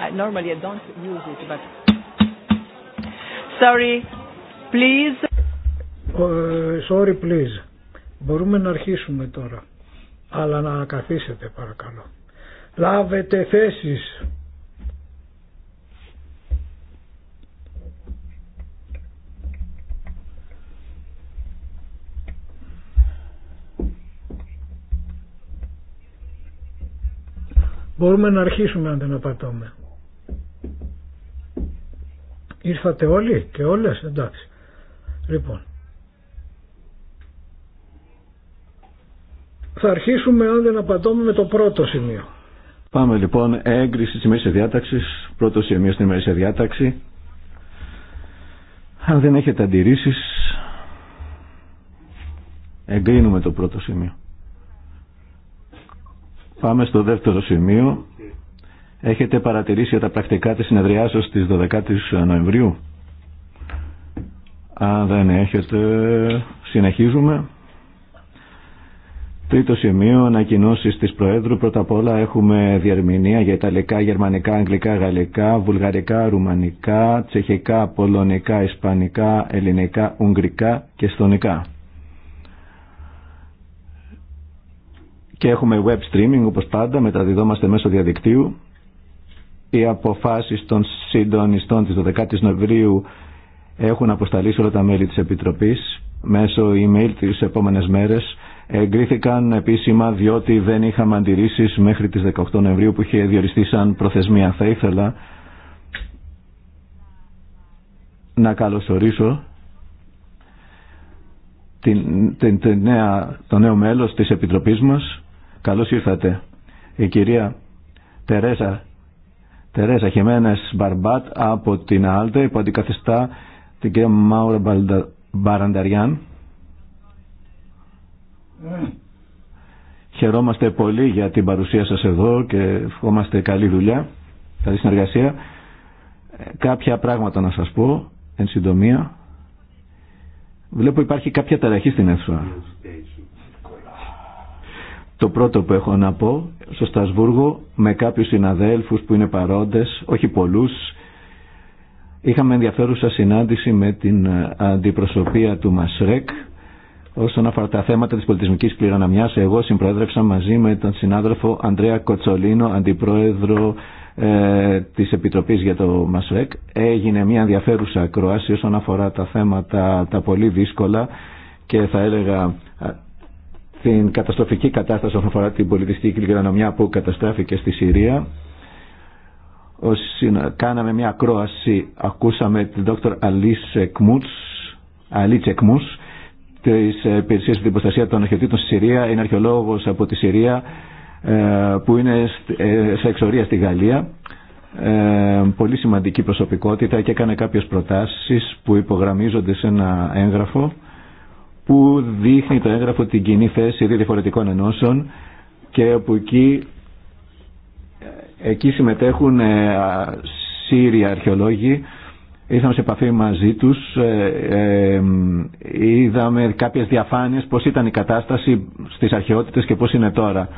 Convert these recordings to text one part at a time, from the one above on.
I, normally I don't use it, but sorry, please. Oh, eh, sorry, please. Μπορούμε να αρχίσουμε τώρα, αλλά να καθίσετε παρακαλώ. Λάβετε θέσεις. Μπορούμε να αρχίσουμε αν δεν απατώμε. Ήρθατε όλοι και όλες, εντάξει. Λοιπόν, θα αρχίσουμε αν δεν απαντώμε με το πρώτο σημείο. Πάμε λοιπόν, έγκριση της ημέρησης διάταξης, πρώτο σημείο στην ημέρησια διάταξη. Αν δεν έχετε αντιρρήσεις, εγκρίνουμε το πρώτο σημείο. Πάμε στο δεύτερο σημείο, έχετε παρατηρήσει τα πρακτικά της συνεδριάσεως της 12ης Νοεμβρίου. Αν δεν έχετε, συνεχίζουμε. Τρίτο σημείο, ανακοινώσει της Προέδρου. Πρώτα απ' όλα έχουμε διαρμηνία για Ιταλικά, Γερμανικά, Αγγλικά, Γαλλικά, Βουλγαρικά, Ρουμανικά, Τσεχικά, Πολωνικά, Ισπανικά, Ελληνικά, Ουγγρικά και Στονικά. Και έχουμε web streaming όπως πάντα, μεταδιδόμαστε μέσω διαδικτύου. Οι αποφάσεις των συντονιστών της 12 η Νοεμβρίου έχουν αποσταλεί όλα τα μέλη της Επιτροπής μέσω email τις επόμενες μέρες. Εγκρίθηκαν επίσημα διότι δεν είχαμε αντιρρήσει μέχρι τις 18 Νοεμβρίου που είχε διοριστεί σαν προθεσμία. Θα ήθελα να καλωσορίσω την, την, την το νέο μέλος της Επιτροπής μας. Καλώς ήρθατε. Η κυρία Τερέζα. Τερέζα Χεμένε Μπαρμπάτ από την ΑΛΤΕ που αντικαθιστά την κυρία Μάουρα Μπαρανταριάν. Χαιρόμαστε πολύ για την παρουσία σας εδώ και ευχόμαστε καλή δουλειά, καλή συνεργασία. Ε, κάποια πράγματα να σας πω, εν συντομία. Βλέπω υπάρχει κάποια ταραχή στην αίθουσα. Το πρώτο που έχω να πω στο Στασβούργο με κάποιους συναδέλφους που είναι παρόντες, όχι πολλούς, είχαμε ενδιαφέρουσα συνάντηση με την ε, αντιπροσωπεία του Μασρέκ όσον αφορά τα θέματα της πολιτισμικής κληρονομιάς. Εγώ συμπρόεδρευσα μαζί με τον συνάδελφο Ανδρέα Κοτσολίνο, αντιπρόεδρο ε, της Επιτροπής για το Μασρέκ. Έγινε μια ενδιαφέρουσα ακρόαση όσον αφορά τα θέματα τα πολύ δύσκολα και θα έλεγα την καταστροφική κατάσταση όσον αφορά την πολιτιστική κληρονομιά που καταστράφηκε στη Συρία. Κάναμε μια ακρόαση, ακούσαμε την δόκτωρ Αλή Τσεκμούς τη υπηρεσία για την προστασία των αρχαιοτήτων στη Συρία, είναι αρχαιολόγο από τη Συρία ε, που είναι ε, σε εξορία στη Γαλλία. Ε, πολύ σημαντική προσωπικότητα και έκανε κάποιες προτάσεις που υπογραμμίζονται σε ένα έγγραφο που δείχνει το έγγραφο την κοινή θέση δύο διαφορετικών ενώσεων και όπου εκεί, εκεί συμμετέχουν ε, Σύρια αρχαιολόγοι. Ήρθαμε σε επαφή μαζί τους, ε, ε, είδαμε κάποιες διαφάνειες πώς ήταν η κατάσταση στις αρχαιότητες και πώς είναι τώρα.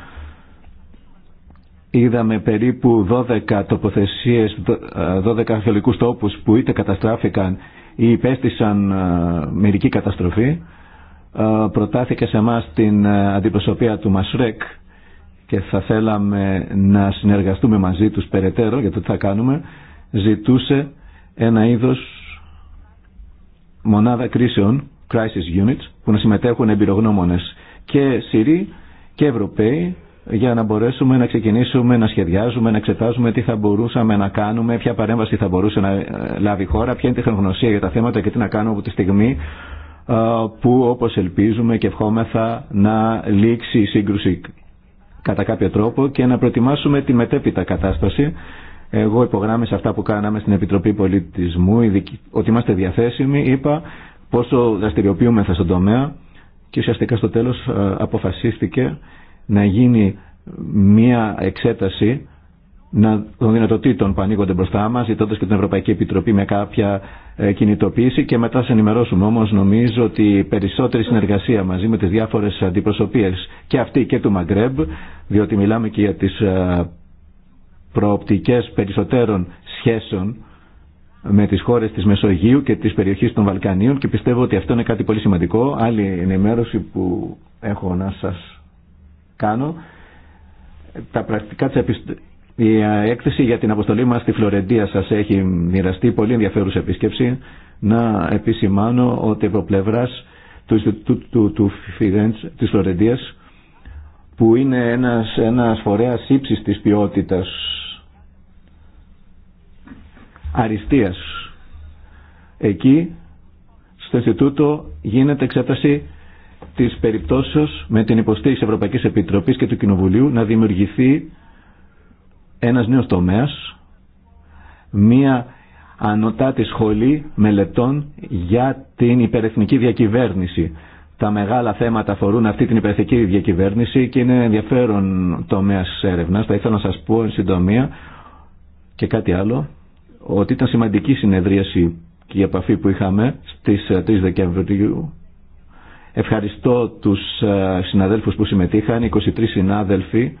Είδαμε περίπου 12 τοποθεσίες, 12 αρχαιολικούς τόπους που είτε καταστράφηκαν ή υπέστησαν μερική καταστροφή ε, προτάθηκε σε εμά την ε, αντιπροσωπεία του Μασρέκ και θα θέλαμε να συνεργαστούμε μαζί τους περαιτέρω για το τι θα κάνουμε, ζητούσε ένα είδος μονάδα κρίσεων, crisis units, που να συμμετέχουν εμπειρογνώμονες και Συρίοι και Ευρωπαίοι για να μπορέσουμε να ξεκινήσουμε να σχεδιάζουμε, να εξετάζουμε τι θα μπορούσαμε να κάνουμε, ποια παρέμβαση θα μπορούσε να ε, λάβει η χώρα, ποια είναι η τεχνογνωσία για τα θέματα και τι να κάνουμε από τη στιγμή που όπως ελπίζουμε και ευχόμεθα να λήξει η σύγκρουση κατά κάποιο τρόπο και να προετοιμάσουμε τη μετέπειτα κατάσταση. Εγώ υπογράμμισα αυτά που κάναμε στην Επιτροπή Πολιτισμού, ότι είμαστε διαθέσιμοι, είπα πόσο δραστηριοποιούμεθα στον τομέα και ουσιαστικά στο τέλος αποφασίστηκε να γίνει μία εξέταση των δυνατοτήτων που ανοίγονται μπροστά μα, ζητώντα και την Ευρωπαϊκή Επιτροπή με κάποια ε, κινητοποίηση και μετά σε ενημερώσουμε. Όμω νομίζω ότι περισσότερη συνεργασία μαζί με τι διάφορε αντιπροσωπείε και αυτή και του Μαγκρέμπ, διότι μιλάμε και για τι ε, προοπτικέ περισσότερων σχέσεων με τις χώρες της Μεσογείου και της περιοχής των Βαλκανίων και πιστεύω ότι αυτό είναι κάτι πολύ σημαντικό. Άλλη ενημέρωση που έχω να σα κάνω. Τα πρακτικά η ε, έκθεση για την αποστολή μας στη Φλωρεντία σας έχει μοιραστεί πολύ ενδιαφέρουσα επίσκεψη. Να επισημάνω ότι από πλευρά του Ινστιτούτου του, του Φιδέντς της Φλωρεντίας που είναι ένας, ένας φορέας ύψης της ποιότητας αριστείας. Εκεί στο Ινστιτούτο γίνεται εξέταση της περιπτώσεως με την υποστήριξη Ευρωπαϊκής Επιτροπής και του Κοινοβουλίου να δημιουργηθεί ένας νέος τομέας, μία ανωτάτη σχολή μελετών για την υπερεθνική διακυβέρνηση. Τα μεγάλα θέματα αφορούν αυτή την υπερεθνική διακυβέρνηση και είναι ενδιαφέρον τομέας έρευνα. Θα ήθελα να σας πω εν συντομία και κάτι άλλο, ότι ήταν σημαντική συνεδρίαση και η επαφή που είχαμε στις 3 ε, Δεκεμβρίου. Ευχαριστώ τους ε, συναδέλφους που συμμετείχαν, 23 συνάδελφοι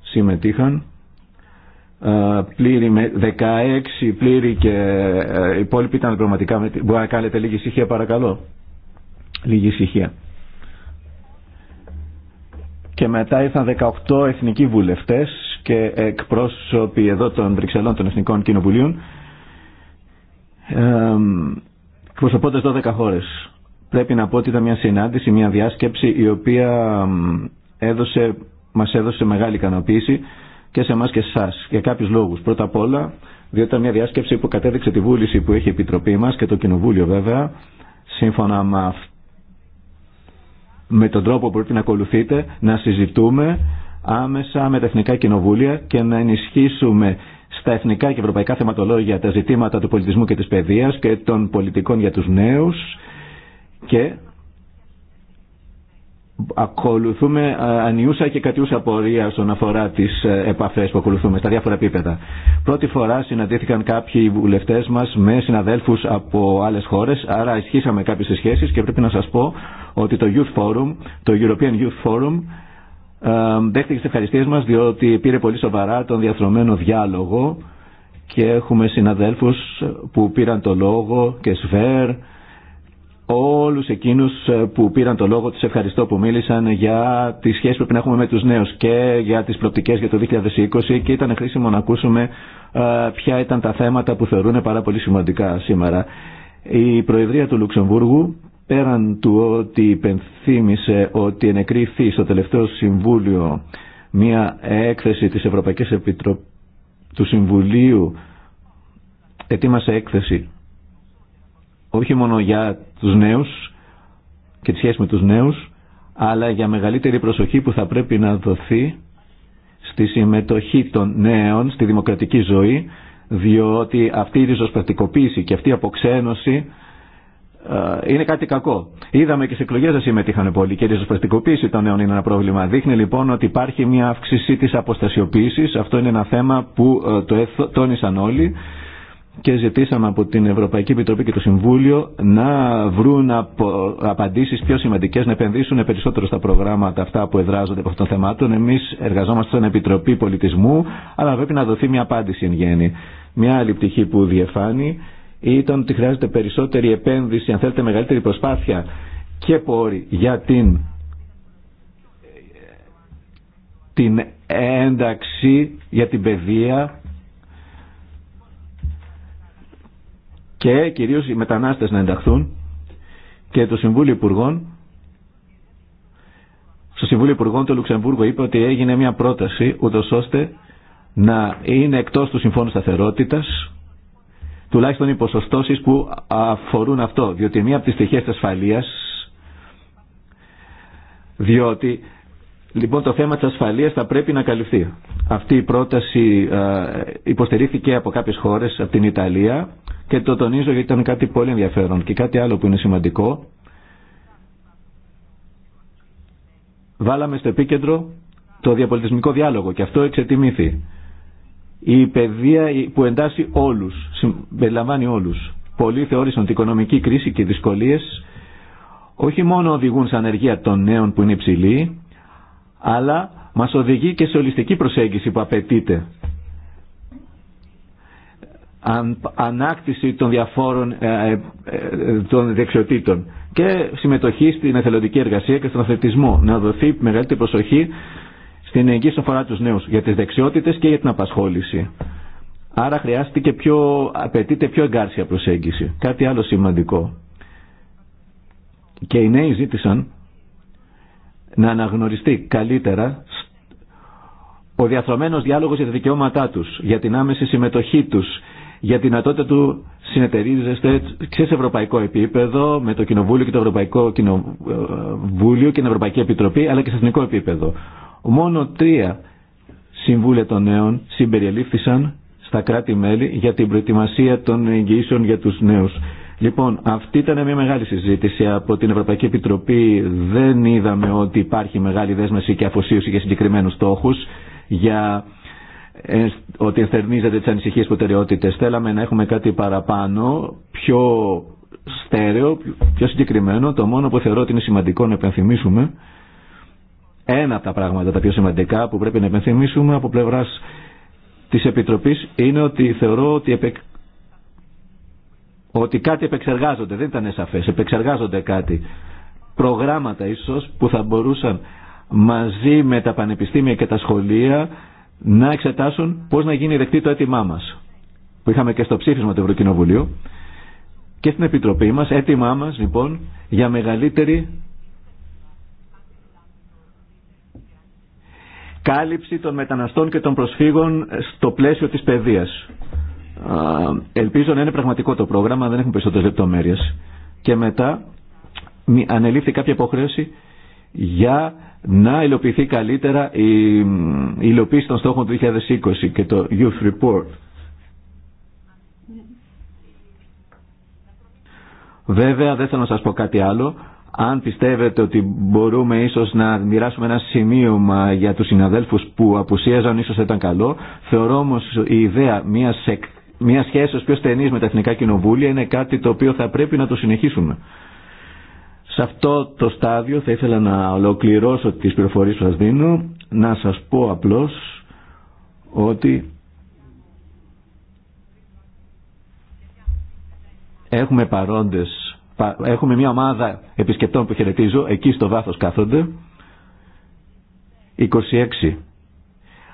συμμετείχαν ε, πλήρη με 16 πλήρη και οι ε, υπόλοιποι ήταν πραγματικά μπορεί να κάνετε λίγη ησυχία παρακαλώ λίγη ησυχία και μετά ήρθαν 18 εθνικοί βουλευτές και εκπρόσωποι εδώ των Βρυξελών των Εθνικών Κοινοβουλίων εκπροσωπώντας 12 χώρες πρέπει να πω ότι ήταν μια συνάντηση, μια διάσκεψη η οποία έδωσε, μας έδωσε μεγάλη ικανοποίηση και σε εμά και σε εσά για κάποιου λόγου. Πρώτα απ' όλα, διότι ήταν μια διάσκεψη που κατέδειξε τη βούληση που έχει η Επιτροπή μα και το Κοινοβούλιο βέβαια, σύμφωνα με, με τον τρόπο που πρέπει να ακολουθείτε, να συζητούμε άμεσα με τα εθνικά κοινοβούλια και να ενισχύσουμε στα εθνικά και ευρωπαϊκά θεματολόγια τα ζητήματα του πολιτισμού και της παιδείας και των πολιτικών για τους νέους και ακολουθούμε ε, ανιούσα και κατιούσα πορεία στον αφορά τι ε, επαφέ που ακολουθούμε στα διάφορα επίπεδα. Πρώτη φορά συναντήθηκαν κάποιοι βουλευτέ μα με συναδέλφου από άλλε χώρε, άρα ισχύσαμε κάποιε σχέσει και πρέπει να σα πω ότι το Youth Forum, το European Youth Forum, ε, δέχτηκε τι ευχαριστίε μα διότι πήρε πολύ σοβαρά τον διαθρωμένο διάλογο και έχουμε συναδέλφους που πήραν το λόγο και σφαίρ όλους εκείνους ε, που πήραν το λόγο τους ευχαριστώ που μίλησαν για τις σχέσεις που πρέπει να έχουμε με τους νέους και για τις προπτικές για το 2020 και ήταν χρήσιμο να ακούσουμε ε, ποια ήταν τα θέματα που θεωρούν πάρα πολύ σημαντικά σήμερα. Η Προεδρία του Λουξεμβούργου πέραν του ότι υπενθύμησε ότι ενεκρίθη στο τελευταίο Συμβούλιο μια έκθεση της Ευρωπαϊκής Επιτροπής του Συμβουλίου ετοίμασε έκθεση όχι μόνο για τους νέους και τη σχέση με τους νέους, αλλά για μεγαλύτερη προσοχή που θα πρέπει να δοθεί στη συμμετοχή των νέων στη δημοκρατική ζωή, διότι αυτή η ριζοσπαστικοποίηση και αυτή η αποξένωση ε, είναι κάτι κακό. Είδαμε και σε εκλογέ δεν συμμετείχαν πολλοί και η ριζοσπαστικοποίηση των νέων είναι ένα πρόβλημα. Δείχνει λοιπόν ότι υπάρχει μια αύξηση τη αποστασιοποίηση. Αυτό είναι ένα θέμα που ε, το τόνισαν όλοι και ζητήσαμε από την Ευρωπαϊκή Επιτροπή και το Συμβούλιο να βρουν απο... απαντήσεις πιο σημαντικές, να επενδύσουν περισσότερο στα προγράμματα αυτά που εδράζονται από αυτών των θεμάτων. Εμείς εργαζόμαστε σαν Επιτροπή Πολιτισμού, αλλά πρέπει να δοθεί μια απάντηση εν γέννη. Μια άλλη πτυχή που διεφάνει ήταν ότι χρειάζεται περισσότερη επένδυση, αν θέλετε μεγαλύτερη προσπάθεια και πόρη για την, την ένταξη, για την παιδεία, και κυρίως οι μετανάστες να ενταχθούν και το Συμβούλιο Υπουργών στο Συμβούλιο Υπουργών του Λουξεμβούργου είπε ότι έγινε μια πρόταση ούτω ώστε να είναι εκτός του Συμφώνου Σταθερότητας τουλάχιστον οι ποσοστώσεις που αφορούν αυτό διότι μία από τις στοιχείες ασφαλείας διότι Λοιπόν, το θέμα της ασφαλείας θα πρέπει να καλυφθεί. Αυτή η πρόταση ε, υποστηρίχθηκε από κάποιες χώρες, από την Ιταλία και το τονίζω γιατί ήταν κάτι πολύ ενδιαφέρον. Και κάτι άλλο που είναι σημαντικό. Βάλαμε στο επίκεντρο το διαπολιτισμικό διάλογο και αυτό εξετιμήθη. Η παιδεία που εντάσσει όλους, περιλαμβάνει όλου. Πολλοί θεώρησαν ότι η οικονομική κρίση και οι δυσκολίες όχι μόνο οδηγούν σε ανεργία των νέων που είναι υψηλή, αλλά μας οδηγεί και σε ολιστική προσέγγιση που απαιτείται. Ανάκτηση των διαφόρων ε, ε, ε, των δεξιοτήτων και συμμετοχή στην εθελοντική εργασία και στον αθλητισμό. Να δοθεί μεγαλύτερη προσοχή στην εγγύηση αφορά τους νέους για τις δεξιότητες και για την απασχόληση. Άρα και πιο, απαιτείται πιο εγκάρσια προσέγγιση. Κάτι άλλο σημαντικό. Και οι νέοι ζήτησαν να αναγνωριστεί καλύτερα ο διαθρωμένος διάλογος για τα δικαιώματά τους, για την άμεση συμμετοχή τους, για την δυνατότητα του συνεταιρίζεστε σε ευρωπαϊκό επίπεδο με το Κοινοβούλιο και το Ευρωπαϊκό Κοινοβούλιο και την Ευρωπαϊκή Επιτροπή αλλά και σε εθνικό επίπεδο. Μόνο τρία συμβούλια των νέων συμπεριελήφθησαν στα κράτη-μέλη για την προετοιμασία των εγγυήσεων για τους νέους. Λοιπόν, αυτή ήταν μια μεγάλη συζήτηση από την Ευρωπαϊκή Επιτροπή. Δεν είδαμε ότι υπάρχει μεγάλη δέσμευση και αφοσίωση για συγκεκριμένους στόχους, για ότι ενθερμίζεται τις ανησυχίες προτεραιότητες. Θέλαμε να έχουμε κάτι παραπάνω, πιο στέρεο, πιο συγκεκριμένο. Το μόνο που θεωρώ ότι είναι σημαντικό να επενθυμίσουμε, ένα από τα πράγματα τα πιο σημαντικά που πρέπει να επενθυμίσουμε από πλευράς της Επιτροπής είναι ότι θεωρώ ότι ότι κάτι επεξεργάζονται, δεν ήταν σαφέ, επεξεργάζονται κάτι. Προγράμματα ίσως που θα μπορούσαν μαζί με τα πανεπιστήμια και τα σχολεία να εξετάσουν πώς να γίνει δεκτή το έτοιμά μα. που είχαμε και στο ψήφισμα του Ευρωκοινοβουλίου και στην Επιτροπή μας, έτοιμά μα λοιπόν για μεγαλύτερη κάλυψη των μεταναστών και των προσφύγων στο πλαίσιο της παιδείας ελπίζω να είναι πραγματικό το πρόγραμμα, δεν έχουμε περισσότερε λεπτομέρειε. Και μετά ανελήφθη κάποια υποχρέωση για να υλοποιηθεί καλύτερα η υλοποίηση των στόχων του 2020 και το Youth Report. Βέβαια δεν θέλω να σας πω κάτι άλλο. Αν πιστεύετε ότι μπορούμε ίσως να μοιράσουμε ένα σημείωμα για τους συναδέλφους που απουσίαζαν, ίσως ήταν καλό. Θεωρώ όμως η ιδέα μιας μια σχέση ως πιο στενής με τα εθνικά κοινοβούλια είναι κάτι το οποίο θα πρέπει να το συνεχίσουμε. Σε αυτό το στάδιο θα ήθελα να ολοκληρώσω τις πληροφορίες που σας δίνω, να σας πω απλώς ότι έχουμε παρόντες, έχουμε μια ομάδα επισκεπτών που χαιρετίζω, εκεί στο βάθος κάθονται, 26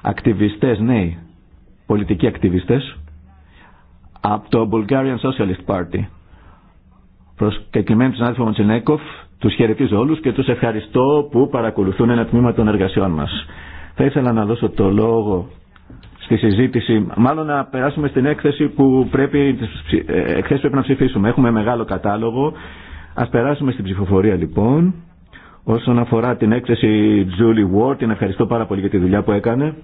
ακτιβιστές νέοι, πολιτικοί ακτιβιστές, από το Bulgarian Socialist Party. Προσκεκλημένοι συνάδελφο Μοντσενέκοφ, τους χαιρετίζω όλους και τους ευχαριστώ που παρακολουθούν ένα τμήμα των εργασιών μας. Θα ήθελα να δώσω το λόγο στη συζήτηση, μάλλον να περάσουμε στην έκθεση που πρέπει, ε, πρέπει να ψηφίσουμε. Έχουμε μεγάλο κατάλογο. Ας περάσουμε στην ψηφοφορία λοιπόν. Όσον αφορά την έκθεση Julie Ward, την ευχαριστώ πάρα πολύ για τη δουλειά που έκανε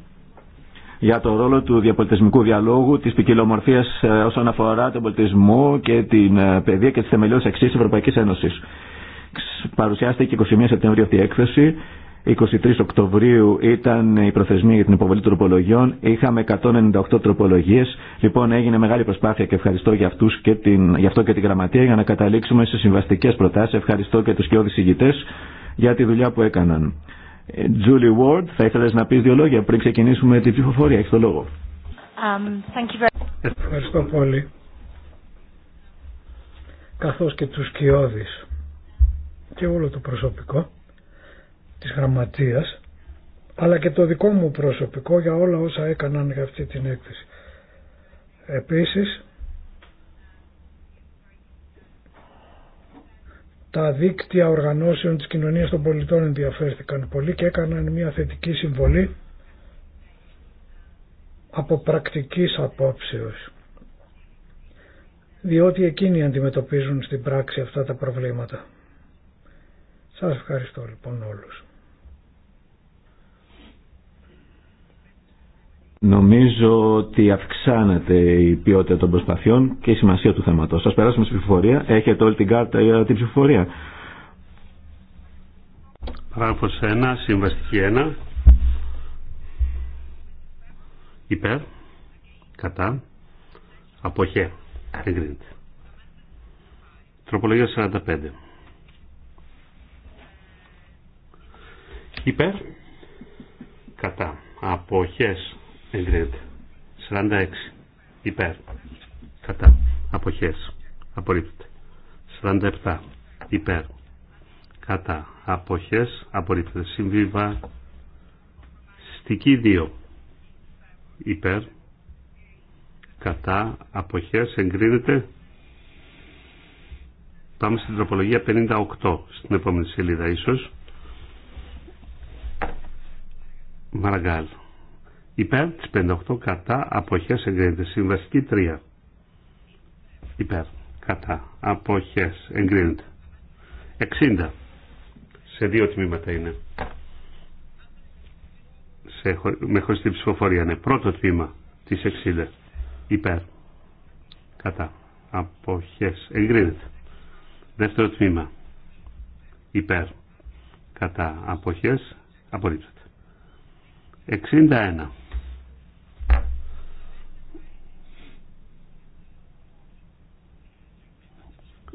για το ρόλο του διαπολιτισμικού διαλόγου, τη ποικιλομορφία ε, όσον αφορά τον πολιτισμό και την ε, παιδεία και τι θεμελιώδει αξίε τη Ευρωπαϊκή Ένωση. Παρουσιάστηκε 21 Σεπτεμβρίου αυτή η έκθεση. 23 Οκτωβρίου ήταν η προθεσμία για την υποβολή τροπολογιών. Είχαμε 198 τροπολογίε. Λοιπόν, έγινε μεγάλη προσπάθεια και ευχαριστώ για, αυτούς και την, γι' αυτό και την γραμματεία για να καταλήξουμε σε συμβαστικέ προτάσει. Ευχαριστώ και του κοιόδη ηγητέ για τη δουλειά που έκαναν. Julie Ward, θα ήθελες να πεις δύο λόγια πριν ξεκινήσουμε την ψηφοφορία. Έχεις το λόγο. Um, thank you very... Ευχαριστώ πολύ. Καθώς και τους κοιόδης και όλο το προσωπικό της γραμματείας αλλά και το δικό μου προσωπικό για όλα όσα έκαναν για αυτή την έκθεση. Επίσης τα δίκτυα οργανώσεων της κοινωνίας των πολιτών ενδιαφέρθηκαν πολύ και έκαναν μια θετική συμβολή από πρακτικής απόψεως διότι εκείνοι αντιμετωπίζουν στην πράξη αυτά τα προβλήματα. Σας ευχαριστώ λοιπόν όλους. Νομίζω ότι αυξάνεται η ποιότητα των προσπαθειών και η σημασία του θέματος. Σας περάσουμε στην ψηφοφορία. Έχετε όλη την κάρτα για την ψηφοφορία. Παράγραφος 1, συμβαστική 1. Υπέρ, κατά, αποχέ, εγκρίνεται. Τροπολογία 45. Υπέρ, κατά, αποχές, εγκρίνεται. 46 υπέρ κατά αποχές απορρίπτεται. 47 υπέρ κατά αποχές απορρίπτεται. Συμβίβα στική 2 υπέρ κατά αποχές εγκρίνεται. Πάμε στην τροπολογία 58 στην επόμενη σελίδα ίσως. Μαραγκάλ. Υπέρ τη 58 κατά αποχές εγκρίνεται. Συμβαστική 3. Υπέρ. Κατά. Αποχές εγκρίνεται. 60. Σε δύο τμήματα είναι. Σε, με χωριστή ψηφοφορία είναι. Πρώτο τμήμα τη 60. Υπέρ. Κατά. Αποχές εγκρίνεται. Δεύτερο τμήμα. Υπέρ. Κατά. Αποχές απορρίπτεται. 61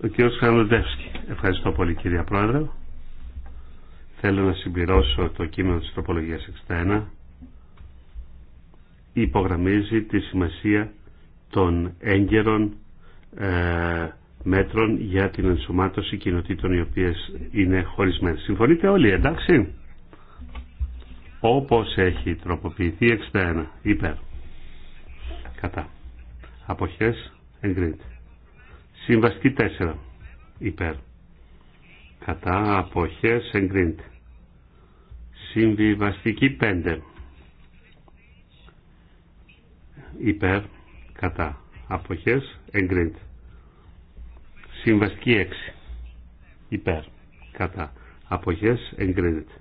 Ο κ. Χαλοντεύσκη. Ευχαριστώ πολύ κυρία Πρόεδρε. Θέλω να συμπληρώσω το κείμενο της τροπολογίας 61. Υπογραμμίζει τη σημασία των έγκαιρων ε, μέτρων για την ενσωμάτωση κοινοτήτων οι οποίες είναι χωρισμένες. Συμφωνείτε όλοι, εντάξει. Όπως έχει τροποποιηθεί 61, υπέρ. Κατά. Αποχές εγκρίνεται. Συμβαστική 4 υπέρ. Κατά αποχές εγκρίνεται. Συμβιβαστική 5 υπέρ. Κατά αποχές εγκρίνεται. Συμβαστική 6 υπέρ. Κατά αποχές εγκρίνεται.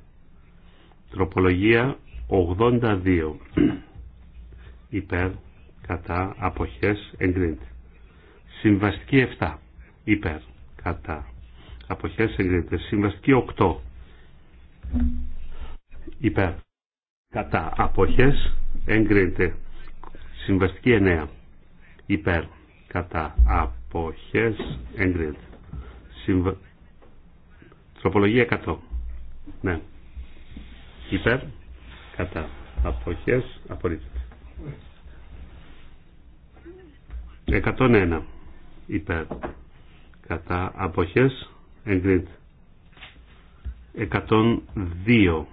Τροπολογία 82 υπέρ. Κατά αποχές εγκρίνεται. Συμβαστική 7 υπέρ κατά αποχές εγκρίνεται. Συμβαστική 8 υπέρ κατά αποχές εγκρίνεται. Συμβαστική 9 υπέρ κατά αποχές εγκρίνεται. Συμβα... Τροπολογία 100. Ναι. Υπέρ, κατά. Αποχές, απορρίπτεται. 101 υπέρ κατά αποχές εγκρίτ. 102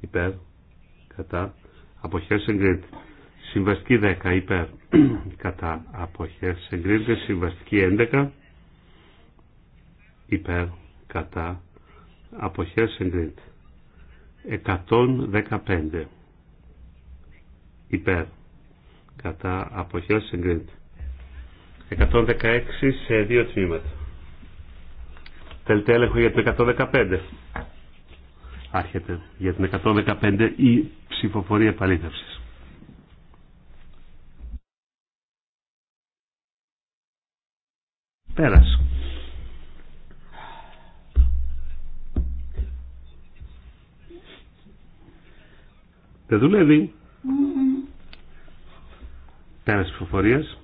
υπέρ κατά αποχές εγκρίτ. συμβαστική 10 υπέρ κατά αποχές εγκρίνεται συμβαστική 11 υπέρ κατά αποχές εγκρίνεται 115 υπέρ κατά αποχές εγκρίνεται 116 σε δύο τμήματα. Θέλετε έλεγχο για την 115. Άρχεται για την 115 η ψηφοφορία επαλήθευσης. Πέρας. Δεν δουλεύει. Mm. Πέρας ψηφοφορίας.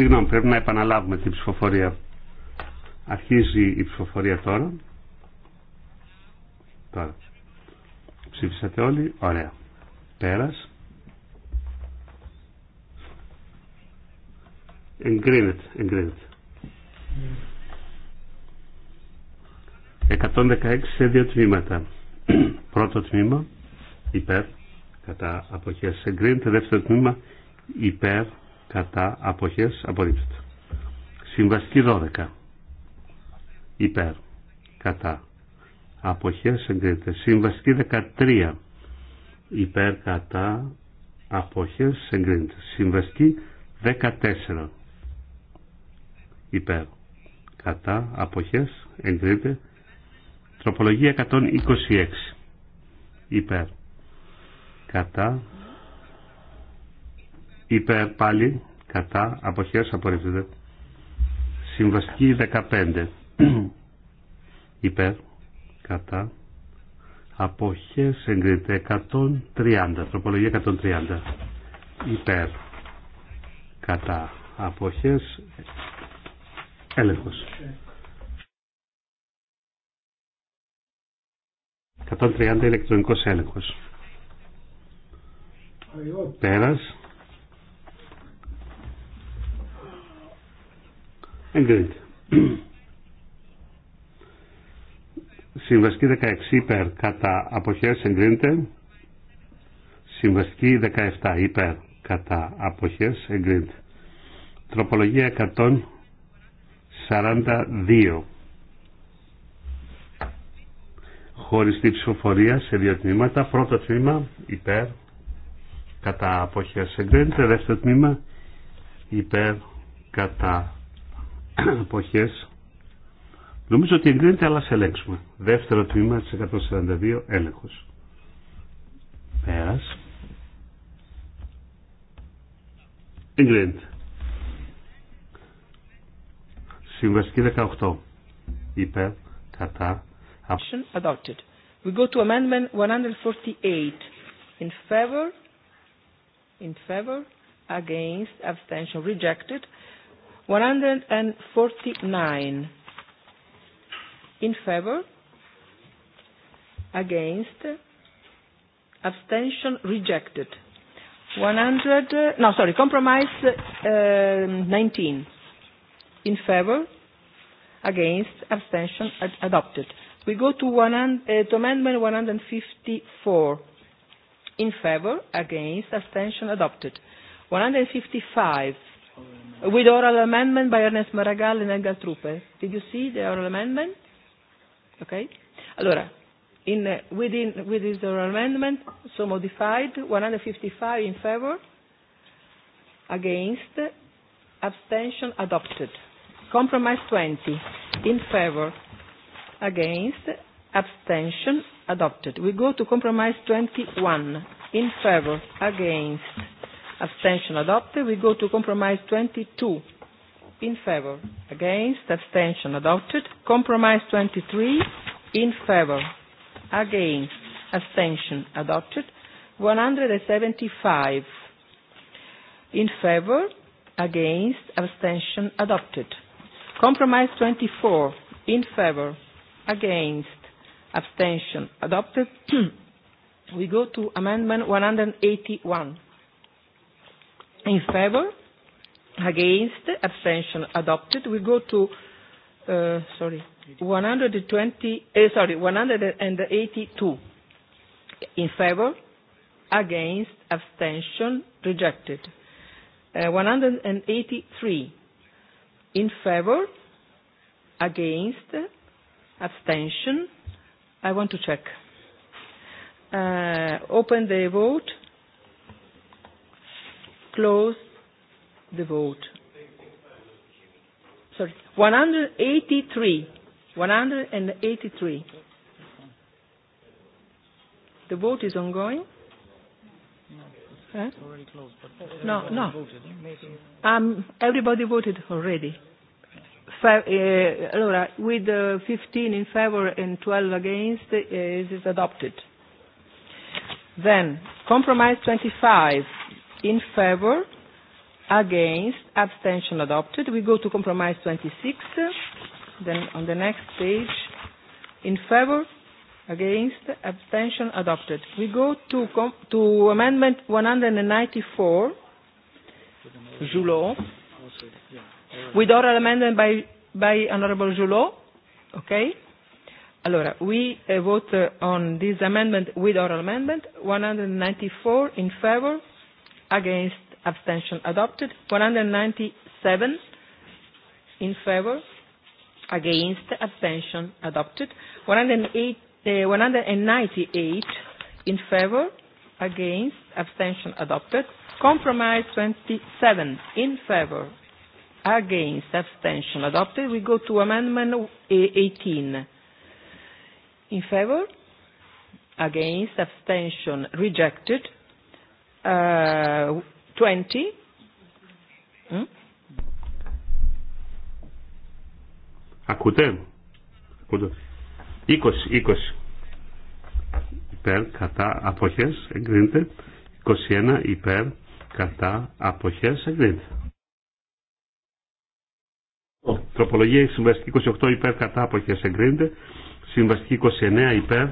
Συγγνώμη, πρέπει να επαναλάβουμε την ψηφοφορία. Αρχίζει η ψηφοφορία τώρα. Τώρα. Ψήφισατε όλοι. Ωραία. Πέρας. Εγκρίνεται. Εγκρίνεται. 116 σε δύο τμήματα. Πρώτο τμήμα υπέρ κατά αποχές εγκρίνεται. Δεύτερο τμήμα υπέρ κατά αποχές απορρίπτεται. Συμβαστική 12 υπέρ κατά αποχές εγκρίνεται. Συμβαστική 13 υπέρ κατά αποχές εγκρίνεται. Συμβαστική 14 υπέρ κατά αποχές εγκρίνεται. Τροπολογία 126 υπέρ κατά υπέρ πάλι κατά αποχές απορρίπτεται συμβαστική 15 υπέρ κατά αποχές εγκρίνεται 130 τροπολογία 130 υπέρ κατά αποχές έλεγχος 130 ηλεκτρονικός έλεγχος πέρας Εγκρίνεται. Συμβαστική 16 υπέρ κατά αποχές εγκρίνεται. Συμβαστική 17 υπέρ κατά αποχές εγκρίνεται. Τροπολογία 142. Χωριστή ψηφοφορία σε δύο τμήματα. Πρώτο τμήμα υπέρ κατά αποχές εγκρίνεται. Δεύτερο τμήμα υπέρ κατά αποχές νομίζω ότι εγκρίνεται αλλά σε ελέγξουμε δεύτερο τμήμα της 142 έλεγχος πέρας εγκρίνεται συμβαστική 18 υπέρ κατά adopted we go to amendment 148 in favor in favor against abstention rejected 149 in favor against abstention rejected 100 no sorry compromise 19 in favor against abstention adopted we go to to amendment 154 in favor against abstention adopted 155 With oral amendment by Ernest Maragall and Edgar Truppe. Did you see the oral amendment? Okay. Allora, in, within, with this oral amendment, so modified, 155 in favor, against, abstention adopted. Compromise 20 in favor, against, abstention adopted. We go to compromise 21 in favor, against, abstention adopted. We go to compromise 22 in favor, against, abstention adopted. Compromise 23 in favor, against, abstention adopted. 175 in favor, against, abstention adopted. Compromise 24 in favor, against, abstention adopted. We go to amendment 181 in favor against abstention adopted we go to uh, sorry 120 uh, sorry 182 in favor against abstention rejected uh, 183 in favor against abstention i want to check uh, open the vote Close the vote. Sorry. 183. 183. The vote is ongoing. Huh? No, no. Um, everybody voted already. Five, uh, allora, with uh, 15 in favor and 12 against, uh, it is adopted. Then, compromise 25 in favor, against, abstention adopted. We go to compromise 26, then on the next page, in favor, against, abstention adopted. We go to, com to amendment 194, Joulot, with oral amendment by, by Honorable Joulot, okay? Allora, we vote on this amendment with oral amendment. 194 in favor, against abstention adopted 197 in favor against abstention adopted 198 in favor against abstention adopted compromise 27 in favor against abstention adopted we go to amendment 18 in favor against abstention rejected 20. Uh, hmm? Ακούτε. Ακούτε. 20, 20. Υπέρ, κατά, αποχές, εγκρίνεται. 21, υπέρ, κατά, αποχές, εγκρίνεται. Τροπολογία συμβαστική 28 υπέρ κατά αποχές εγκρίνεται. Συμβαστική 29 υπέρ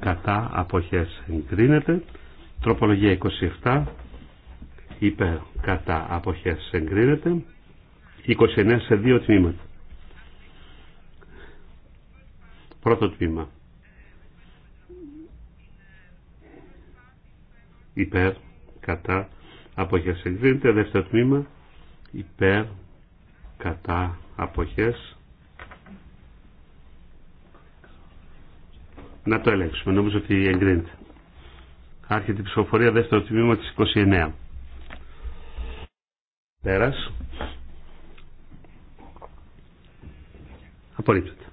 κατά αποχές εγκρίνεται. Τροπολογία 27 υπέρ κατά αποχές εγκρίνεται 29 σε δύο τμήματα. Πρώτο τμήμα υπέρ κατά αποχές εγκρίνεται δεύτερο τμήμα υπέρ κατά αποχές να το ελέγξουμε νομίζω ότι εγκρίνεται Άρχεται η ψηφοφορία δεύτερο τμήμα της 29. Πέρας. Απορρίπτεται.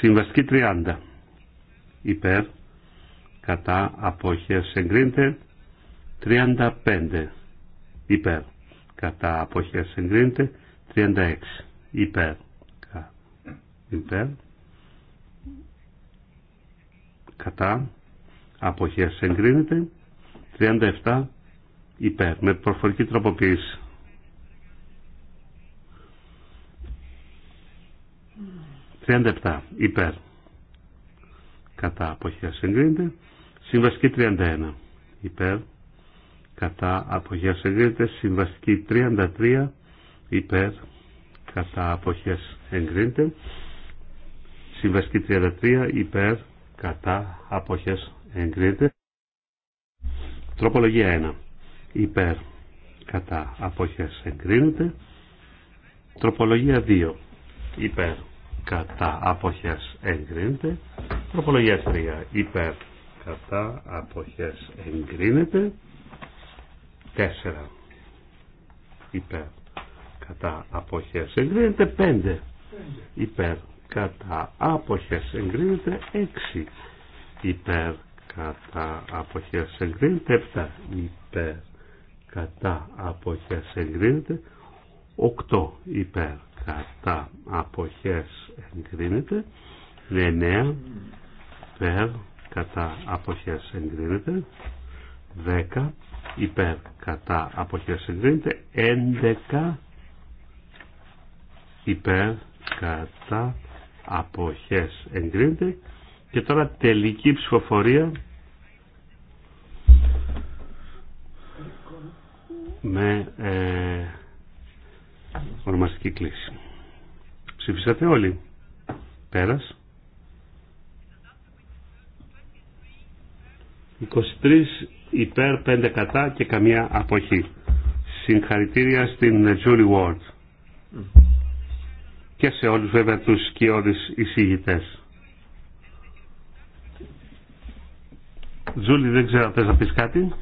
Συμβαστική 30. Υπέρ. Κατά αποχές εγκρίνεται. 35. Υπέρ. Κατά αποχές εγκρίνεται. 36. Υπέρ. Υπέρ. Κατά αποχές εγκρίνεται 37 υπέρ με προφορική τροποποίηση ...37 υπέρ... ...κατά αποχές εγκρίνεται... ...συμβαστική 31 υπέρ... ...κατά αποχές εγκρίνεται... ...συμβαστική 33 υπέρ... ...κατά αποχές εγκρίνεται... Συμβαστική 33 υπέρ κατά αποχές εγκρίνεται. Τροπολογία 1. Υπέρ κατά αποχές εγκρίνεται. Τροπολογία 2. Υπέρ κατά αποχές εγκρίνεται. Τροπολογία 3. Υπέρ κατά αποχές εγκρίνεται. 4. Υπέρ κατά αποχές εγκρίνεται. 5. Υπέρ κατά αποχές εγκρίνεται. 6. Υπέρ κατά αποχές εγκρίνεται 7 υπέρ κατά αποχές εγκρίνεται 8 υπέρ κατά αποχές εγκρίνεται 9 υπέρ κατά αποχές εγκρίνεται 10 υπέρ κατά αποχές εγκρίνεται 11 υπέρ κατά αποχές εγκρίνεται και τώρα τελική ψηφοφορία με ε, ονομαστική κλίση. Ψηφίσατε όλοι. Πέρας. 23 υπέρ, 5 κατά και καμία αποχή. Συγχαρητήρια στην Julie Ward. Και σε όλους βέβαια τους σκιώδεις εισηγητές. Τζούλι δεν ξέρω αν θες να πεις κάτι.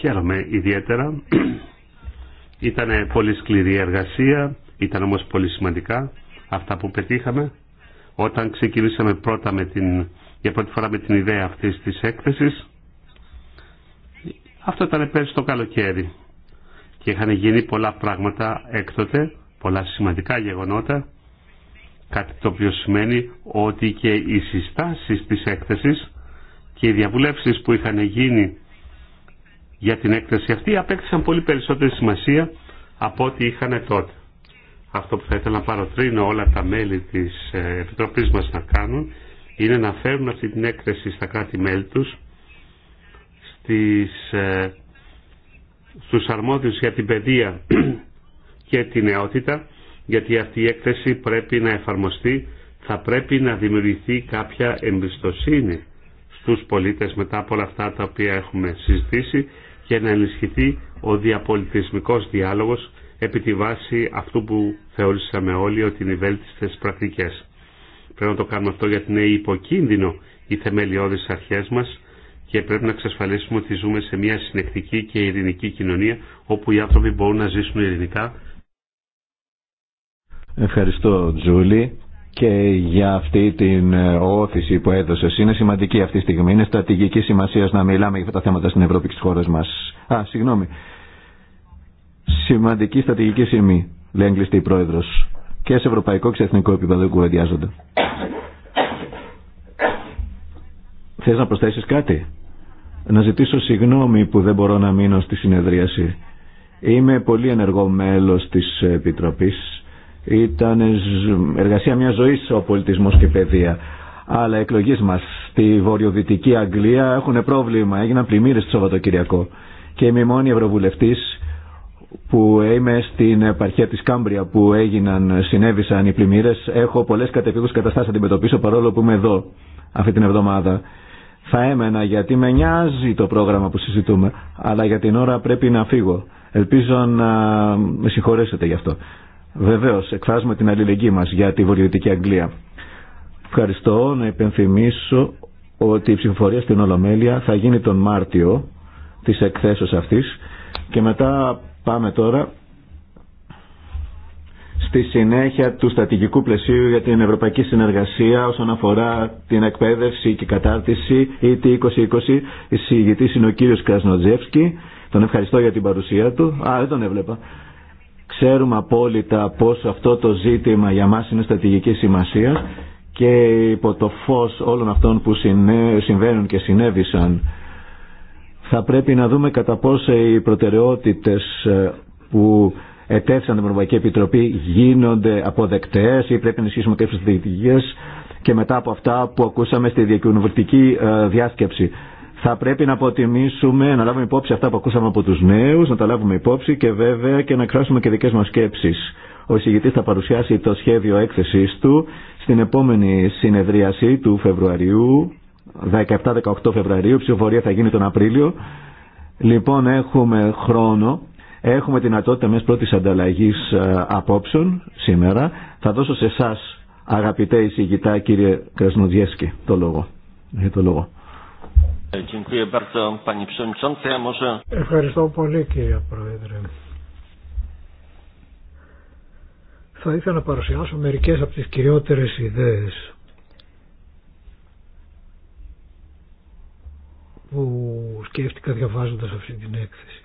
Χαίρομαι ιδιαίτερα. Ήταν πολύ σκληρή εργασία, ήταν όμως πολύ σημαντικά αυτά που πετύχαμε. Όταν ξεκινήσαμε πρώτα με την, για πρώτη φορά με την ιδέα αυτής της έκθεσης, αυτό ήταν πέρσι το καλοκαίρι και είχαν γίνει πολλά πράγματα έκτοτε, πολλά σημαντικά γεγονότα, κάτι το οποίο σημαίνει ότι και οι συστάσεις της έκθεσης και οι διαβουλεύσεις που είχαν γίνει για την έκθεση αυτή απέκτησαν πολύ περισσότερη σημασία από ό,τι είχαν τότε. Αυτό που θα ήθελα να παροτρύνω όλα τα μέλη της ε, Επιτροπής μας να κάνουν είναι να φέρουν αυτή την έκθεση στα κράτη-μέλη τους στις, ε, στους αρμόδιους για την παιδεία και την νεότητα γιατί αυτή η έκθεση πρέπει να εφαρμοστεί θα πρέπει να δημιουργηθεί κάποια εμπιστοσύνη στους πολίτες μετά από όλα αυτά τα οποία έχουμε συζητήσει και να ενισχυθεί ο διαπολιτισμικός διάλογος επί τη βάση αυτού που θεωρήσαμε όλοι ότι είναι οι βέλτιστες πρακτικές. Πρέπει να το κάνουμε αυτό γιατί είναι υποκίνδυνο οι θεμελιώδεις αρχές μας και πρέπει να εξασφαλίσουμε ότι ζούμε σε μια συνεκτική και ειρηνική κοινωνία όπου οι άνθρωποι μπορούν να ζήσουν ειρηνικά. Ευχαριστώ Τζούλη και για αυτή την ε, όθηση που έδωσε. Είναι σημαντική αυτή τη στιγμή. Είναι στρατηγική σημασία να μιλάμε για αυτά τα θέματα στην Ευρώπη και στι χώρε μα. Α, συγγνώμη. Σημαντική στρατηγική σημεία, λέει εγκλειστή η πρόεδρο. Και σε ευρωπαϊκό και σε εθνικό επίπεδο κουβεντιάζονται. Θε να προσθέσει κάτι. Να ζητήσω συγγνώμη που δεν μπορώ να μείνω στη συνεδρίαση. Είμαι πολύ ενεργό μέλος της Επιτροπής ήταν εργασία μια ζωή ο πολιτισμό και η παιδεία. Αλλά οι εκλογές μας στη βορειοδυτική Αγγλία έχουν πρόβλημα. Έγιναν πλημμύρε το Σαββατοκυριακό. Και είμαι η μόνη ευρωβουλευτή που είμαι στην επαρχία της Κάμπρια που έγιναν, συνέβησαν οι πλημμύρες. Έχω πολλές κατεπίγους καταστάσεις να αντιμετωπίσω παρόλο που είμαι εδώ αυτή την εβδομάδα. Θα έμενα γιατί με νοιάζει το πρόγραμμα που συζητούμε, αλλά για την ώρα πρέπει να φύγω. Ελπίζω να με συγχωρέσετε γι' αυτό. Βεβαίως, εκφράζουμε την αλληλεγγύη μας για τη Βορειοδυτική Αγγλία. Ευχαριστώ να υπενθυμίσω ότι η ψηφοφορία στην Ολομέλεια θα γίνει τον Μάρτιο της εκθέσεως αυτής και μετά πάμε τώρα στη συνέχεια του στρατηγικού πλαισίου για την ευρωπαϊκή συνεργασία όσον αφορά την εκπαίδευση και κατάρτιση ή τη 2020 εισηγητής είναι ο κύριος Κρασνοτζεύσκη τον ευχαριστώ για την παρουσία του α δεν τον έβλεπα Ξέρουμε απόλυτα πως αυτό το ζήτημα για μας είναι στρατηγική σημασία και υπό το φως όλων αυτών που συμβαίνουν και συνέβησαν θα πρέπει να δούμε κατά πόσο οι προτεραιότητες ε, που ετέθησαν την Ευρωπαϊκή Επιτροπή γίνονται αποδεκτές ή πρέπει να ισχύσουμε κάποιες στρατηγικές και μετά από αυτά που ακούσαμε στη διακοινωνιστική ε, διάσκεψη θα πρέπει να αποτιμήσουμε, να λάβουμε υπόψη αυτά που ακούσαμε από τους νέους, να τα λάβουμε υπόψη και βέβαια και να εκφράσουμε και δικές μας σκέψεις. Ο εισηγητής θα παρουσιάσει το σχέδιο έκθεσής του στην επόμενη συνεδρίαση του Φεβρουαρίου, 17-18 Φεβρουαρίου, ψηφοφορία θα γίνει τον Απρίλιο. Λοιπόν, έχουμε χρόνο, έχουμε δυνατότητα μιας πρώτης ανταλλαγής ε, απόψεων σήμερα. Θα δώσω σε εσά, αγαπητέ εισηγητά, κύριε Κρασνοδιέσκη, το λόγο. το λόγο. Ευχαριστώ πολύ κύριε Πρόεδρε. Θα ήθελα να παρουσιάσω μερικές από τις κυριότερες ιδέες που σκέφτηκα διαβάζοντας αυτή την έκθεση.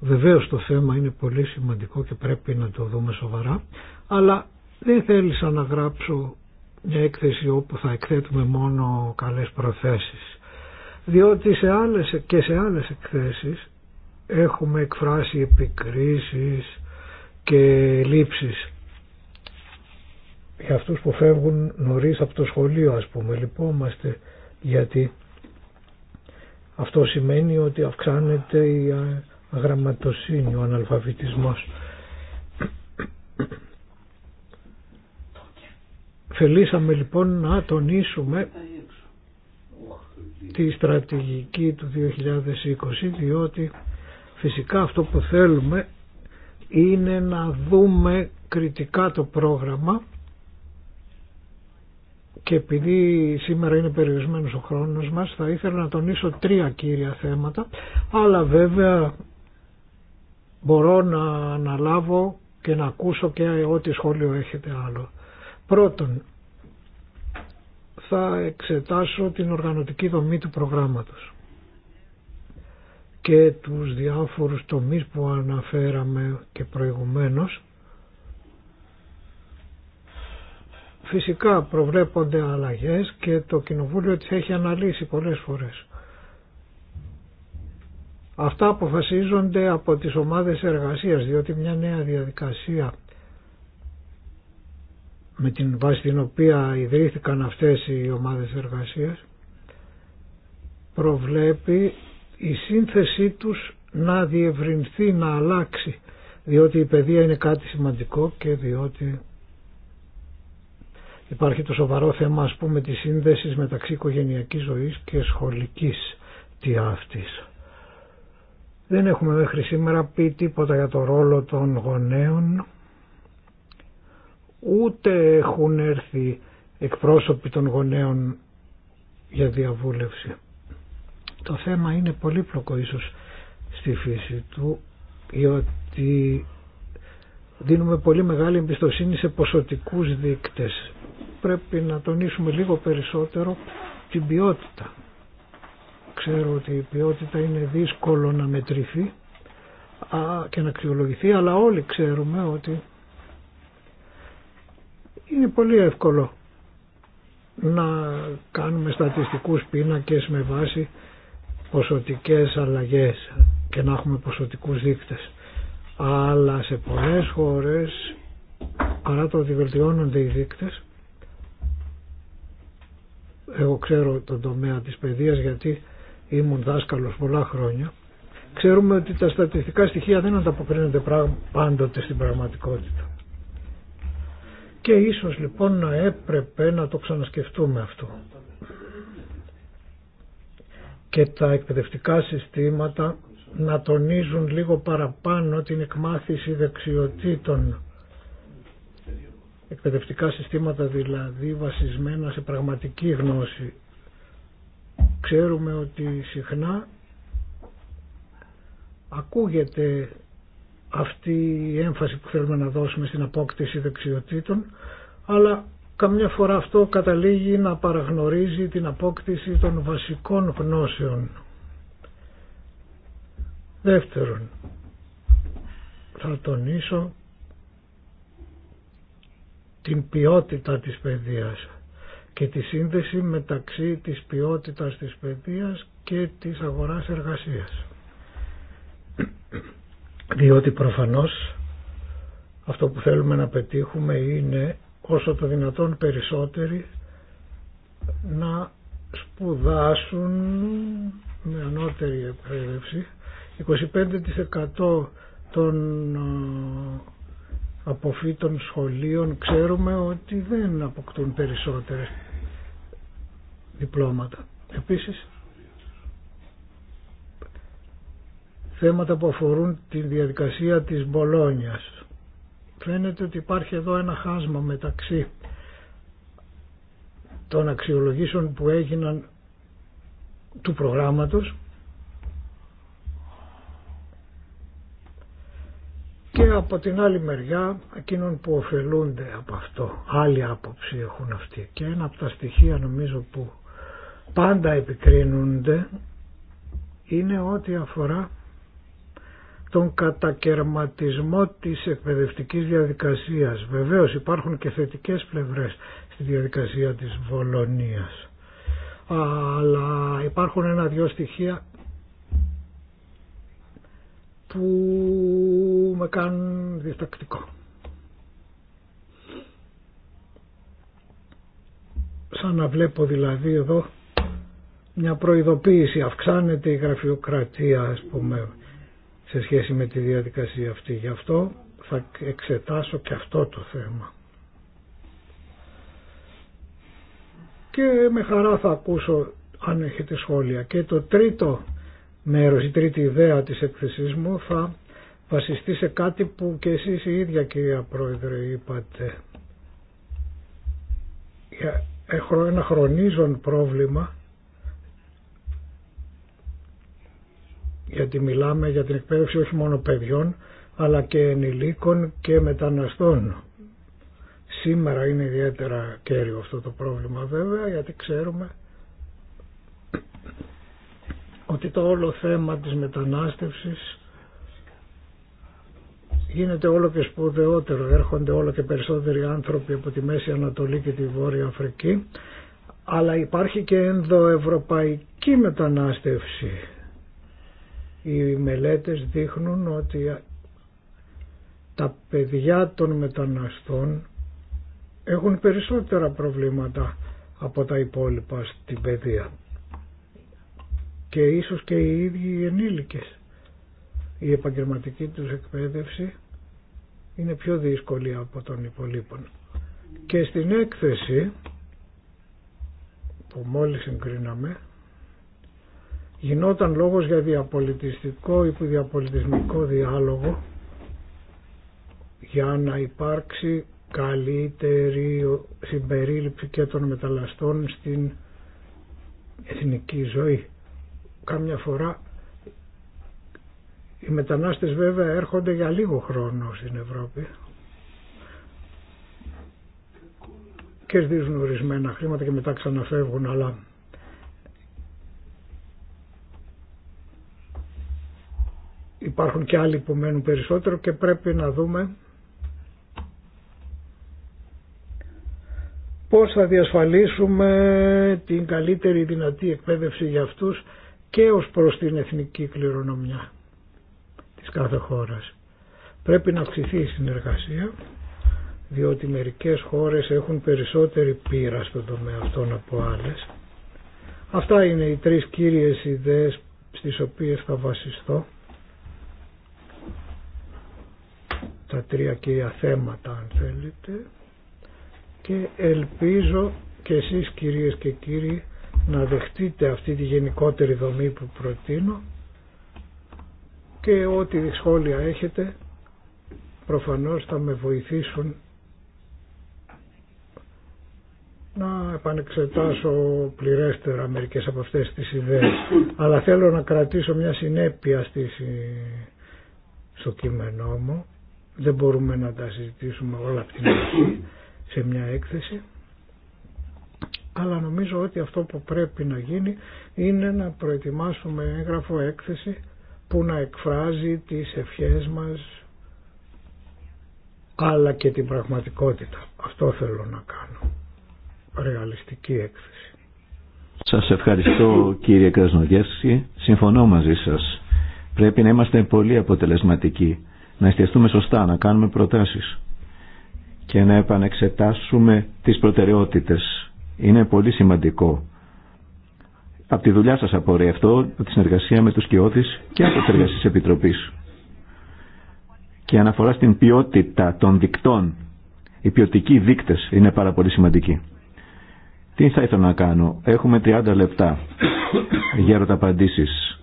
Βεβαίως το θέμα είναι πολύ σημαντικό και πρέπει να το δούμε σοβαρά, αλλά δεν θέλησα να γράψω μια έκθεση όπου θα εκθέτουμε μόνο καλές προθέσεις. Διότι σε άλλες, και σε άλλες εκθέσεις έχουμε εκφράσει επικρίσεις και λήψεις για αυτούς που φεύγουν νωρίς από το σχολείο ας πούμε. Λυπόμαστε γιατί αυτό σημαίνει ότι αυξάνεται η αγραμματοσύνη, ο αναλφαβητισμός. Θελήσαμε λοιπόν να τονίσουμε τη στρατηγική του 2020 διότι φυσικά αυτό που θέλουμε είναι να δούμε κριτικά το πρόγραμμα και επειδή σήμερα είναι περιορισμένος ο χρόνος μας θα ήθελα να τονίσω τρία κύρια θέματα αλλά βέβαια μπορώ να αναλάβω και να ακούσω και ό,τι σχόλιο έχετε άλλο. Πρώτον, θα εξετάσω την οργανωτική δομή του προγράμματος και τους διάφορους τομείς που αναφέραμε και προηγουμένως. Φυσικά προβλέπονται αλλαγές και το Κοινοβούλιο τις έχει αναλύσει πολλές φορές. Αυτά αποφασίζονται από τις ομάδες εργασίας, διότι μια νέα διαδικασία με την βάση την οποία ιδρύθηκαν αυτές οι ομάδες εργασίας προβλέπει η σύνθεσή τους να διευρυνθεί, να αλλάξει διότι η παιδεία είναι κάτι σημαντικό και διότι υπάρχει το σοβαρό θέμα ας πούμε της σύνδεσης μεταξύ οικογενειακής ζωής και σχολικής τι αυτής. Δεν έχουμε μέχρι σήμερα πει τίποτα για το ρόλο των γονέων ούτε έχουν έρθει εκπρόσωποι των γονέων για διαβούλευση. Το θέμα είναι πολύπλοκο ίσως στη φύση του, διότι δίνουμε πολύ μεγάλη εμπιστοσύνη σε ποσοτικούς δείκτες. Πρέπει να τονίσουμε λίγο περισσότερο την ποιότητα. Ξέρω ότι η ποιότητα είναι δύσκολο να μετρηθεί και να αξιολογηθεί, αλλά όλοι ξέρουμε ότι είναι πολύ εύκολο να κάνουμε στατιστικούς πίνακες με βάση ποσοτικές αλλαγές και να έχουμε ποσοτικούς δείκτες. Αλλά σε πολλές χώρες, παρά το ότι βελτιώνονται οι δείκτες, εγώ ξέρω τον τομέα της παιδείας γιατί ήμουν δάσκαλος πολλά χρόνια, ξέρουμε ότι τα στατιστικά στοιχεία δεν ανταποκρίνονται πάντοτε στην πραγματικότητα. Και ίσως λοιπόν να έπρεπε να το ξανασκεφτούμε αυτό. Και τα εκπαιδευτικά συστήματα να τονίζουν λίγο παραπάνω την εκμάθηση δεξιοτήτων. Εκπαιδευτικά συστήματα δηλαδή βασισμένα σε πραγματική γνώση. Ξέρουμε ότι συχνά ακούγεται αυτή η έμφαση που θέλουμε να δώσουμε στην απόκτηση δεξιοτήτων αλλά καμιά φορά αυτό καταλήγει να παραγνωρίζει την απόκτηση των βασικών γνώσεων. Δεύτερον, θα τονίσω την ποιότητα της παιδείας και τη σύνδεση μεταξύ της ποιότητας της παιδείας και της αγοράς εργασίας διότι προφανώς αυτό που θέλουμε να πετύχουμε είναι όσο το δυνατόν περισσότεροι να σπουδάσουν με ανώτερη εκπαίδευση 25% των αποφύτων σχολείων ξέρουμε ότι δεν αποκτούν περισσότερες διπλώματα. Επίσης θέματα που αφορούν τη διαδικασία της Μπολόνιας. Φαίνεται ότι υπάρχει εδώ ένα χάσμα μεταξύ των αξιολογήσεων που έγιναν του προγράμματος και από την άλλη μεριά εκείνων που ωφελούνται από αυτό. Άλλη άποψη έχουν αυτοί. Και ένα από τα στοιχεία νομίζω που πάντα επικρίνονται είναι ό,τι αφορά τον κατακαιρματισμό της εκπαιδευτικής διαδικασίας. Βεβαίως υπάρχουν και θετικές πλευρές στη διαδικασία της Βολονίας. Αλλά υπάρχουν ένα-δυο στοιχεία που με κάνουν διστακτικό. Σαν να βλέπω δηλαδή εδώ μια προειδοποίηση, αυξάνεται η γραφειοκρατία ας πούμε σε σχέση με τη διαδικασία αυτή. Γι' αυτό θα εξετάσω και αυτό το θέμα. Και με χαρά θα ακούσω αν έχετε σχόλια. Και το τρίτο μέρος, η τρίτη ιδέα της εκθεσής μου θα βασιστεί σε κάτι που και εσείς η ίδια κυρία Πρόεδρε είπατε. Έχω ένα χρονίζον πρόβλημα γιατί μιλάμε για την εκπαίδευση όχι μόνο παιδιών αλλά και ενηλίκων και μεταναστών. Σήμερα είναι ιδιαίτερα κέριο αυτό το πρόβλημα βέβαια γιατί ξέρουμε ότι το όλο θέμα της μετανάστευσης γίνεται όλο και σπουδαιότερο. Έρχονται όλο και περισσότεροι άνθρωποι από τη Μέση Ανατολή και τη Βόρεια Αφρική αλλά υπάρχει και ενδοευρωπαϊκή μετανάστευση οι μελέτες δείχνουν ότι τα παιδιά των μεταναστών έχουν περισσότερα προβλήματα από τα υπόλοιπα στην παιδεία και ίσως και οι ίδιοι οι ενήλικες. Η επαγγελματική τους εκπαίδευση είναι πιο δύσκολη από των υπολείπων. Και στην έκθεση που μόλις συγκρίναμε γινόταν λόγος για διαπολιτιστικό ή διαπολιτισμικό διάλογο για να υπάρξει καλύτερη συμπερίληψη και των μεταλλαστών στην εθνική ζωή. Κάμια φορά οι μετανάστες βέβαια έρχονται για λίγο χρόνο στην Ευρώπη και κερδίζουν ορισμένα χρήματα και μετά ξαναφεύγουν αλλά υπάρχουν και άλλοι που μένουν περισσότερο και πρέπει να δούμε πώς θα διασφαλίσουμε την καλύτερη δυνατή εκπαίδευση για αυτούς και ως προς την εθνική κληρονομιά της κάθε χώρας. Πρέπει να αυξηθεί η συνεργασία διότι μερικές χώρες έχουν περισσότερη πείρα στον τομέα αυτών από άλλες. Αυτά είναι οι τρεις κύριες ιδέες στις οποίες θα βασιστώ τα τρία κυρία θέματα αν θέλετε και ελπίζω και εσείς κυρίες και κύριοι να δεχτείτε αυτή τη γενικότερη δομή που προτείνω και ό,τι σχόλια έχετε προφανώς θα με βοηθήσουν να επανεξετάσω πληρέστερα μερικές από αυτές τις ιδέες. Αλλά θέλω να κρατήσω μια συνέπεια στη, στο κείμενό μου δεν μπορούμε να τα συζητήσουμε όλα από την αρχή σε μια έκθεση αλλά νομίζω ότι αυτό που πρέπει να γίνει είναι να προετοιμάσουμε έγγραφο έκθεση που να εκφράζει τις ευχές μας αλλά και την πραγματικότητα. Αυτό θέλω να κάνω. Ρεαλιστική έκθεση. Σας ευχαριστώ κύριε Κρασνογεύση. Συμφωνώ μαζί σας. Πρέπει να είμαστε πολύ αποτελεσματικοί να εστιαστούμε σωστά, να κάνουμε προτάσεις και να επανεξετάσουμε τις προτεραιότητες. Είναι πολύ σημαντικό. Από τη δουλειά σας απορρέει αυτό, από τη συνεργασία με τους κοιώδεις και από τις εργασίες επιτροπής. Και αναφορά στην ποιότητα των δικτών. Οι ποιοτικοί δείκτες είναι πάρα πολύ σημαντικοί. Τι θα ήθελα να κάνω. Έχουμε 30 λεπτά για ερωταπαντήσεις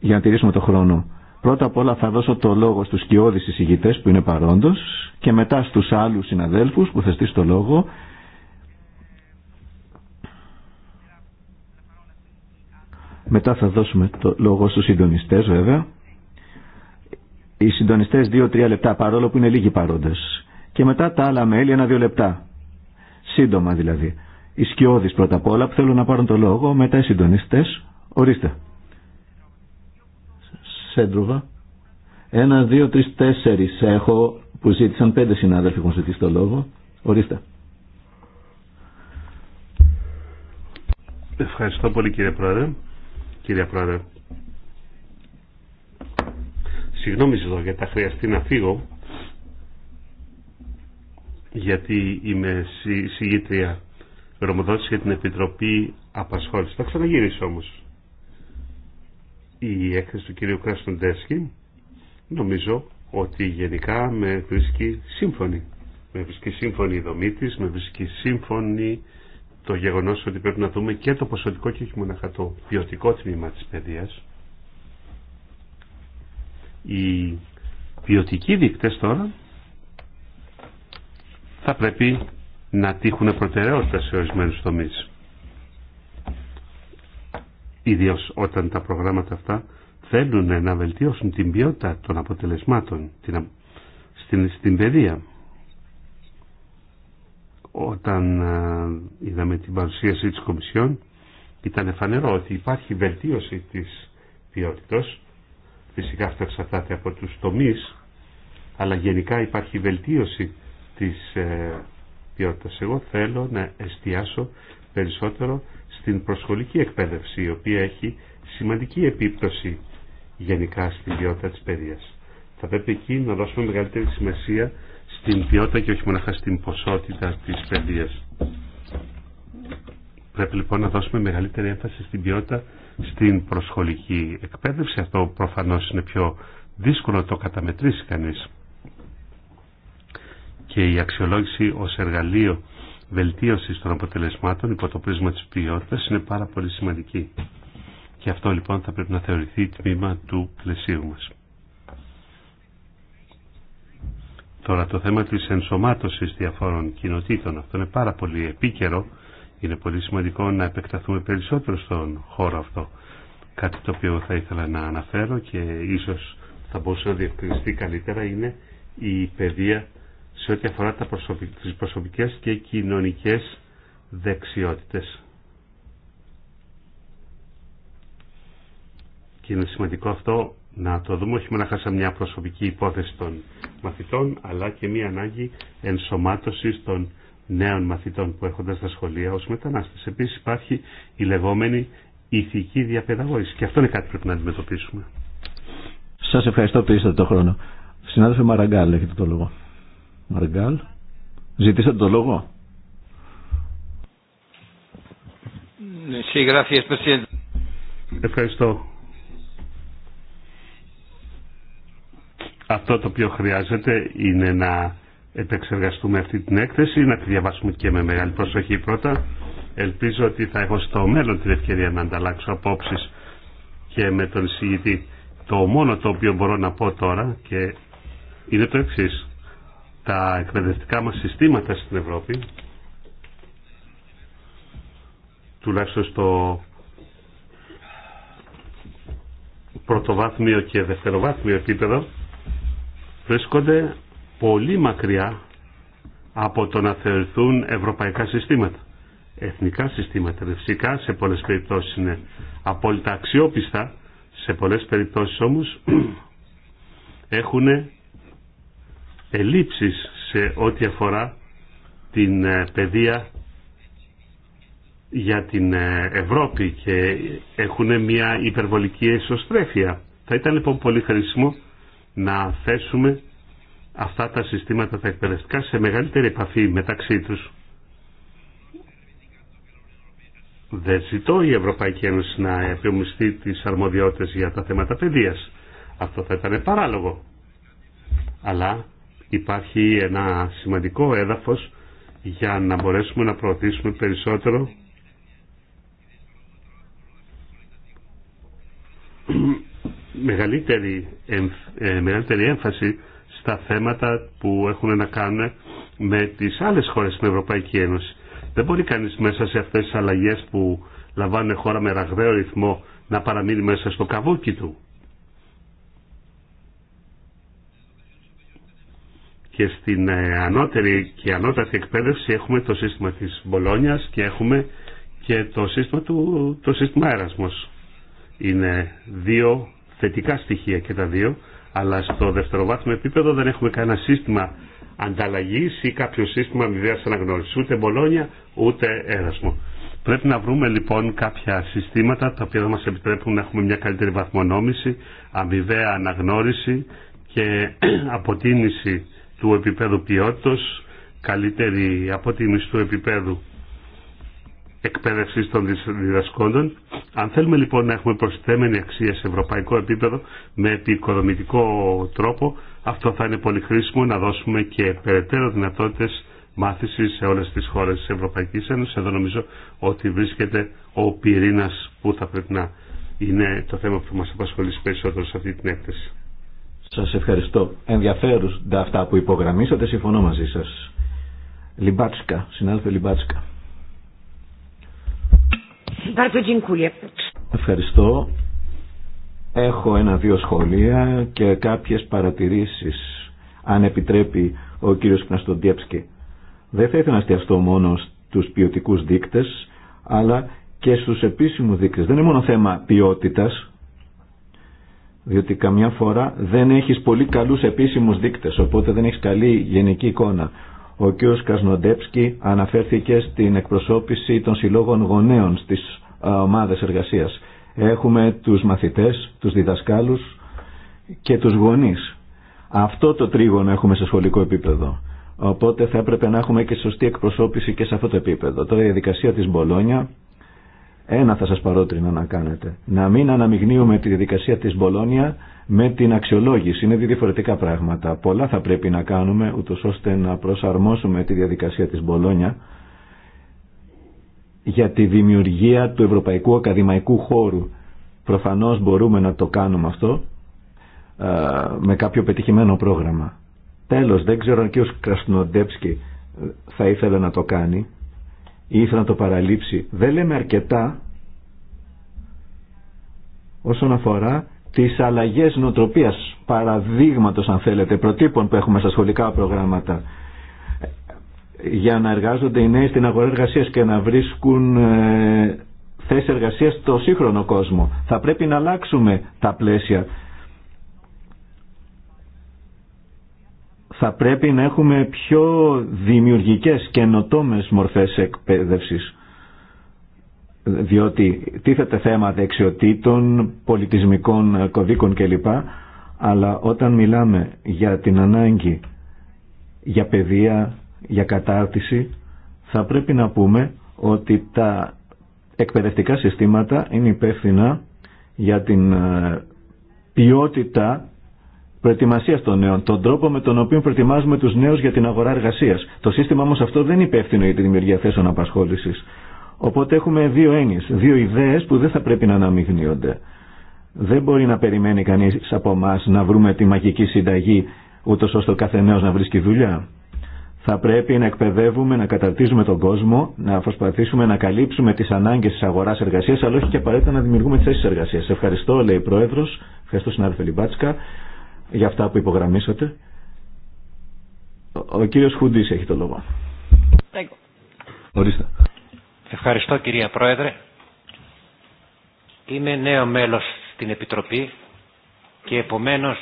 για να τηρήσουμε το χρόνο. Πρώτα απ' όλα θα δώσω το λόγο στους κοιόδης εισηγητές που είναι παρόντος και μετά στους άλλους συναδέλφους που θα στείλει το λόγο. Μετά θα δώσουμε το λόγο στους συντονιστές βέβαια. Οι συντονιστες δυο δύο-τρία λεπτά παρόλο που είναι λίγοι παρόντες. Και μετά τα άλλα μέλη ένα-δύο λεπτά. Σύντομα δηλαδή. Οι σκιώδεις πρώτα απ' όλα που θέλουν να πάρουν το λόγο, μετά οι συντονιστές. Ορίστε. Σέντροβα. Ένα, δύο, τρει, τέσσερι έχω που ζήτησαν πέντε συνάδελφοι έχουν ζητήσει το λόγο. Ορίστε. Ευχαριστώ πολύ κύριε Πρόεδρε. Κύριε Πρόεδρε. Συγγνώμη ζητώ γιατί θα χρειαστεί να φύγω γιατί είμαι συγγήτρια γνωμοδότηση για την Επιτροπή Απασχόληση. Θα ξαναγυρίσω όμως η έκθεση του κυρίου Τέσκι νομίζω ότι γενικά με βρίσκει σύμφωνη. Με βρίσκει σύμφωνη η δομή της, με βρίσκει σύμφωνη το γεγονός ότι πρέπει να δούμε και το ποσοτικό και όχι μοναχα το ποιοτικό τμήμα της παιδείας. Οι ποιοτικοί δείκτες τώρα θα πρέπει να τύχουν προτεραιότητα σε ορισμένους τομείς ιδίως όταν τα προγράμματα αυτά θέλουν να βελτιώσουν την ποιότητα των αποτελεσμάτων την, στην, στην παιδεία. Όταν ε, είδαμε την παρουσίαση της Κομισιόν ήταν εφανερό ότι υπάρχει βελτίωση της ποιότητας. Φυσικά αυτό εξαρτάται από τους τομείς, αλλά γενικά υπάρχει βελτίωση της ε, ποιότητας. Εγώ θέλω να εστιάσω περισσότερο στην προσχολική εκπαίδευση, η οποία έχει σημαντική επίπτωση γενικά στην ποιότητα της παιδείας. Θα πρέπει εκεί να δώσουμε μεγαλύτερη σημασία στην ποιότητα και όχι μόνο στην ποσότητα της παιδείας. Πρέπει λοιπόν να δώσουμε μεγαλύτερη έμφαση στην ποιότητα στην προσχολική εκπαίδευση. Αυτό προφανώς είναι πιο δύσκολο να το καταμετρήσει κανείς. Και η αξιολόγηση ως εργαλείο Βελτίωση των αποτελεσμάτων υπό το πρίσμα της ποιότητας είναι πάρα πολύ σημαντική. Και αυτό λοιπόν θα πρέπει να θεωρηθεί τμήμα του πλαισίου μας. Τώρα το θέμα της ενσωμάτωσης διαφόρων κοινοτήτων, αυτό είναι πάρα πολύ επίκαιρο. Είναι πολύ σημαντικό να επεκταθούμε περισσότερο στον χώρο αυτό. Κάτι το οποίο θα ήθελα να αναφέρω και ίσως θα μπορούσε να διευκρινιστεί καλύτερα είναι η παιδεία σε ό,τι αφορά τα τις προσωπικές και κοινωνικές δεξιότητες. Και είναι σημαντικό αυτό να το δούμε όχι μόνο χάσαμε μια προσωπική υπόθεση των μαθητών, αλλά και μια ανάγκη ενσωμάτωσης των νέων μαθητών που έρχονται στα σχολεία ως μετανάστες. Επίσης υπάρχει η λεγόμενη ηθική διαπαιδαγώγηση και αυτό είναι κάτι που πρέπει να αντιμετωπίσουμε. Σας ευχαριστώ που είστε το χρόνο. Συνάδελφε Μαραγκάλ, έχετε το λόγο. Μαργκάλ. Ζητήσατε το λόγο. Ευχαριστώ. Αυτό το οποίο χρειάζεται είναι να επεξεργαστούμε αυτή την έκθεση, να τη διαβάσουμε και με μεγάλη προσοχή πρώτα. Ελπίζω ότι θα έχω στο μέλλον την ευκαιρία να ανταλλάξω απόψεις και με τον εισηγητή. Το μόνο το οποίο μπορώ να πω τώρα και είναι το εξής τα εκπαιδευτικά μας συστήματα στην Ευρώπη, τουλάχιστον στο πρωτοβάθμιο και δευτεροβάθμιο επίπεδο, βρίσκονται πολύ μακριά από το να θεωρηθούν ευρωπαϊκά συστήματα. Εθνικά συστήματα, φυσικά σε πολλές περιπτώσεις είναι απόλυτα αξιόπιστα, σε πολλές περιπτώσεις όμως έχουν ελλείψεις σε ό,τι αφορά την ε, παιδεία για την ε, Ευρώπη και έχουν μια υπερβολική εσωστρέφεια. Θα ήταν λοιπόν πολύ χρήσιμο να θέσουμε αυτά τα συστήματα τα εκπαιδευτικά σε μεγαλύτερη επαφή μεταξύ τους. Δεν ζητώ η Ευρωπαϊκή Ένωση να επιομιστεί τις αρμοδιότητες για τα θέματα παιδείας. Αυτό θα ήταν παράλογο. Αλλά υπάρχει ένα σημαντικό έδαφος για να μπορέσουμε να προωθήσουμε περισσότερο μεγαλύτερη, ε, μεγαλύτερη έμφαση στα θέματα που έχουν να κάνουν με τις άλλες χώρες στην Ευρωπαϊκή Ένωση. Δεν μπορεί κανείς μέσα σε αυτές τις αλλαγές που λαμβάνουν χώρα με ραγδαίο ρυθμό να παραμείνει μέσα στο καβούκι του. και στην ε, ανώτερη και ανώτατη εκπαίδευση έχουμε το σύστημα της Μπολόνιας και έχουμε και το σύστημα, του, το σύστημα Έρασμος. Είναι δύο θετικά στοιχεία και τα δύο, αλλά στο δευτεροβάθμιο επίπεδο δεν έχουμε κανένα σύστημα ανταλλαγής ή κάποιο σύστημα μηδέας αναγνώρισης, ούτε Μπολόνια ούτε Έρασμο. Πρέπει να βρούμε λοιπόν κάποια συστήματα τα οποία θα μας επιτρέπουν να έχουμε μια καλύτερη βαθμονόμηση, αμοιβαία αναγνώριση και αποτίμηση του επίπεδου ποιότητος, καλύτερη αποτίμηση του επίπεδου εκπαίδευσης των διδασκόντων. Αν θέλουμε λοιπόν να έχουμε προσθέμενη αξία σε ευρωπαϊκό επίπεδο με επικοδομητικό τρόπο, αυτό θα είναι πολύ χρήσιμο να δώσουμε και περαιτέρω δυνατότητες μάθησης σε όλες τις χώρες της Ευρωπαϊκής Ένωσης. Εδώ νομίζω ότι βρίσκεται ο πυρήνας που θα πρέπει να είναι το θέμα που μας απασχολεί περισσότερο σε αυτή την έκθεση. Σας ευχαριστώ. τα αυτά που υπογραμμίσατε, συμφωνώ μαζί σας. Λιμπάτσκα, συνάδελφε Λιμπάτσκα. Ευχαριστώ. Έχω ένα-δύο σχόλια και κάποιες παρατηρήσεις, αν επιτρέπει ο κύριος Κναστοντιέψκη. Δεν θα ήθελα να στιαστώ μόνο στους ποιοτικού δείκτες, αλλά και στους επίσημους δείκτες. Δεν είναι μόνο θέμα ποιότητας, διότι καμιά φορά δεν έχεις πολύ καλούς επίσημους δείκτες, οπότε δεν έχεις καλή γενική εικόνα. Ο κ. Κασνοντέψκι αναφέρθηκε στην εκπροσώπηση των συλλόγων γονέων στις ομάδες εργασίας. Έχουμε τους μαθητές, τους διδασκάλους και τους γονείς. Αυτό το τρίγωνο έχουμε σε σχολικό επίπεδο. Οπότε θα έπρεπε να έχουμε και σωστή εκπροσώπηση και σε αυτό το επίπεδο. Τώρα η διαδικασία της Μπολόνια ένα θα σας παρότρινα να κάνετε. Να μην αναμειγνύουμε τη διαδικασία της Μπολόνια με την αξιολόγηση. Είναι διαφορετικά πράγματα. Πολλά θα πρέπει να κάνουμε ούτω ώστε να προσαρμόσουμε τη διαδικασία της Μπολόνια για τη δημιουργία του ευρωπαϊκού ακαδημαϊκού χώρου. Προφανώς μπορούμε να το κάνουμε αυτό ε, με κάποιο πετυχημένο πρόγραμμα. Τέλος, δεν ξέρω αν και ο Κρασνοντέψκι θα ήθελε να το κάνει ή ήθελα να το παραλείψει. Δεν λέμε αρκετά όσον αφορά τις αλλαγές νοοτροπίας παραδείγματος αν θέλετε προτύπων που έχουμε στα σχολικά προγράμματα για να εργάζονται οι νέοι στην αγορά εργασίας και να βρίσκουν ε, θέσεις εργασίας στο σύγχρονο κόσμο. Θα πρέπει να αλλάξουμε τα πλαίσια θα πρέπει να έχουμε πιο δημιουργικές καινοτόμες μορφές εκπαίδευσης διότι τίθεται θέμα δεξιοτήτων, πολιτισμικών κωδίκων κλπ. Αλλά όταν μιλάμε για την ανάγκη για παιδεία, για κατάρτιση, θα πρέπει να πούμε ότι τα εκπαιδευτικά συστήματα είναι υπεύθυνα για την ε, ποιότητα προετοιμασία των νέων, τον τρόπο με τον οποίο προετοιμάζουμε του νέου για την αγορά εργασία. Το σύστημα όμω αυτό δεν είναι υπεύθυνο για τη δημιουργία θέσεων απασχόληση. Οπότε έχουμε δύο έννοιε, δύο ιδέε που δεν θα πρέπει να αναμειγνύονται. Δεν μπορεί να περιμένει κανεί από εμά να βρούμε τη μαγική συνταγή, ούτω ώστε ο κάθε νέο να βρίσκει δουλειά. Θα πρέπει να εκπαιδεύουμε, να καταρτίζουμε τον κόσμο, να προσπαθήσουμε να καλύψουμε τι ανάγκε τη αγορά-εργασία, αλλά όχι και απαραίτητα να δημιουργούμε θέσει εργασία. Ευχαριστώ, λέει η Πρόεδρο. Ευχαριστώ, συνάδελφε Λιμπάτσκα για αυτά που υπογραμμίσατε. Ο κύριος Χουντής έχει το λόγο. Ορίστε. Ευχαριστώ κυρία Πρόεδρε. Είμαι νέο μέλος στην Επιτροπή και επομένως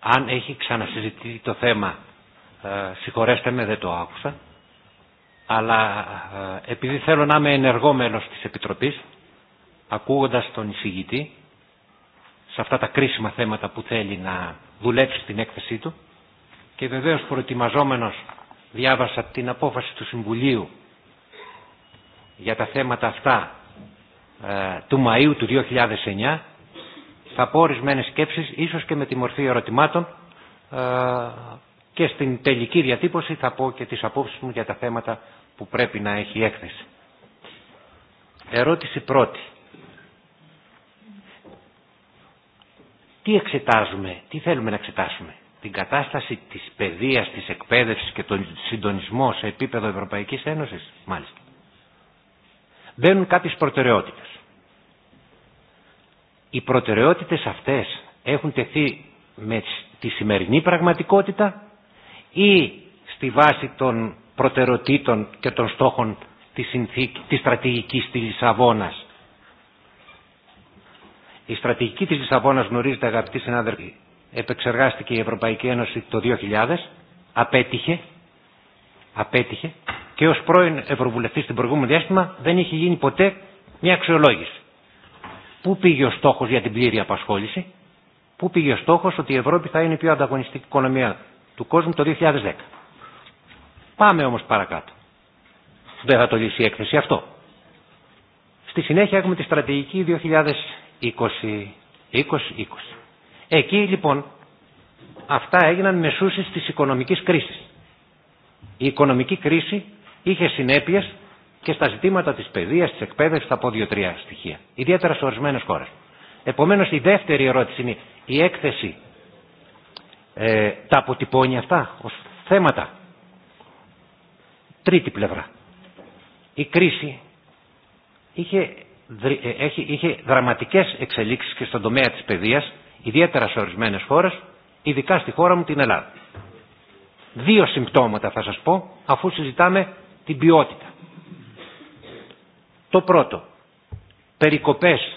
αν έχει ξανασυζητηθεί το θέμα ε, συγχωρέστε με δεν το άκουσα αλλά ε, επειδή θέλω να είμαι ενεργό μέλος της Επιτροπής ακούγοντας τον εισηγητή σε αυτά τα κρίσιμα θέματα που θέλει να δουλέψει στην έκθεσή του και βεβαίως προετοιμαζόμενος διάβασα την απόφαση του Συμβουλίου για τα θέματα αυτά ε, του Μαΐου του 2009 θα πω ορισμένες σκέψεις ίσως και με τη μορφή ερωτημάτων ε, και στην τελική διατύπωση θα πω και τις απόψεις μου για τα θέματα που πρέπει να έχει έκθεση. Ερώτηση πρώτη. τι εξετάζουμε, τι θέλουμε να εξετάσουμε. Την κατάσταση της παιδείας, της εκπαίδευσης και τον συντονισμό σε επίπεδο Ευρωπαϊκής Ένωσης, μάλιστα. Μπαίνουν κάποιες προτεραιότητες. Οι προτεραιότητες αυτές έχουν τεθεί με τη σημερινή πραγματικότητα ή στη βάση των προτεραιοτήτων και των στόχων της, στρατηγική της στρατηγικής της Λισαβόνας η στρατηγική της Λισαβόνας γνωρίζετε αγαπητοί συνάδελφοι, επεξεργάστηκε η Ευρωπαϊκή Ένωση το 2000, απέτυχε, απέτυχε και ως πρώην Ευρωβουλευτής στην προηγούμενη διάστημα δεν είχε γίνει ποτέ μια αξιολόγηση. Πού πήγε ο στόχος για την πλήρη απασχόληση, πού πήγε ο στόχος ότι η Ευρώπη θα είναι η πιο ανταγωνιστική οικονομία του κόσμου το 2010. Πάμε όμως παρακάτω. Δεν θα το λύσει η έκθεση αυτό. Στη συνέχεια έχουμε τη στρατηγική 20, 20, Εκεί λοιπόν αυτά έγιναν μεσούσεις της οικονομικής κρίσης. Η οικονομική κρίση είχε συνέπειες και στα ζητήματα της παιδείας, της εκπαίδευσης, θα πω δύο-τρία στοιχεία. Ιδιαίτερα σε ορισμένες χώρες. Επομένως η δεύτερη ερώτηση είναι η έκθεση ε, τα αποτυπώνει αυτά ως θέματα. Τρίτη πλευρά. Η κρίση είχε ε, έχει, είχε δραματικές εξελίξεις και στον τομέα της παιδείας, ιδιαίτερα σε ορισμένες χώρες, ειδικά στη χώρα μου την Ελλάδα. Δύο συμπτώματα θα σας πω, αφού συζητάμε την ποιότητα. Το πρώτο, περικοπές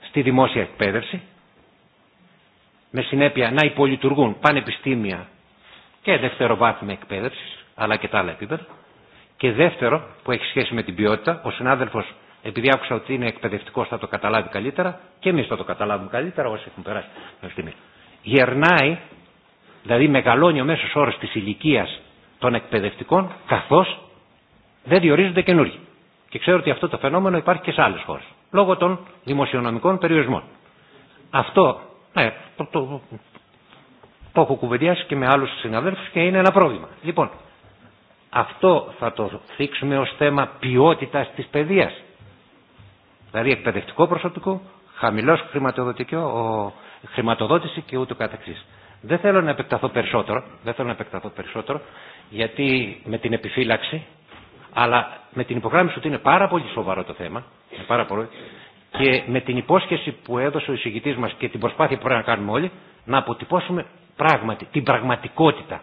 στη δημόσια εκπαίδευση, με συνέπεια να υπολειτουργούν πανεπιστήμια και δευτεροβάθμια εκπαίδευση, αλλά και τα άλλα επίπεδα. Και δεύτερο, που έχει σχέση με την ποιότητα, ο συνάδελφος επειδή άκουσα ότι είναι εκπαιδευτικό, θα το καταλάβει καλύτερα και εμεί θα το καταλάβουμε καλύτερα όσοι έχουν περάσει μέχρι στιγμή. Γερνάει, δηλαδή μεγαλώνει ο μέσο όρο τη ηλικία των εκπαιδευτικών, καθώ δεν διορίζονται καινούργοι. Και ξέρω ότι αυτό το φαινόμενο υπάρχει και σε άλλε χώρε, λόγω των δημοσιονομικών περιορισμών. Αυτό, ναι, το, το, το έχω κουβεντιάσει και με άλλου συναδέλφου και είναι ένα πρόβλημα. Λοιπόν, αυτό θα το θίξουμε ω θέμα ποιότητα τη παιδείας Δηλαδή εκπαιδευτικό προσωπικό, χαμηλός χρηματοδοτικό, χρηματοδότηση και ούτω καθεξής. Δεν θέλω να επεκταθώ περισσότερο, δεν θέλω να επεκταθώ περισσότερο, γιατί με την επιφύλαξη, αλλά με την υπογράμμιση ότι είναι πάρα πολύ σοβαρό το θέμα, είναι πάρα πολύ, και με την υπόσχεση που έδωσε ο εισηγητής μας και την προσπάθεια που πρέπει να κάνουμε όλοι, να αποτυπώσουμε πράγματι, την πραγματικότητα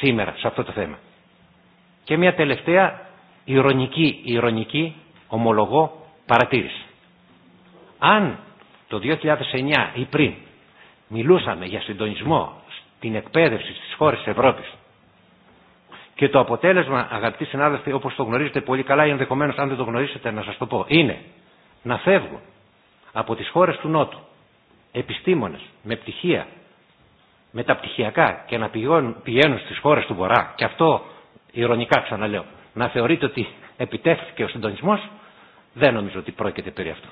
σήμερα σε αυτό το θέμα. Και μια τελευταία ηρωνική, ηρωνική ομολογώ, παρατήρηση. Αν το 2009 ή πριν μιλούσαμε για συντονισμό στην εκπαίδευση στις χώρες της Ευρώπης και το αποτέλεσμα, αγαπητοί συνάδελφοι, όπως το γνωρίζετε πολύ καλά ή ενδεχομένω αν δεν το γνωρίσετε να σας το πω, είναι να φεύγουν από τις χώρες του Νότου επιστήμονες με πτυχία, με τα πτυχιακά και να πηγαίνουν, πηγαίνουν στις χώρες του Βορρά και αυτό ηρωνικά ξαναλέω, να θεωρείτε ότι επιτεύχθηκε ο συντονισμός δεν νομίζω ότι πρόκειται περί αυτού.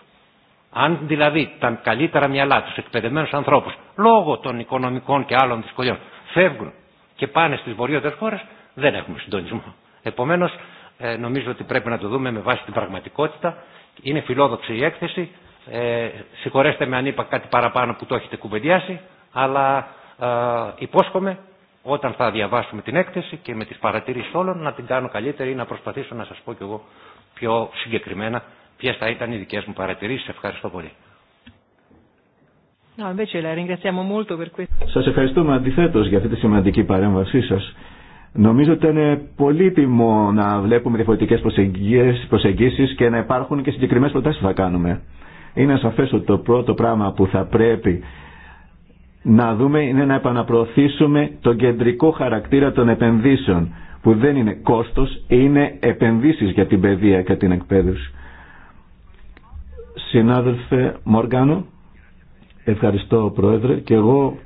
Αν δηλαδή τα καλύτερα μυαλά, του εκπαιδευμένου ανθρώπου, λόγω των οικονομικών και άλλων δυσκολιών, φεύγουν και πάνε στι βορειότερε χώρε, δεν έχουμε συντονισμό. Επομένω, ε, νομίζω ότι πρέπει να το δούμε με βάση την πραγματικότητα. Είναι φιλόδοξη η έκθεση. Ε, συγχωρέστε με αν είπα κάτι παραπάνω που το έχετε κουβεντιάσει, αλλά ε, υπόσχομαι όταν θα διαβάσουμε την έκθεση και με τι παρατηρήσει όλων να την κάνω καλύτερη ή να προσπαθήσω να σα πω κι εγώ πιο συγκεκριμένα ποιε θα ήταν οι δικέ μου παρατηρήσει. Ευχαριστώ πολύ. Σα ευχαριστούμε αντιθέτω για αυτή τη σημαντική παρέμβασή σα. Νομίζω ότι είναι πολύτιμο να βλέπουμε διαφορετικέ προσεγγίσει και να υπάρχουν και συγκεκριμένε προτάσει που θα κάνουμε. Είναι σαφέ ότι το πρώτο πράγμα που θα πρέπει να δούμε είναι να επαναπροωθήσουμε τον κεντρικό χαρακτήρα των επενδύσεων που δεν είναι κόστος, είναι επενδύσεις για την παιδεία και την εκπαίδευση. Συνάδελφε Μόργανο, ευχαριστώ Πρόεδρε και εγώ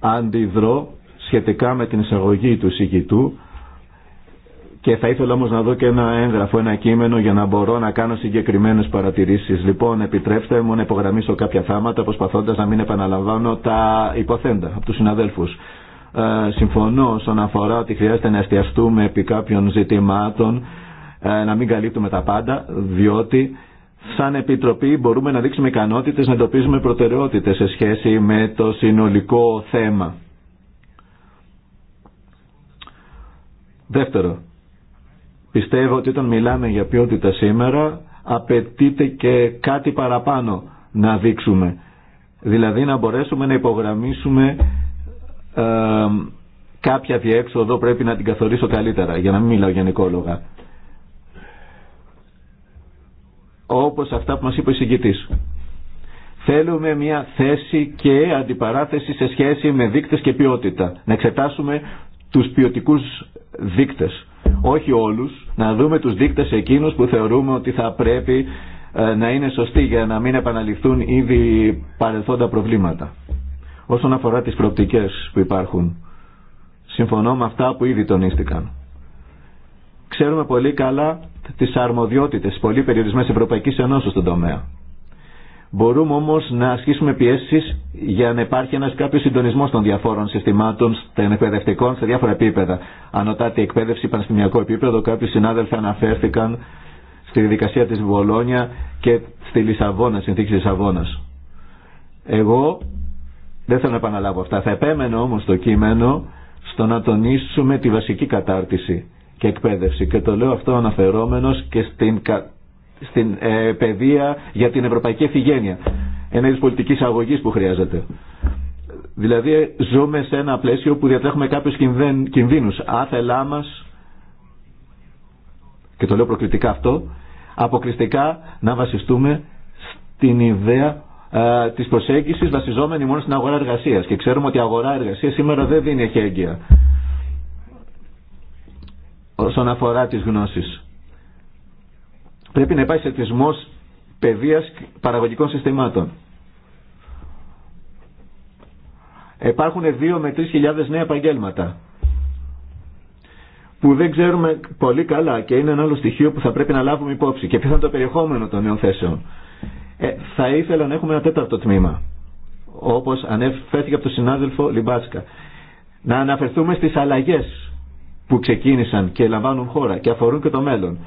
αντιδρώ σχετικά με την εισαγωγή του συγκητού και θα ήθελα όμως να δω και ένα έγγραφο, ένα κείμενο για να μπορώ να κάνω συγκεκριμένες παρατηρήσεις. Λοιπόν, επιτρέψτε μου να υπογραμμίσω κάποια θάματα προσπαθώντας να μην επαναλαμβάνω τα υποθέντα από τους συναδέλφους. Ε, συμφωνώ όσον αφορά ότι χρειάζεται να εστιαστούμε επί κάποιων ζητημάτων, ε, να μην καλύπτουμε τα πάντα, διότι σαν Επιτροπή μπορούμε να δείξουμε ικανότητες, να εντοπίζουμε προτεραιότητες σε σχέση με το συνολικό θέμα. Δεύτερο, πιστεύω ότι όταν μιλάμε για ποιότητα σήμερα απαιτείται και κάτι παραπάνω να δείξουμε. Δηλαδή να μπορέσουμε να υπογραμμίσουμε κάποια διέξοδο πρέπει να την καθορίσω καλύτερα για να μην μιλάω γενικόλογα. Όπως αυτά που μας είπε ο εισηγητής. Θέλουμε μια θέση και αντιπαράθεση σε σχέση με δείκτες και ποιότητα. Να εξετάσουμε τους ποιοτικούς δείκτες. Όχι όλους, να δούμε τους δείκτες εκείνους που θεωρούμε ότι θα πρέπει ε, να είναι σωστοί για να μην επαναληφθούν ήδη παρελθόντα προβλήματα όσον αφορά τις προοπτικές που υπάρχουν. Συμφωνώ με αυτά που ήδη τονίστηκαν. Ξέρουμε πολύ καλά τις αρμοδιότητες, πολύ περιορισμένες Ευρωπαϊκής Ενώσης στον τομέα. Μπορούμε όμως να ασκήσουμε πιέσεις για να υπάρχει ένας κάποιος συντονισμός των διαφόρων συστημάτων, των εκπαιδευτικών, σε διάφορα επίπεδα. Ανωτάτη εκπαίδευση, πανεπιστημιακό επίπεδο, κάποιοι συνάδελφοι αναφέρθηκαν στη δικασία της Βολόνια και στη Λισαβόνα, συνθήκη Λισαβόνας. Εγώ δεν θέλω να επαναλάβω αυτά. Θα επέμενω όμω το κείμενο στο να τονίσουμε τη βασική κατάρτιση και εκπαίδευση. Και το λέω αυτό αναφερόμενος και στην, στην ε, παιδεία για την ευρωπαϊκή ευθυγένεια. Ένα πολιτική πολιτικής αγωγής που χρειάζεται. Δηλαδή ε, ζούμε σε ένα πλαίσιο που διατρέχουμε κάποιου κινδύνου. κινδύνους. Άθελά μα και το λέω προκλητικά αυτό, αποκλειστικά να βασιστούμε στην ιδέα ε, της προσέγγισης βασιζόμενη μόνο στην αγορά εργασίας και ξέρουμε ότι η αγορά εργασίας σήμερα δεν δίνει εχέγγυα όσον αφορά τις γνώσεις. Πρέπει να υπάρχει σεκτισμός παιδείας παραγωγικών συστημάτων. Υπάρχουν 2 με τρεις χιλιάδες νέα επαγγέλματα που δεν ξέρουμε πολύ καλά και είναι ένα άλλο στοιχείο που θα πρέπει να λάβουμε υπόψη και ποιο θα είναι το περιεχόμενο των νέων θέσεων. Ε, θα ήθελα να έχουμε ένα τέταρτο τμήμα, όπως ανέφερθηκε από τον συνάδελφο Λιμπάσκα. Να αναφερθούμε στις αλλαγές που ξεκίνησαν και λαμβάνουν χώρα και αφορούν και το μέλλον.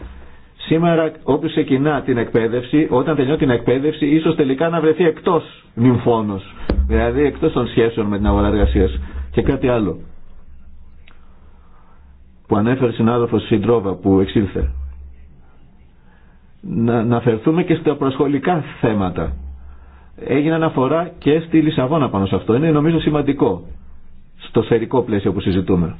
Σήμερα όποιος ξεκινά την εκπαίδευση, όταν τελειώνει την εκπαίδευση, ίσως τελικά να βρεθεί εκτός νυμφώνος, δηλαδή εκτός των σχέσεων με την αγορά εργασία και κάτι άλλο που ανέφερε ο συνάδελφος Σιντρόβα που εξήλθε να αναφερθούμε και στα προσχολικά θέματα. Έγινε αναφορά και στη Λισαβόνα πάνω σε αυτό. Είναι νομίζω σημαντικό στο σφαιρικό πλαίσιο που συζητούμε.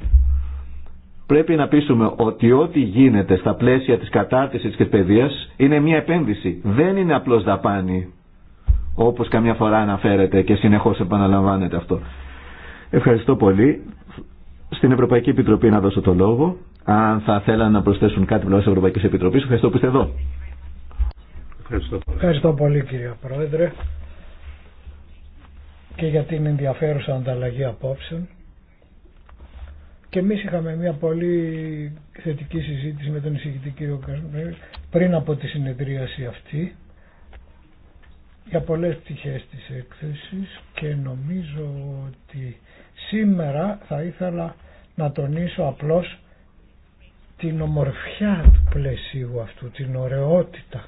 Πρέπει να πείσουμε ότι ό,τι γίνεται στα πλαίσια της κατάρτισης και της παιδείας είναι μια επένδυση. Δεν είναι απλώς δαπάνη, όπως καμιά φορά αναφέρεται και συνεχώς επαναλαμβάνεται αυτό. Ευχαριστώ πολύ. Στην Ευρωπαϊκή Επιτροπή να δώσω το λόγο. Αν θα θέλανε να προσθέσουν κάτι πλέον τη Ευρωπαϊκή Επιτροπή, ευχαριστώ που είστε εδώ. Ευχαριστώ πολύ. πολύ κύριε Πρόεδρε και για την ενδιαφέρουσα ανταλλαγή απόψεων. Και εμεί είχαμε μια πολύ θετική συζήτηση με τον εισηγητή κύριο πριν από τη συνεδρίαση αυτή για πολλές πτυχές της έκθεσης και νομίζω ότι σήμερα θα ήθελα να τονίσω απλώς την ομορφιά του πλαισίου αυτού, την ωραιότητα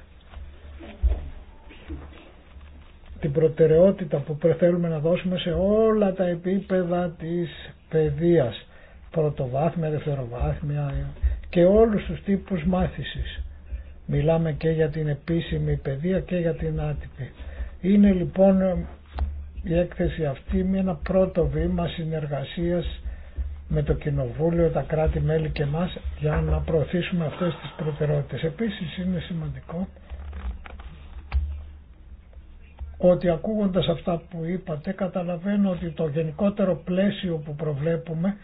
την προτεραιότητα που θέλουμε να δώσουμε σε όλα τα επίπεδα της παιδείας πρωτοβάθμια, δευτεροβάθμια και όλους τους τύπους μάθησης μιλάμε και για την επίσημη παιδεία και για την άτυπη είναι λοιπόν ε, η έκθεση αυτή με ένα πρώτο βήμα συνεργασίας με το Κοινοβούλιο, τα κράτη-μέλη και μας για να προωθήσουμε αυτές τις προτεραιότητες. Επίσης είναι σημαντικό ότι ακούγοντας αυτά που είπατε καταλαβαίνω ότι το γενικότερο πλαίσιο που προβλέπουμε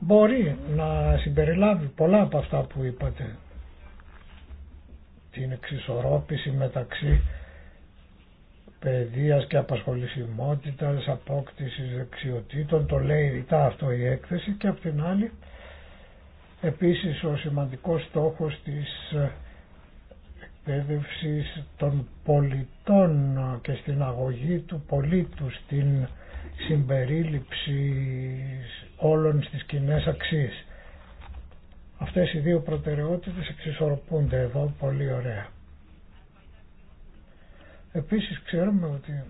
μπορεί να συμπεριλάβει πολλά από αυτά που είπατε την εξισορρόπηση μεταξύ παιδείας και απασχολησιμότητας, απόκτησης δεξιοτήτων, το λέει ρητά αυτό η έκθεση και απ' την άλλη επίσης ο σημαντικός στόχος της ε, των πολιτών και στην αγωγή του πολίτου, στην συμπερίληψη όλων στις κοινέ αξίες. Αυτές οι δύο προτεραιότητες εξισορροπούνται εδώ πολύ ωραία. Επίσης ξέρουμε ότι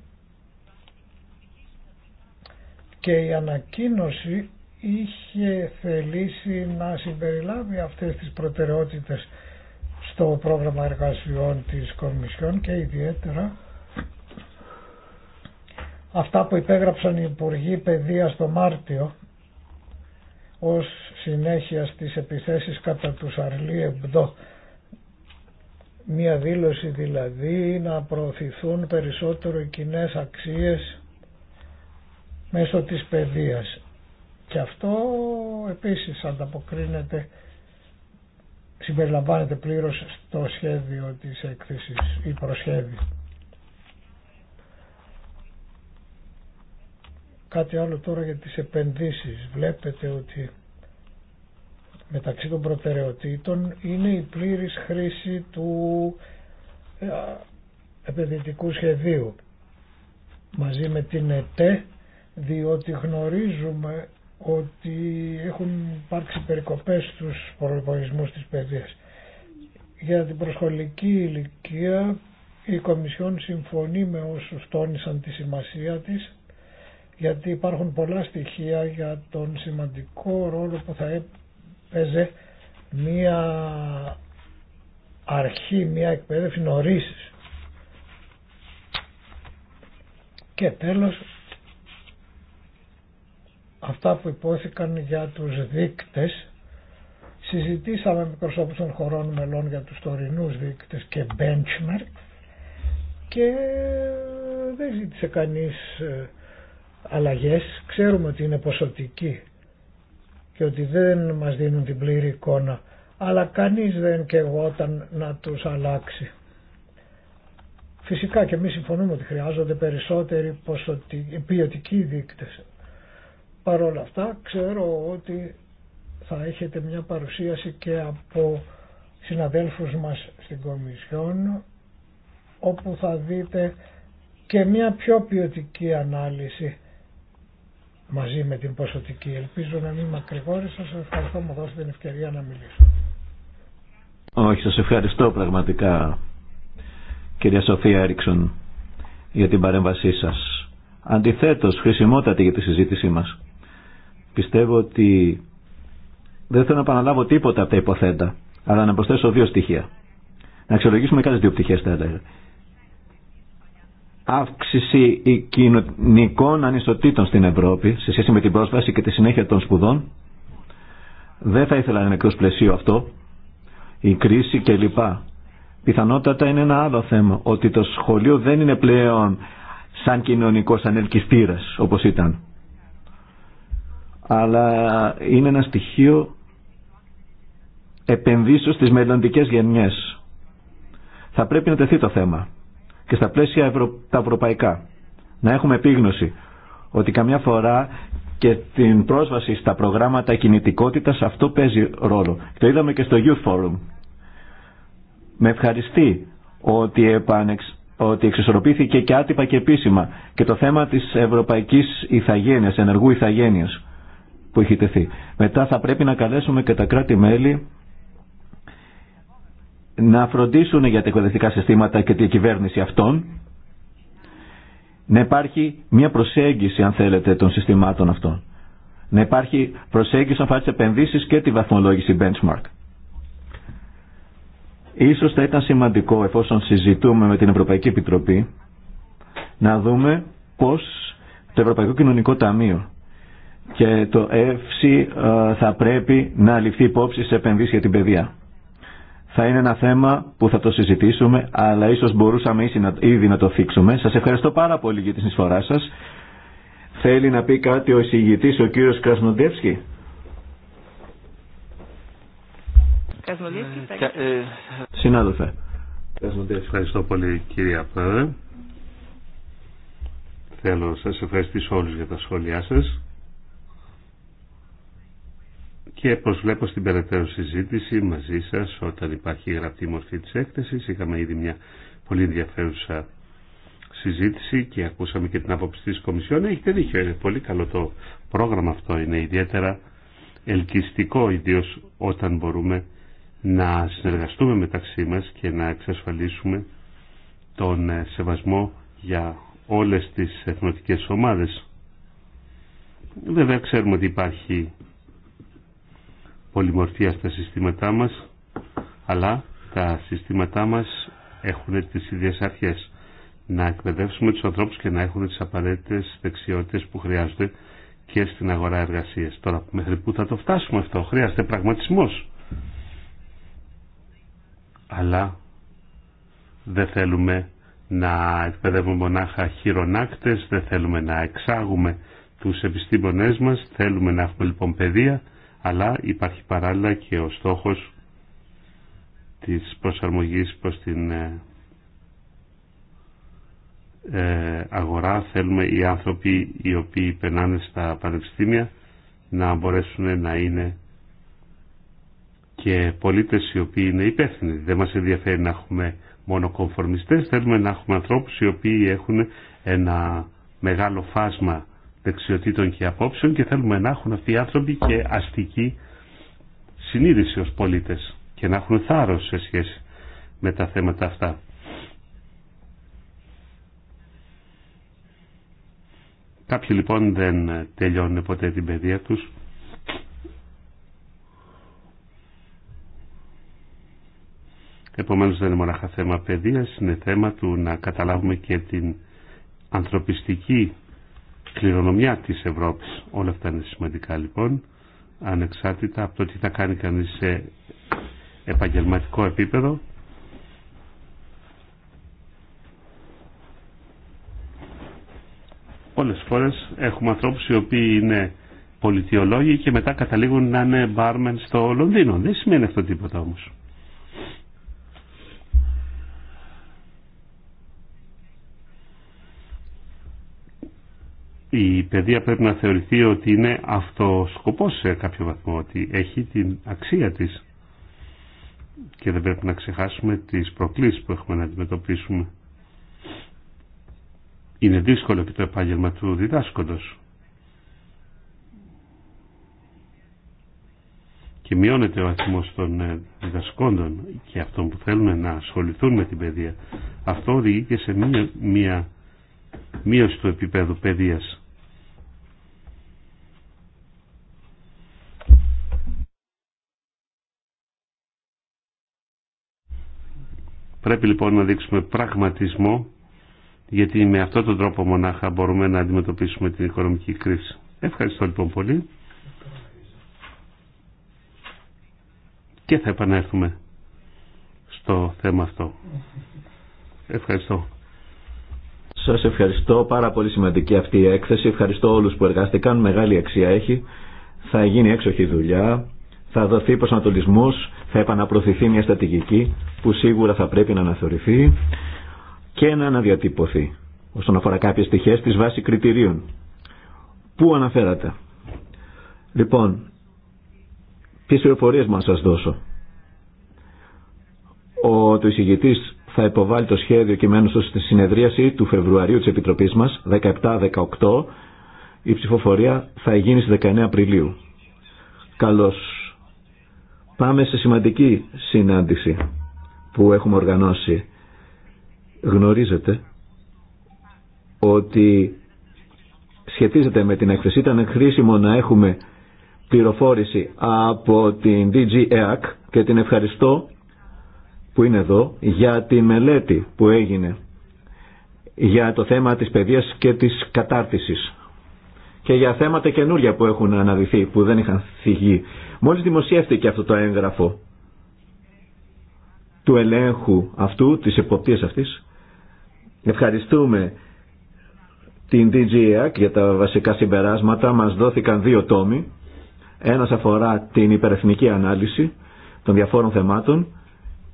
και η ανακοίνωση είχε θελήσει να συμπεριλάβει αυτές τις προτεραιότητες στο πρόγραμμα εργασιών της Κομισιόν και ιδιαίτερα αυτά που υπέγραψαν οι Υπουργοί Παιδείας το Μάρτιο ως συνέχεια στις επιθέσεις κατά του Αρλί Εμπντό. Μία δήλωση δηλαδή να προωθηθούν περισσότερο οι κοινέ αξίες μέσω της παιδείας. Και αυτό επίσης ανταποκρίνεται συμπεριλαμβάνεται πλήρως στο σχέδιο της έκθεσης ή προσχέδιο. Κάτι άλλο τώρα για τις επενδύσεις. Βλέπετε ότι μεταξύ των προτεραιοτήτων είναι η πλήρης χρήση του ε, επενδυτικού σχεδίου μαζί με την ΕΤΕ διότι γνωρίζουμε ότι έχουν υπάρξει περικοπές στους προπολογισμούς της παιδείας. Για την προσχολική ηλικία η Κομισιόν συμφωνεί με όσους τόνισαν τη σημασία της γιατί υπάρχουν πολλά στοιχεία για τον σημαντικό ρόλο που θα έπαιζε μία αρχή, μία εκπαίδευση νωρίς. Και τέλος αυτά που υπόθηκαν για τους δείκτες συζητήσαμε με προσώπους των χωρών μελών για τους τωρινούς δείκτες και benchmark και δεν ζήτησε κανείς ε, αλλαγές. Ξέρουμε ότι είναι ποσοτικοί και ότι δεν μας δίνουν την πλήρη εικόνα αλλά κανείς δεν και εγώ να τους αλλάξει. Φυσικά και εμείς συμφωνούμε ότι χρειάζονται περισσότεροι ποιοτικοί δείκτες Παρ' όλα αυτά ξέρω ότι θα έχετε μια παρουσίαση και από συναδέλφους μας στην Κομισιόν όπου θα δείτε και μια πιο ποιοτική ανάλυση μαζί με την ποσοτική. Ελπίζω να μην μακρηγόρησα. Σας ευχαριστώ μου δώσετε την ευκαιρία να μιλήσω. Όχι, σας ευχαριστώ πραγματικά κυρία Σοφία Έριξον για την παρέμβασή σας. Αντιθέτως, χρησιμότατη για τη συζήτησή μας. Πιστεύω ότι δεν θέλω να επαναλάβω τίποτα από τα υποθέτα, αλλά να προσθέσω δύο στοιχεία. Να αξιολογήσουμε κάθε δύο πτυχές, θα έλεγα. Αύξηση κοινωνικών ανισοτήτων στην Ευρώπη σε σχέση με την πρόσβαση και τη συνέχεια των σπουδών. Δεν θα ήθελα να είναι εκτό πλαισίου αυτό. Η κρίση κλπ. Πιθανότατα είναι ένα άλλο θέμα, ότι το σχολείο δεν είναι πλέον σαν κοινωνικός ανελκυστήρας όπως ήταν αλλά είναι ένα στοιχείο επενδύσεως στις μελλοντικέ γενιές. Θα πρέπει να τεθεί το θέμα και στα πλαίσια τα ευρωπαϊκά. Να έχουμε επίγνωση ότι καμιά φορά και την πρόσβαση στα προγράμματα κινητικότητας αυτό παίζει ρόλο. Το είδαμε και στο Youth Forum. Με ευχαριστεί ότι, επανεξ... ότι εξισορροπήθηκε και άτυπα και επίσημα και το θέμα της ευρωπαϊκής ηθαγένειας, ενεργού ηθαγένειας που έχει τεθεί. Μετά θα πρέπει να καλέσουμε και τα κράτη-μέλη να φροντίσουν για τα εκπαιδευτικά συστήματα και την κυβέρνηση αυτών, να υπάρχει μια προσέγγιση, αν θέλετε, των συστημάτων αυτών. Να υπάρχει προσέγγιση αν φάση τι και τη βαθμολόγηση benchmark. Ίσως θα ήταν σημαντικό, εφόσον συζητούμε με την Ευρωπαϊκή Επιτροπή, να δούμε πώς το Ευρωπαϊκό Κοινωνικό Ταμείο και το ΕΦΣΙ θα πρέπει να ληφθεί υπόψη σε επενδύσεις για την παιδεία. Θα είναι ένα θέμα που θα το συζητήσουμε, αλλά ίσως μπορούσαμε ήδη να το θίξουμε. Σας ευχαριστώ πάρα πολύ για τη συνεισφορά σας. Θέλει να πει κάτι ο εισηγητής, ο κύριος Κρασνοντεύσκη. Ε, ε, Συνάδελφε. Ευχαριστώ πολύ κυρία Πρόεδρε. Θέλω να σας ευχαριστήσω όλους για τα σχόλιά σας και βλέπω στην περαιτέρω συζήτηση μαζί σας όταν υπάρχει η γραπτή μορφή της έκθεσης. Είχαμε ήδη μια πολύ ενδιαφέρουσα συζήτηση και ακούσαμε και την άποψη της Κομισιόν. Έχετε δίκιο, είναι πολύ καλό το πρόγραμμα αυτό, είναι ιδιαίτερα ελκυστικό ιδίω όταν μπορούμε να συνεργαστούμε μεταξύ μας και να εξασφαλίσουμε τον ε, σεβασμό για όλες τις εθνοτικές ομάδες. Βέβαια ξέρουμε ότι υπάρχει πολυμορφία στα συστήματά μας, αλλά τα συστήματά μας έχουν τις ίδιες αρχές. Να εκπαιδεύσουμε τους ανθρώπους και να έχουν τις απαραίτητες δεξιότητες που χρειάζονται και στην αγορά εργασίας. Τώρα μέχρι που θα το φτάσουμε αυτό, χρειάζεται πραγματισμός. Αλλά δεν θέλουμε να εκπαιδεύουμε μονάχα χειρονάκτες, δεν θέλουμε να εξάγουμε τους επιστήμονές μας, θέλουμε να έχουμε λοιπόν παιδεία αλλά υπάρχει παράλληλα και ο στόχος της προσαρμογής προς την ε, ε, αγορά. Θέλουμε οι άνθρωποι οι οποίοι περνάνε στα πανεπιστήμια να μπορέσουν να είναι και πολίτες οι οποίοι είναι υπεύθυνοι. Δεν μας ενδιαφέρει να έχουμε μόνο κομφορμιστές, θέλουμε να έχουμε ανθρώπους οι οποίοι έχουν ένα μεγάλο φάσμα δεξιοτήτων και απόψεων και θέλουμε να έχουν αυτοί οι άνθρωποι και αστική συνείδηση ως πολίτες και να έχουν θάρρος σε σχέση με τα θέματα αυτά. Κάποιοι λοιπόν δεν τελειώνουν ποτέ την παιδεία τους. Επομένως δεν είναι μοναχα θέμα παιδείας, είναι θέμα του να καταλάβουμε και την ανθρωπιστική κληρονομιά της Ευρώπης. Όλα αυτά είναι σημαντικά λοιπόν, ανεξάρτητα από το τι θα κάνει κανείς σε επαγγελματικό επίπεδο. Πολλές φορές έχουμε ανθρώπους οι οποίοι είναι πολιτιολόγοι και μετά καταλήγουν να είναι μπάρμεν στο Λονδίνο. Δεν σημαίνει αυτό τίποτα όμως. η παιδεία πρέπει να θεωρηθεί ότι είναι αυτοσκοπός σε κάποιο βαθμό, ότι έχει την αξία της και δεν πρέπει να ξεχάσουμε τις προκλήσεις που έχουμε να αντιμετωπίσουμε. Είναι δύσκολο και το επάγγελμα του διδάσκοντος. Και μειώνεται ο αριθμό των ε, διδασκόντων και αυτών που θέλουν να ασχοληθούν με την παιδεία. Αυτό οδηγεί και σε μία, μία μείωση του επίπεδου παιδείας. Πρέπει λοιπόν να δείξουμε πραγματισμό γιατί με αυτόν τον τρόπο μονάχα μπορούμε να αντιμετωπίσουμε την οικονομική κρίση. Ευχαριστώ λοιπόν πολύ. Και θα επανέλθουμε στο θέμα αυτό. Ευχαριστώ. Σας ευχαριστώ. Πάρα πολύ σημαντική αυτή η έκθεση. Ευχαριστώ όλους που εργάστηκαν. Μεγάλη αξία έχει. Θα γίνει έξοχη δουλειά θα δοθεί προσανατολισμό, θα επαναπροωθηθεί μια στρατηγική που σίγουρα θα πρέπει να αναθεωρηθεί και να αναδιατυπωθεί όσον αφορά κάποιε στοιχέ τη βάση κριτηρίων. Πού αναφέρατε. Λοιπόν, τι πληροφορίε να σα δώσω. Ο του εισηγητή θα υποβάλει το σχέδιο κειμένου στη συνεδρίαση του Φεβρουαρίου της Επιτροπής μας, 17-18, η ψηφοφορία θα γίνει στις 19 Απριλίου. Καλώς. Πάμε σε σημαντική συνάντηση που έχουμε οργανώσει. Γνωρίζετε ότι σχετίζεται με την έκθεση. Ήταν χρήσιμο να έχουμε πληροφόρηση από την DG EAC και την ευχαριστώ που είναι εδώ για τη μελέτη που έγινε για το θέμα της παιδείας και της κατάρτισης και για θέματα καινούργια που έχουν αναδειθεί, που δεν είχαν θυγεί. Μόλις δημοσιεύτηκε αυτό το έγγραφο του ελέγχου αυτού, της εποπτείας αυτής, ευχαριστούμε την DGAC e για τα βασικά συμπεράσματα. Μας δόθηκαν δύο τόμοι. Ένας αφορά την υπερεθνική ανάλυση των διαφόρων θεμάτων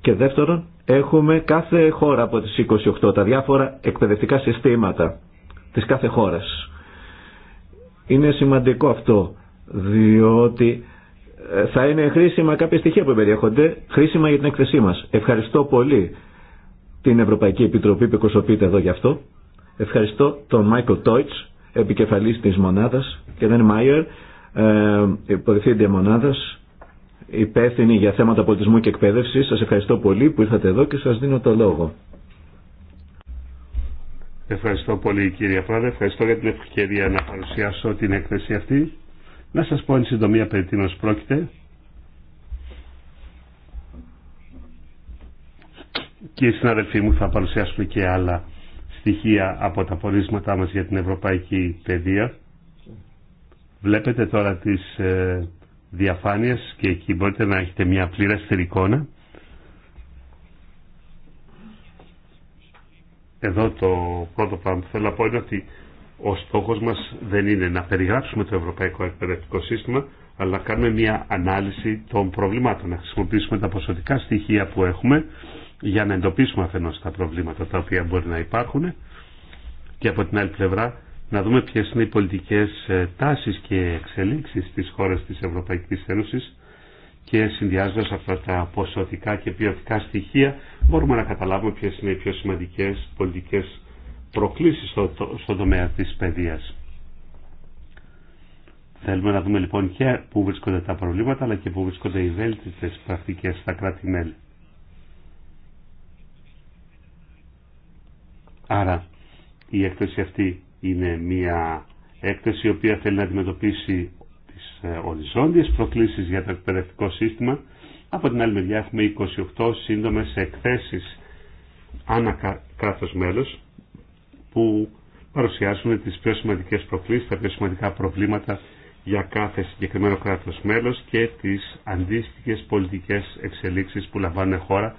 και δεύτερον έχουμε κάθε χώρα από τις 28, τα διάφορα εκπαιδευτικά συστήματα της κάθε χώρας. Είναι σημαντικό αυτό, διότι ε, θα είναι χρήσιμα κάποια στοιχεία που περιέχονται, χρήσιμα για την έκθεσή μας. Ευχαριστώ πολύ την Ευρωπαϊκή Επιτροπή που εκπροσωπείται εδώ γι' αυτό. Ευχαριστώ τον Μάικλ Τόιτς, επικεφαλής της μονάδας, και δεν Μάιερ, ε, μονάδας, υπεύθυνη για θέματα πολιτισμού και εκπαίδευσης. Σας ευχαριστώ πολύ που ήρθατε εδώ και σας δίνω το λόγο. Ευχαριστώ πολύ κύριε Πρόεδρε, ευχαριστώ για την ευκαιρία να παρουσιάσω την έκθεση αυτή. Να σας πω εν συντομία περί τίνος πρόκειται. Και οι συναδελφοί μου θα παρουσιάσουν και άλλα στοιχεία από τα πορίσματά μας για την ευρωπαϊκή παιδεία. Βλέπετε τώρα τις ε, διαφάνειες και εκεί μπορείτε να έχετε μια πλήρες εικόνα. Εδώ το πρώτο πράγμα που θέλω να πω είναι ότι ο στόχος μας δεν είναι να περιγράψουμε το ευρωπαϊκό εκπαιδευτικό σύστημα, αλλά να κάνουμε μια ανάλυση των προβλημάτων, να χρησιμοποιήσουμε τα ποσοτικά στοιχεία που έχουμε για να εντοπίσουμε αφενός τα προβλήματα τα οποία μπορεί να υπάρχουν και από την άλλη πλευρά να δούμε ποιες είναι οι πολιτικές ε, τάσεις και εξελίξεις στις χώρες της Ευρωπαϊκής Ένωσης και συνδυάζοντας αυτά τα ποσοτικά και ποιοτικά στοιχεία μπορούμε να καταλάβουμε ποιες είναι οι πιο σημαντικές πολιτικές προκλήσεις στο, στον τομέα της παιδείας. Θέλουμε να δούμε λοιπόν και πού βρίσκονται τα προβλήματα αλλά και πού βρίσκονται οι βέλτιστες πρακτικές στα κράτη-μέλη. Άρα η έκθεση αυτή είναι μια έκθεση η οποία θέλει να αντιμετωπίσει ε, οριζόντιες προκλήσεις για το εκπαιδευτικό σύστημα. Από την άλλη μεριά έχουμε 28 σύντομες εκθέσεις ανά κράτος μέλος που παρουσιάζουν τις πιο σημαντικές προκλήσεις, τα πιο σημαντικά προβλήματα για κάθε συγκεκριμένο κράτος μέλος και τις αντίστοιχες πολιτικές εξελίξεις που λαμβάνουν χώρα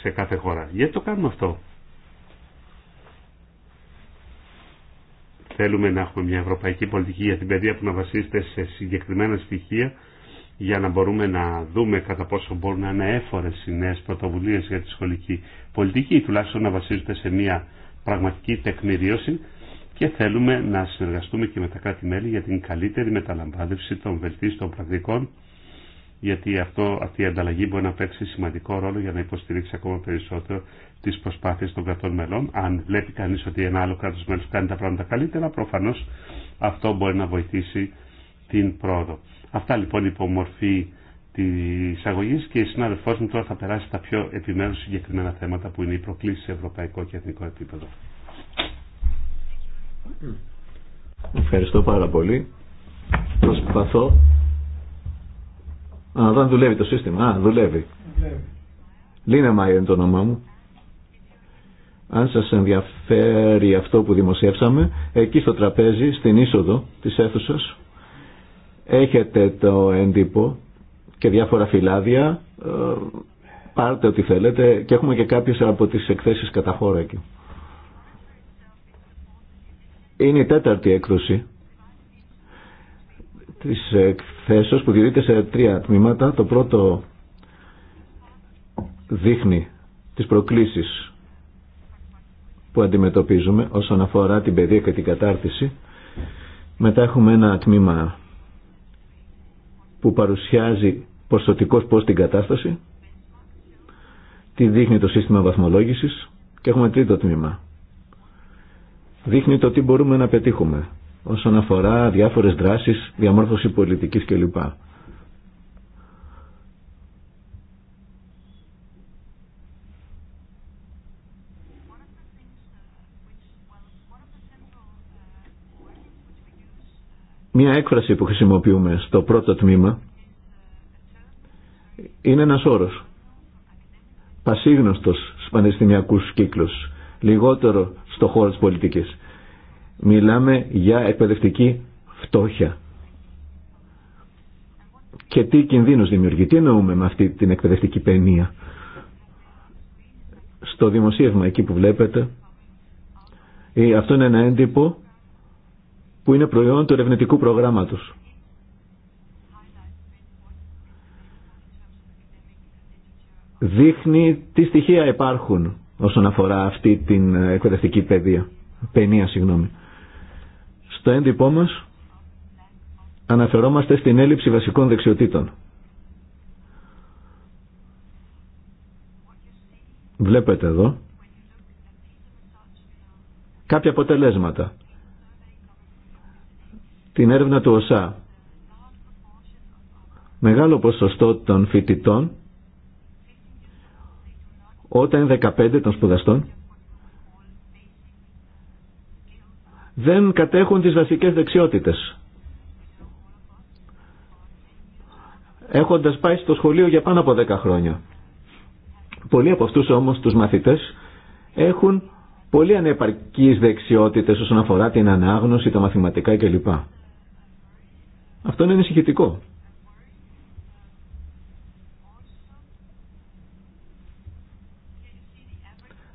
σε κάθε χώρα. Γιατί το κάνουμε αυτό. θέλουμε να έχουμε μια ευρωπαϊκή πολιτική για την παιδεία που να βασίζεται σε συγκεκριμένα στοιχεία για να μπορούμε να δούμε κατά πόσο μπορούν να είναι έφορε οι νέε πρωτοβουλίες για τη σχολική πολιτική τουλάχιστον να βασίζονται σε μια πραγματική τεκμηρίωση και θέλουμε να συνεργαστούμε και με τα κράτη-μέλη για την καλύτερη μεταλαμβάνευση των βελτίστων πρακτικών γιατί αυτό, αυτή η ανταλλαγή μπορεί να παίξει σημαντικό ρόλο για να υποστηρίξει ακόμα περισσότερο τι προσπάθειε των κρατών μελών. Αν βλέπει κανεί ότι ένα άλλο κράτο μέλο κάνει τα πράγματα καλύτερα, προφανώ αυτό μπορεί να βοηθήσει την πρόοδο. Αυτά λοιπόν υπό μορφή τη εισαγωγή και η συνάδελφό μου τώρα θα περάσει στα πιο επιμέρους συγκεκριμένα θέματα που είναι οι προκλήσει σε ευρωπαϊκό και εθνικό επίπεδο. Ευχαριστώ πάρα πολύ. Προσπαθώ. Α, δεν δουλεύει το σύστημα. Α, δουλεύει. δουλεύει. Λίνα Μάιερ είναι το όνομά μου. Αν σας ενδιαφέρει αυτό που δημοσιεύσαμε, εκεί στο τραπέζι, στην είσοδο της αίθουσας, έχετε το έντυπο και διάφορα φυλάδια, ε, πάρτε ό,τι θέλετε και έχουμε και κάποιες από τις εκθέσεις κατά χώρα εκεί. Είναι η τέταρτη έκδοση της εκθέσεως που διαιρείται σε τρία τμήματα. Το πρώτο δείχνει τις προκλήσεις που αντιμετωπίζουμε όσον αφορά την παιδεία και την κατάρτιση. Μετά έχουμε ένα τμήμα που παρουσιάζει ποσοτικός πώς την κατάσταση, τι δείχνει το σύστημα βαθμολόγησης και έχουμε τρίτο τμήμα. Δείχνει το τι μπορούμε να πετύχουμε όσον αφορά διάφορες δράσεις, διαμόρφωση πολιτικής κλπ. Μία έκφραση που χρησιμοποιούμε στο πρώτο τμήμα είναι ένας όρος. Πασίγνωστος στους πανεπιστημιακούς κύκλους. Λιγότερο στο χώρο της πολιτικής. Μιλάμε για εκπαιδευτική φτώχεια. Και τι κινδύνους δημιουργεί. Τι εννοούμε με αυτή την εκπαιδευτική παινία. Στο δημοσίευμα εκεί που βλέπετε ε, αυτό είναι ένα έντυπο που είναι προϊόν του ερευνητικού προγράμματος. Δείχνει τι στοιχεία υπάρχουν όσον αφορά αυτή την εκπαιδευτική παιδεία, παινία. Συγγνώμη. Στο έντυπό μας αναφερόμαστε στην έλλειψη βασικών δεξιοτήτων. Βλέπετε εδώ κάποια αποτελέσματα την έρευνα του ΟΣΑ. Μεγάλο ποσοστό των φοιτητών όταν είναι 15 των σπουδαστών δεν κατέχουν τις βασικές δεξιότητες. Έχοντας πάει στο σχολείο για πάνω από 10 χρόνια. Πολλοί από αυτούς όμως τους μαθητές έχουν πολύ ανεπαρκείς δεξιότητες όσον αφορά την ανάγνωση, τα μαθηματικά κλπ. Αυτό είναι ενισχυτικό.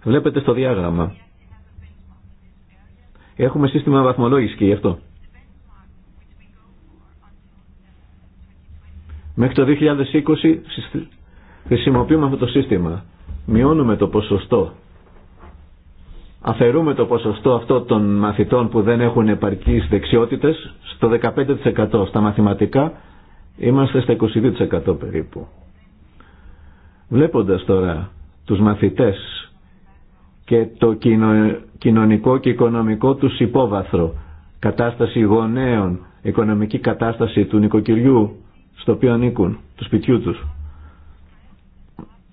Βλέπετε στο διάγραμμα. Έχουμε σύστημα βαθμολόγηση και γι' αυτό. Μέχρι το 2020 χρησιμοποιούμε αυτό το σύστημα. Μειώνουμε το ποσοστό αφαιρούμε το ποσοστό αυτό των μαθητών που δεν έχουν επαρκείς δεξιότητες στο 15%. Στα μαθηματικά είμαστε στα 22% περίπου. Βλέποντας τώρα τους μαθητές και το κοινωνικό και οικονομικό τους υπόβαθρο, κατάσταση γονέων, οικονομική κατάσταση του νοικοκυριού στο οποίο ανήκουν, του σπιτιού τους,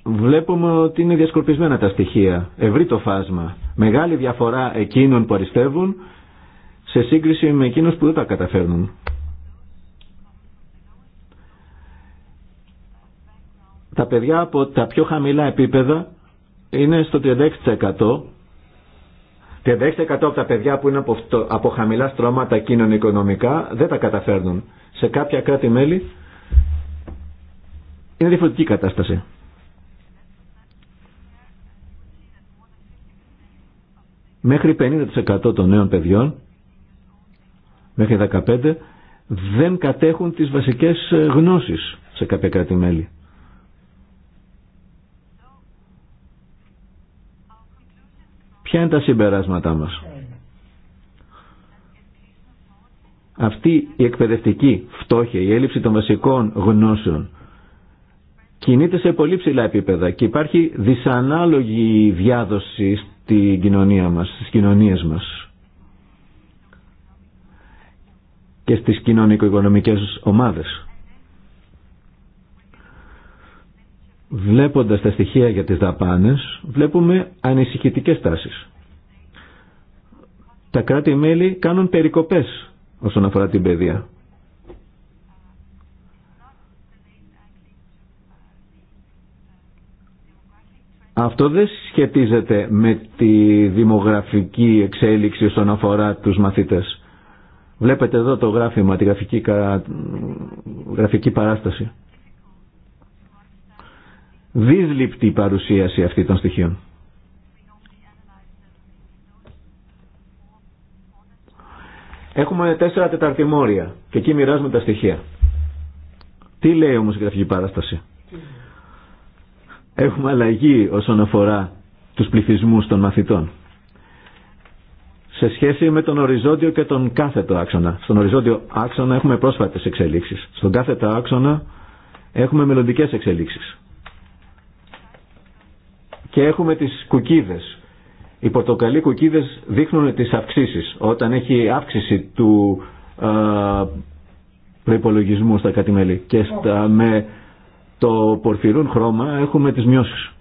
βλέπουμε ότι είναι διασκορπισμένα τα στοιχεία, ευρύ το φάσμα. Μεγάλη διαφορά εκείνων που αριστεύουν σε σύγκριση με εκείνους που δεν τα καταφέρνουν. Τα παιδιά από τα πιο χαμηλά επίπεδα είναι στο 36%. 36% από τα παιδιά που είναι από χαμηλά στρώματα οικονομικά δεν τα καταφέρνουν. Σε κάποια κράτη-μέλη είναι διαφορετική κατάσταση. μέχρι 50% των νέων παιδιών, μέχρι 15, δεν κατέχουν τις βασικές ε, γνώσεις σε κάποια κράτη-μέλη. Ποια είναι τα συμπεράσματά μας. Αυτή η εκπαιδευτική φτώχεια, η έλλειψη των βασικών γνώσεων, κινείται σε πολύ ψηλά επίπεδα και υπάρχει δυσανάλογη διάδοση στην κοινωνία μας, στις κοινωνίες μας και στις κοινωνικο-οικονομικές ομάδες. Βλέποντας τα στοιχεία για τις δαπάνες, βλέπουμε ανησυχητικές τάσεις. Τα κράτη-μέλη κάνουν περικοπές όσον αφορά την παιδεία. Αυτό δεν σχετίζεται με τη δημογραφική εξέλιξη όσον αφορά τους μαθητές. Βλέπετε εδώ το γράφημα, τη γραφική, γραφική παράσταση. Δύσληπτη η παρουσίαση αυτή των στοιχείων. Έχουμε τέσσερα τεταρτημόρια και εκεί μοιράζουμε τα στοιχεία. Τι λέει όμως η γραφική παράσταση έχουμε αλλαγή όσον αφορά τους πληθυσμούς των μαθητών. Σε σχέση με τον οριζόντιο και τον κάθετο άξονα. Στον οριζόντιο άξονα έχουμε πρόσφατες εξελίξεις. Στον κάθετο άξονα έχουμε μελλοντικέ εξελίξεις. Και έχουμε τις κουκίδες. Οι πορτοκαλί κουκίδες δείχνουν τις αυξήσεις. Όταν έχει αύξηση του ε, προπολογισμού στα κατημέλη και στα, με το πορφυρούν χρώμα έχουμε τις μειώσεις.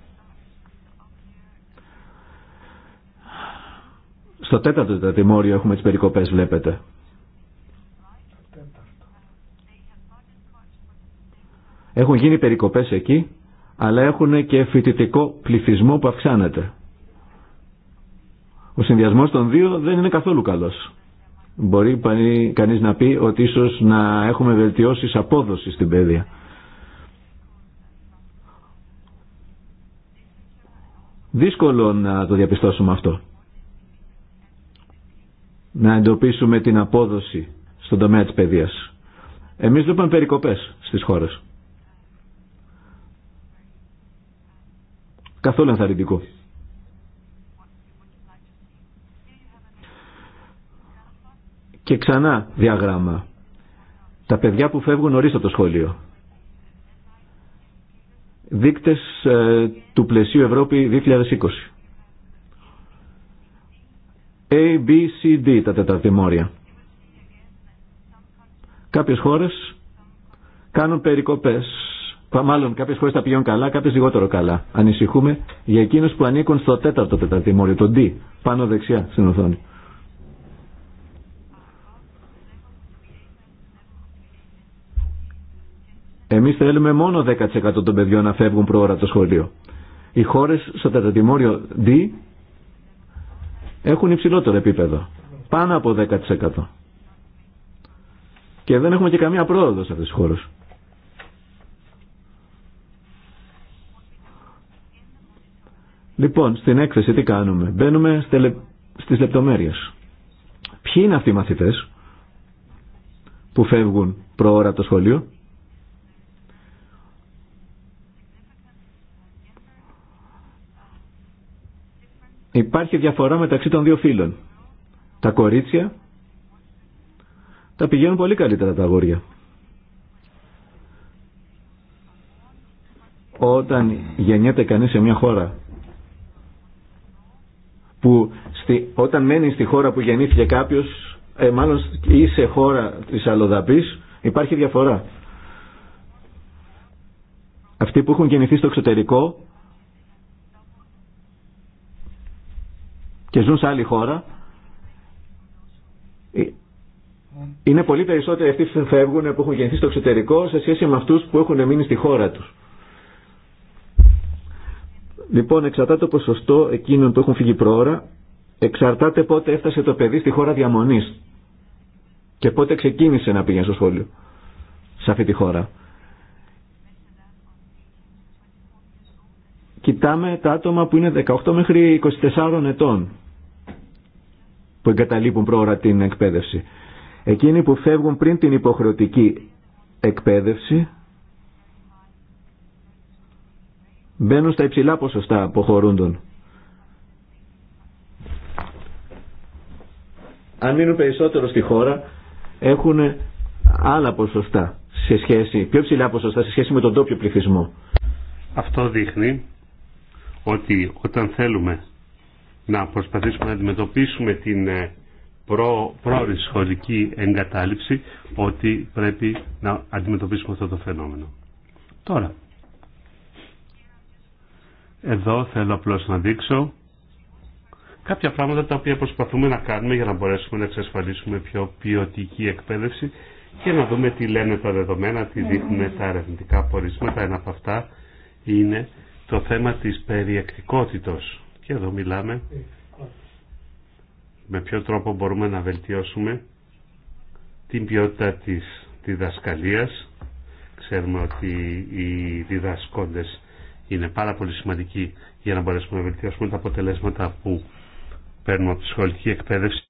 Στο τέταρτο τετατημόριο έχουμε τις περικοπές βλέπετε. Έχουν γίνει περικοπές εκεί, αλλά έχουν και φοιτητικό πληθυσμό που αυξάνεται. Ο συνδυασμός των δύο δεν είναι καθόλου καλός. Μπορεί κανείς να πει ότι ίσως να έχουμε βελτιώσεις απόδοση στην παιδεία. Δύσκολο να το διαπιστώσουμε αυτό. Να εντοπίσουμε την απόδοση στον τομέα της παιδείας. Εμείς βλέπουμε περικοπές στις χώρες. Καθόλου ενθαρρυντικό. Και ξανά διαγράμμα. Τα παιδιά που φεύγουν νωρίς από το σχολείο δείκτες ε, του πλαισίου Ευρώπη 2020. A, B, C, D τα τεταρτημόρια. Κάποιες χώρες κάνουν περικοπές. Μάλλον κάποιες χώρες τα πηγαίνουν καλά, κάποιες λιγότερο καλά. Ανησυχούμε για εκείνους που ανήκουν στο τέταρτο τεταρτημόριο, το D, πάνω δεξιά στην οθόνη. Εμείς θέλουμε μόνο 10% των παιδιών να φεύγουν προώρα το σχολείο. Οι χώρες στο τετατημόριο D έχουν υψηλότερο επίπεδο. Πάνω από 10%. Και δεν έχουμε και καμία πρόοδο σε αυτές τις χώρες. Λοιπόν, στην έκθεση τι κάνουμε. Μπαίνουμε στις λεπτομέρειες. Ποιοι είναι αυτοί οι μαθητές που φεύγουν προώρα από το σχολείο. Υπάρχει διαφορά μεταξύ των δύο φίλων. Τα κορίτσια τα πηγαίνουν πολύ καλύτερα τα αγόρια. Όταν γεννιέται κανείς σε μια χώρα που στη, όταν μένει στη χώρα που γεννήθηκε κάποιος ε, μάλλον ή σε χώρα της αλλοδαπής υπάρχει διαφορά. Αυτοί που έχουν γεννηθεί στο εξωτερικό και ζουν σε άλλη χώρα, ε, είναι πολύ περισσότεροι αυτοί που φεύγουν, που έχουν γεννηθεί στο εξωτερικό, σε σχέση με αυτούς που έχουν μείνει στη χώρα τους. Λοιπόν, εξαρτάται το ποσοστό εκείνων που έχουν φύγει πρόωρα, εξαρτάται πότε έφτασε το παιδί στη χώρα διαμονής και πότε ξεκίνησε να πήγαινε στο σχολείο, σε αυτή τη χώρα. κοιτάμε τα άτομα που είναι 18 μέχρι 24 ετών που εγκαταλείπουν πρόωρα την εκπαίδευση. Εκείνοι που φεύγουν πριν την υποχρεωτική εκπαίδευση μπαίνουν στα υψηλά ποσοστά αποχωρούντων. Αν μείνουν περισσότερο στη χώρα έχουν άλλα ποσοστά σε σχέση, πιο ψηλά ποσοστά σε σχέση με τον τόπιο πληθυσμό. Αυτό δείχνει ότι όταν θέλουμε να προσπαθήσουμε να αντιμετωπίσουμε την ε, προ, πρόορη σχολική εγκατάλειψη ότι πρέπει να αντιμετωπίσουμε αυτό το φαινόμενο. Τώρα, εδώ θέλω απλώς να δείξω κάποια πράγματα τα οποία προσπαθούμε να κάνουμε για να μπορέσουμε να εξασφαλίσουμε πιο ποιοτική εκπαίδευση και να δούμε τι λένε τα δεδομένα, τι δείχνουν τα ερευνητικά πορίσματα. Ένα από αυτά είναι το θέμα της περιεκτικότητος. Και εδώ μιλάμε με ποιο τρόπο μπορούμε να βελτιώσουμε την ποιότητα της διδασκαλίας. Ξέρουμε ότι οι διδασκόντες είναι πάρα πολύ σημαντικοί για να μπορέσουμε να βελτιώσουμε τα αποτελέσματα που παίρνουμε από τη σχολική εκπαίδευση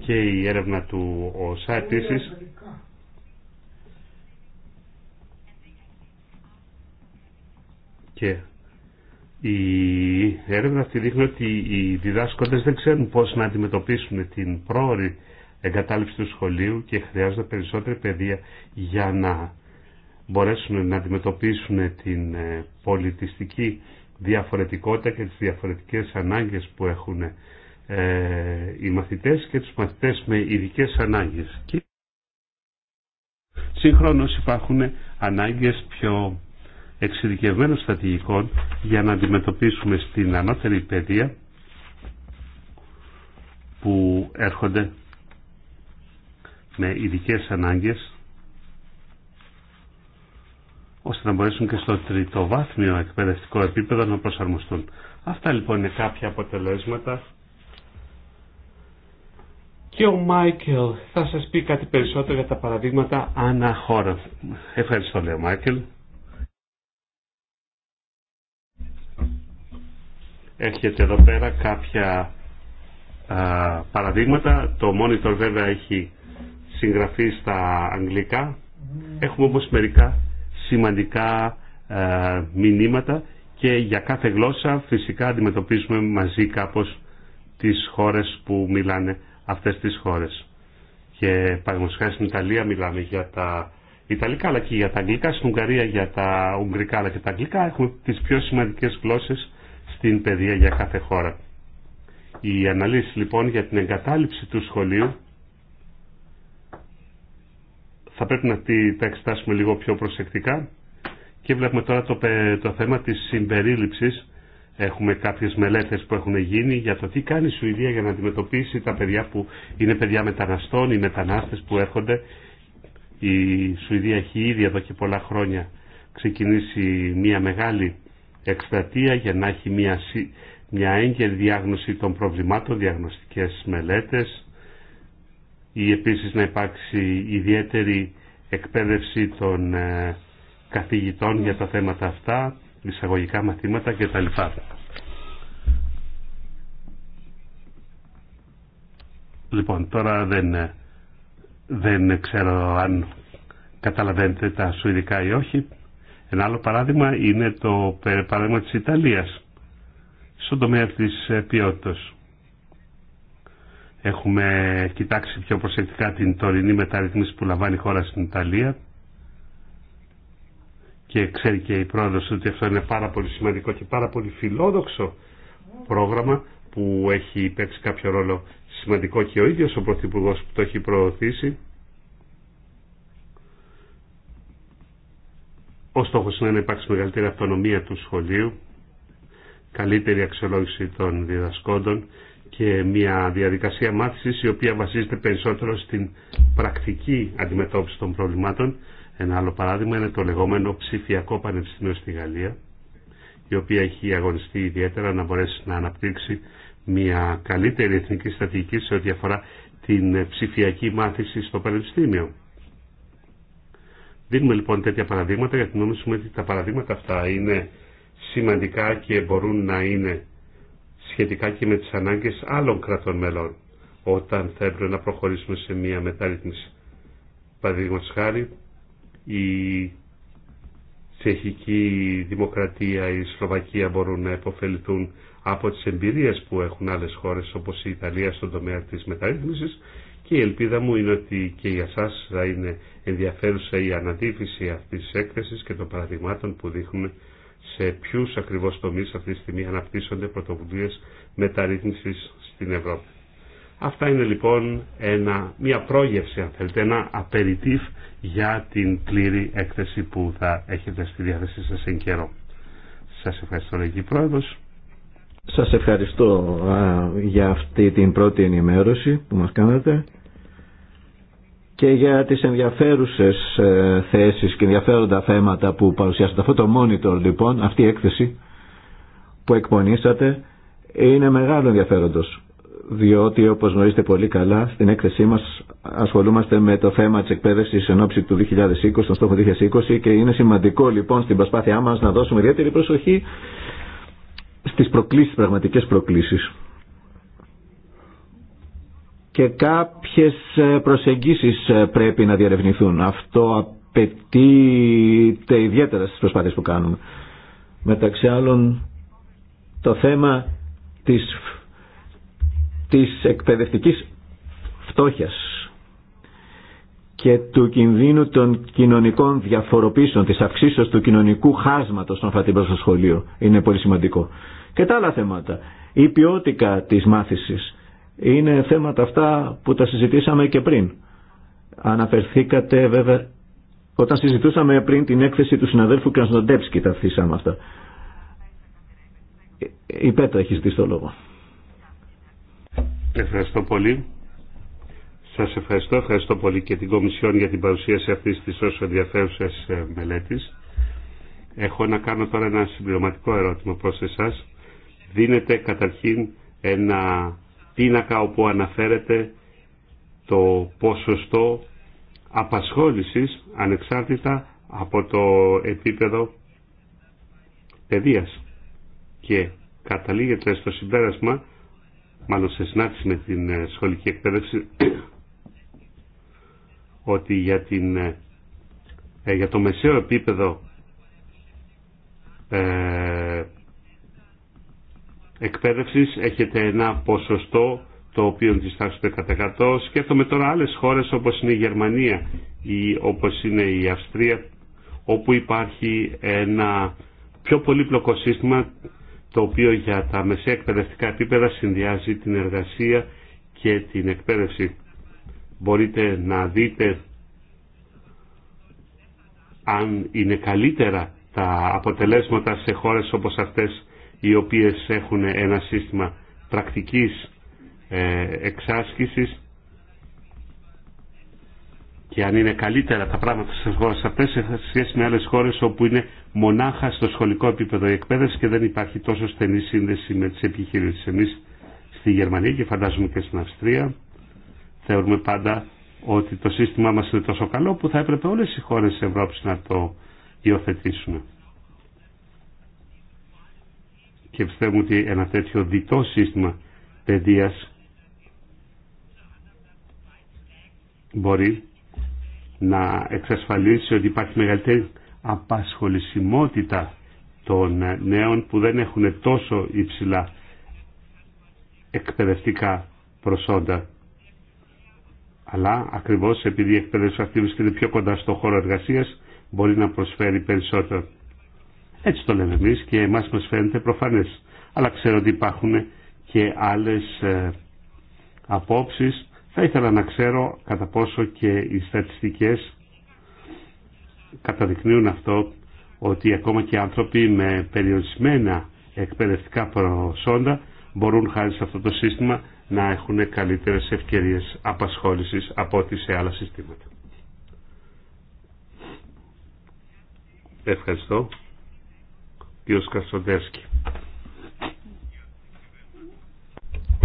και η έρευνα του ΟΣΑ Και η έρευνα αυτή δείχνει ότι οι διδάσκοντες δεν ξέρουν πώς να αντιμετωπίσουν την πρόορη εγκατάλειψη του σχολείου και χρειάζονται περισσότερη παιδεία για να μπορέσουν να αντιμετωπίσουν την ε, πολιτιστική διαφορετικότητα και τις διαφορετικές ανάγκες που έχουν ε, οι μαθητές και τους μαθητές με ειδικέ ανάγκες. Σύγχρονως υπάρχουν ανάγκες πιο εξειδικευμένων στρατηγικών για να αντιμετωπίσουμε στην ανώτερη παιδεία που έρχονται με ειδικέ ανάγκες ώστε να μπορέσουν και στο τριτοβάθμιο εκπαιδευτικό επίπεδο να προσαρμοστούν. Αυτά λοιπόν είναι κάποια αποτελέσματα. Και ο Μάικελ θα σας πει κάτι περισσότερο για τα παραδείγματα αναχώρα. Ευχαριστώ λέει ο Μάικελ. Έρχεται εδώ πέρα κάποια α, παραδείγματα. Το monitor βέβαια έχει συγγραφεί στα αγγλικά. Έχουμε όμως μερικά σημαντικά α, μηνύματα και για κάθε γλώσσα φυσικά αντιμετωπίζουμε μαζί κάπως τις χώρες που μιλάνε αυτές τις χώρες. Και παραδείγματος στην Ιταλία μιλάμε για τα Ιταλικά αλλά και για τα Αγγλικά, στην Ουγγαρία για τα Ουγγρικά αλλά και τα Αγγλικά. Έχουμε τις πιο σημαντικές γλώσσες στην παιδεία για κάθε χώρα. Η αναλύση, λοιπόν για την εγκατάλειψη του σχολείου θα πρέπει να τα εξετάσουμε λίγο πιο προσεκτικά και βλέπουμε τώρα το, το θέμα της συμπερίληψης. Έχουμε κάποιες μελέτες που έχουν γίνει για το τι κάνει η Σουηδία για να αντιμετωπίσει τα παιδιά που είναι παιδιά μεταναστών ή μετανάστες που έρχονται. Η Σουηδία έχει ήδη εδώ και πολλά χρόνια ξεκινήσει μια μεγάλη για να έχει μια, μια έγκαιρη διάγνωση των προβλημάτων, διαγνωστικές μελέτες ή επίσης να υπάρξει ιδιαίτερη εκπαίδευση των ε, καθηγητών για τα θέματα αυτά, εισαγωγικά μαθήματα και κτλ. Λοιπόν, τώρα δεν, ε, δεν ξέρω αν καταλαβαίνετε τα σουηδικά ή όχι. Ένα άλλο παράδειγμα είναι το παράδειγμα της Ιταλίας στον τομέα της ε, ποιότητας. Έχουμε κοιτάξει πιο προσεκτικά την τωρινή μεταρρυθμίση που λαμβάνει η χώρα στην Ιταλία και ξέρει και η πρόεδρος ότι αυτό είναι πάρα πολύ σημαντικό και πάρα πολύ φιλόδοξο πρόγραμμα που έχει παίξει κάποιο ρόλο σημαντικό και ο ίδιος ο Πρωθυπουργός που το έχει προωθήσει Ο στόχος είναι να υπάρξει μεγαλύτερη αυτονομία του σχολείου, καλύτερη αξιολόγηση των διδασκόντων και μια διαδικασία μάθησης η οποία βασίζεται περισσότερο στην πρακτική αντιμετώπιση των προβλημάτων. Ένα άλλο παράδειγμα είναι το λεγόμενο ψηφιακό πανεπιστήμιο στη Γαλλία, η οποία έχει αγωνιστεί ιδιαίτερα να μπορέσει να αναπτύξει μια καλύτερη εθνική στρατηγική σε ό,τι αφορά την ψηφιακή μάθηση στο πανεπιστήμιο. Δίνουμε λοιπόν τέτοια παραδείγματα γιατί νομίζουμε ότι τα παραδείγματα αυτά είναι σημαντικά και μπορούν να είναι σχετικά και με τις ανάγκες άλλων κρατών μελών όταν θα έπρεπε να προχωρήσουμε σε μια μεταρρύθμιση. Παραδείγματο χάρη, η τσεχική δημοκρατία, η Σλοβακία μπορούν να υποφεληθούν από τις εμπειρίες που έχουν άλλες χώρες όπως η Ιταλία στον τομέα της μεταρρύθμισης και η ελπίδα μου είναι ότι και για σας θα είναι ενδιαφέρουσα η ανατύπηση αυτής της έκθεσης και των παραδειγμάτων που δείχνουμε σε ποιους ακριβώς τομείς αυτή τη στιγμή αναπτύσσονται πρωτοβουλίες μεταρρύθμισης στην Ευρώπη. Αυτά είναι λοιπόν ένα, μια πρόγευση, αν θέλετε, ένα απεριτήφ για την πλήρη έκθεση που θα έχετε στη διάθεσή σας εν καιρό. Σας ευχαριστώ, Λεγική Πρόεδρος. Σας ευχαριστώ για αυτή την πρώτη ενημέρωση που μας κάνατε και για τις ενδιαφέρουσες ε, θέσεις και ενδιαφέροντα θέματα που παρουσιάσατε. Αυτό το monitor λοιπόν, αυτή η έκθεση που εκπονήσατε είναι μεγάλο ενδιαφέροντος διότι όπως γνωρίζετε πολύ καλά στην έκθεσή μας ασχολούμαστε με το θέμα της εκπαίδευσης εν ώψη του 2020, τον στόχο 2020 και είναι σημαντικό λοιπόν στην προσπάθειά μας να δώσουμε ιδιαίτερη προσοχή στις προκλήσεις, πραγματικές προκλήσεις και κάποιες ε, προσεγγίσεις ε, πρέπει να διαρευνηθούν. Αυτό απαιτείται ιδιαίτερα στις προσπάθειες που κάνουμε. Μεταξύ άλλων το θέμα της, της εκπαιδευτικής φτώχειας και του κινδύνου των κοινωνικών διαφοροποίησεων, της αυξήσεως του κοινωνικού χάσματος των φατήμπρων στο σχολείο είναι πολύ σημαντικό. Και τα άλλα θέματα. Η ποιότητα της μάθησης είναι θέματα αυτά που τα συζητήσαμε και πριν. Αναφερθήκατε βέβαια όταν συζητούσαμε πριν την έκθεση του συναδέλφου Κρασνοντέψκη τα θύσαμε αυτά. Η Πέτρα έχει ζητήσει το λόγο. Ευχαριστώ πολύ. Σας ευχαριστώ. Ευχαριστώ πολύ και την Κομισιόν για την παρουσίαση αυτής της τόσο ενδιαφέρουσα ε, μελέτης. Έχω να κάνω τώρα ένα συμπληρωματικό ερώτημα προς εσάς. Δίνεται καταρχήν ένα πίνακα όπου αναφέρεται το ποσοστό απασχόλησης ανεξάρτητα από το επίπεδο παιδείας. Και καταλήγεται στο συμπέρασμα, μάλλον σε συνάντηση με την ε, σχολική εκπαίδευση, ότι για, την, ε, ε, για το μεσαίο επίπεδο εκπαίδευσης έχετε ένα ποσοστό το οποίο διστάζεται κατά 100. Σκέφτομαι τώρα άλλες χώρες όπως είναι η Γερμανία ή όπως είναι η Αυστρία όπου υπάρχει ένα πιο πολύπλοκο σύστημα το οποίο για τα μεσαία εκπαιδευτικά επίπεδα συνδυάζει την εργασία και την εκπαίδευση. Μπορείτε να δείτε αν είναι καλύτερα τα αποτελέσματα σε χώρες όπως αυτές οι οποίες έχουν ένα σύστημα πρακτικής ε, εξάσκησης και αν είναι καλύτερα τα πράγματα στις χώρες αυτές σε σχέση με άλλες χώρες όπου είναι μονάχα στο σχολικό επίπεδο η εκπαίδευση και δεν υπάρχει τόσο στενή σύνδεση με τις επιχειρήσεις. Εμείς στη Γερμανία και φαντάζομαι και στην Αυστρία θεωρούμε πάντα ότι το σύστημά μας είναι τόσο καλό που θα έπρεπε όλες οι χώρες της Ευρώπης να το υιοθετήσουν και πιστεύουμε ότι ένα τέτοιο διτό σύστημα παιδείας μπορεί να εξασφαλίσει ότι υπάρχει μεγαλύτερη απασχολησιμότητα των νέων που δεν έχουν τόσο υψηλά εκπαιδευτικά προσόντα. Αλλά ακριβώς επειδή η εκπαίδευση αυτή βρίσκεται πιο κοντά στο χώρο εργασίας μπορεί να προσφέρει περισσότερο. Έτσι το λέμε εμείς και εμάς μας φαίνεται προφανές. Αλλά ξέρω ότι υπάρχουν και άλλες ε, απόψεις. Θα ήθελα να ξέρω κατά πόσο και οι στατιστικές καταδεικνύουν αυτό ότι ακόμα και άνθρωποι με περιορισμένα εκπαιδευτικά προσόντα μπορούν χάρη σε αυτό το σύστημα να έχουν καλύτερες ευκαιρίες απασχόλησης από ό,τι σε άλλα συστήματα. Ευχαριστώ κύριος Καστοντέσκη.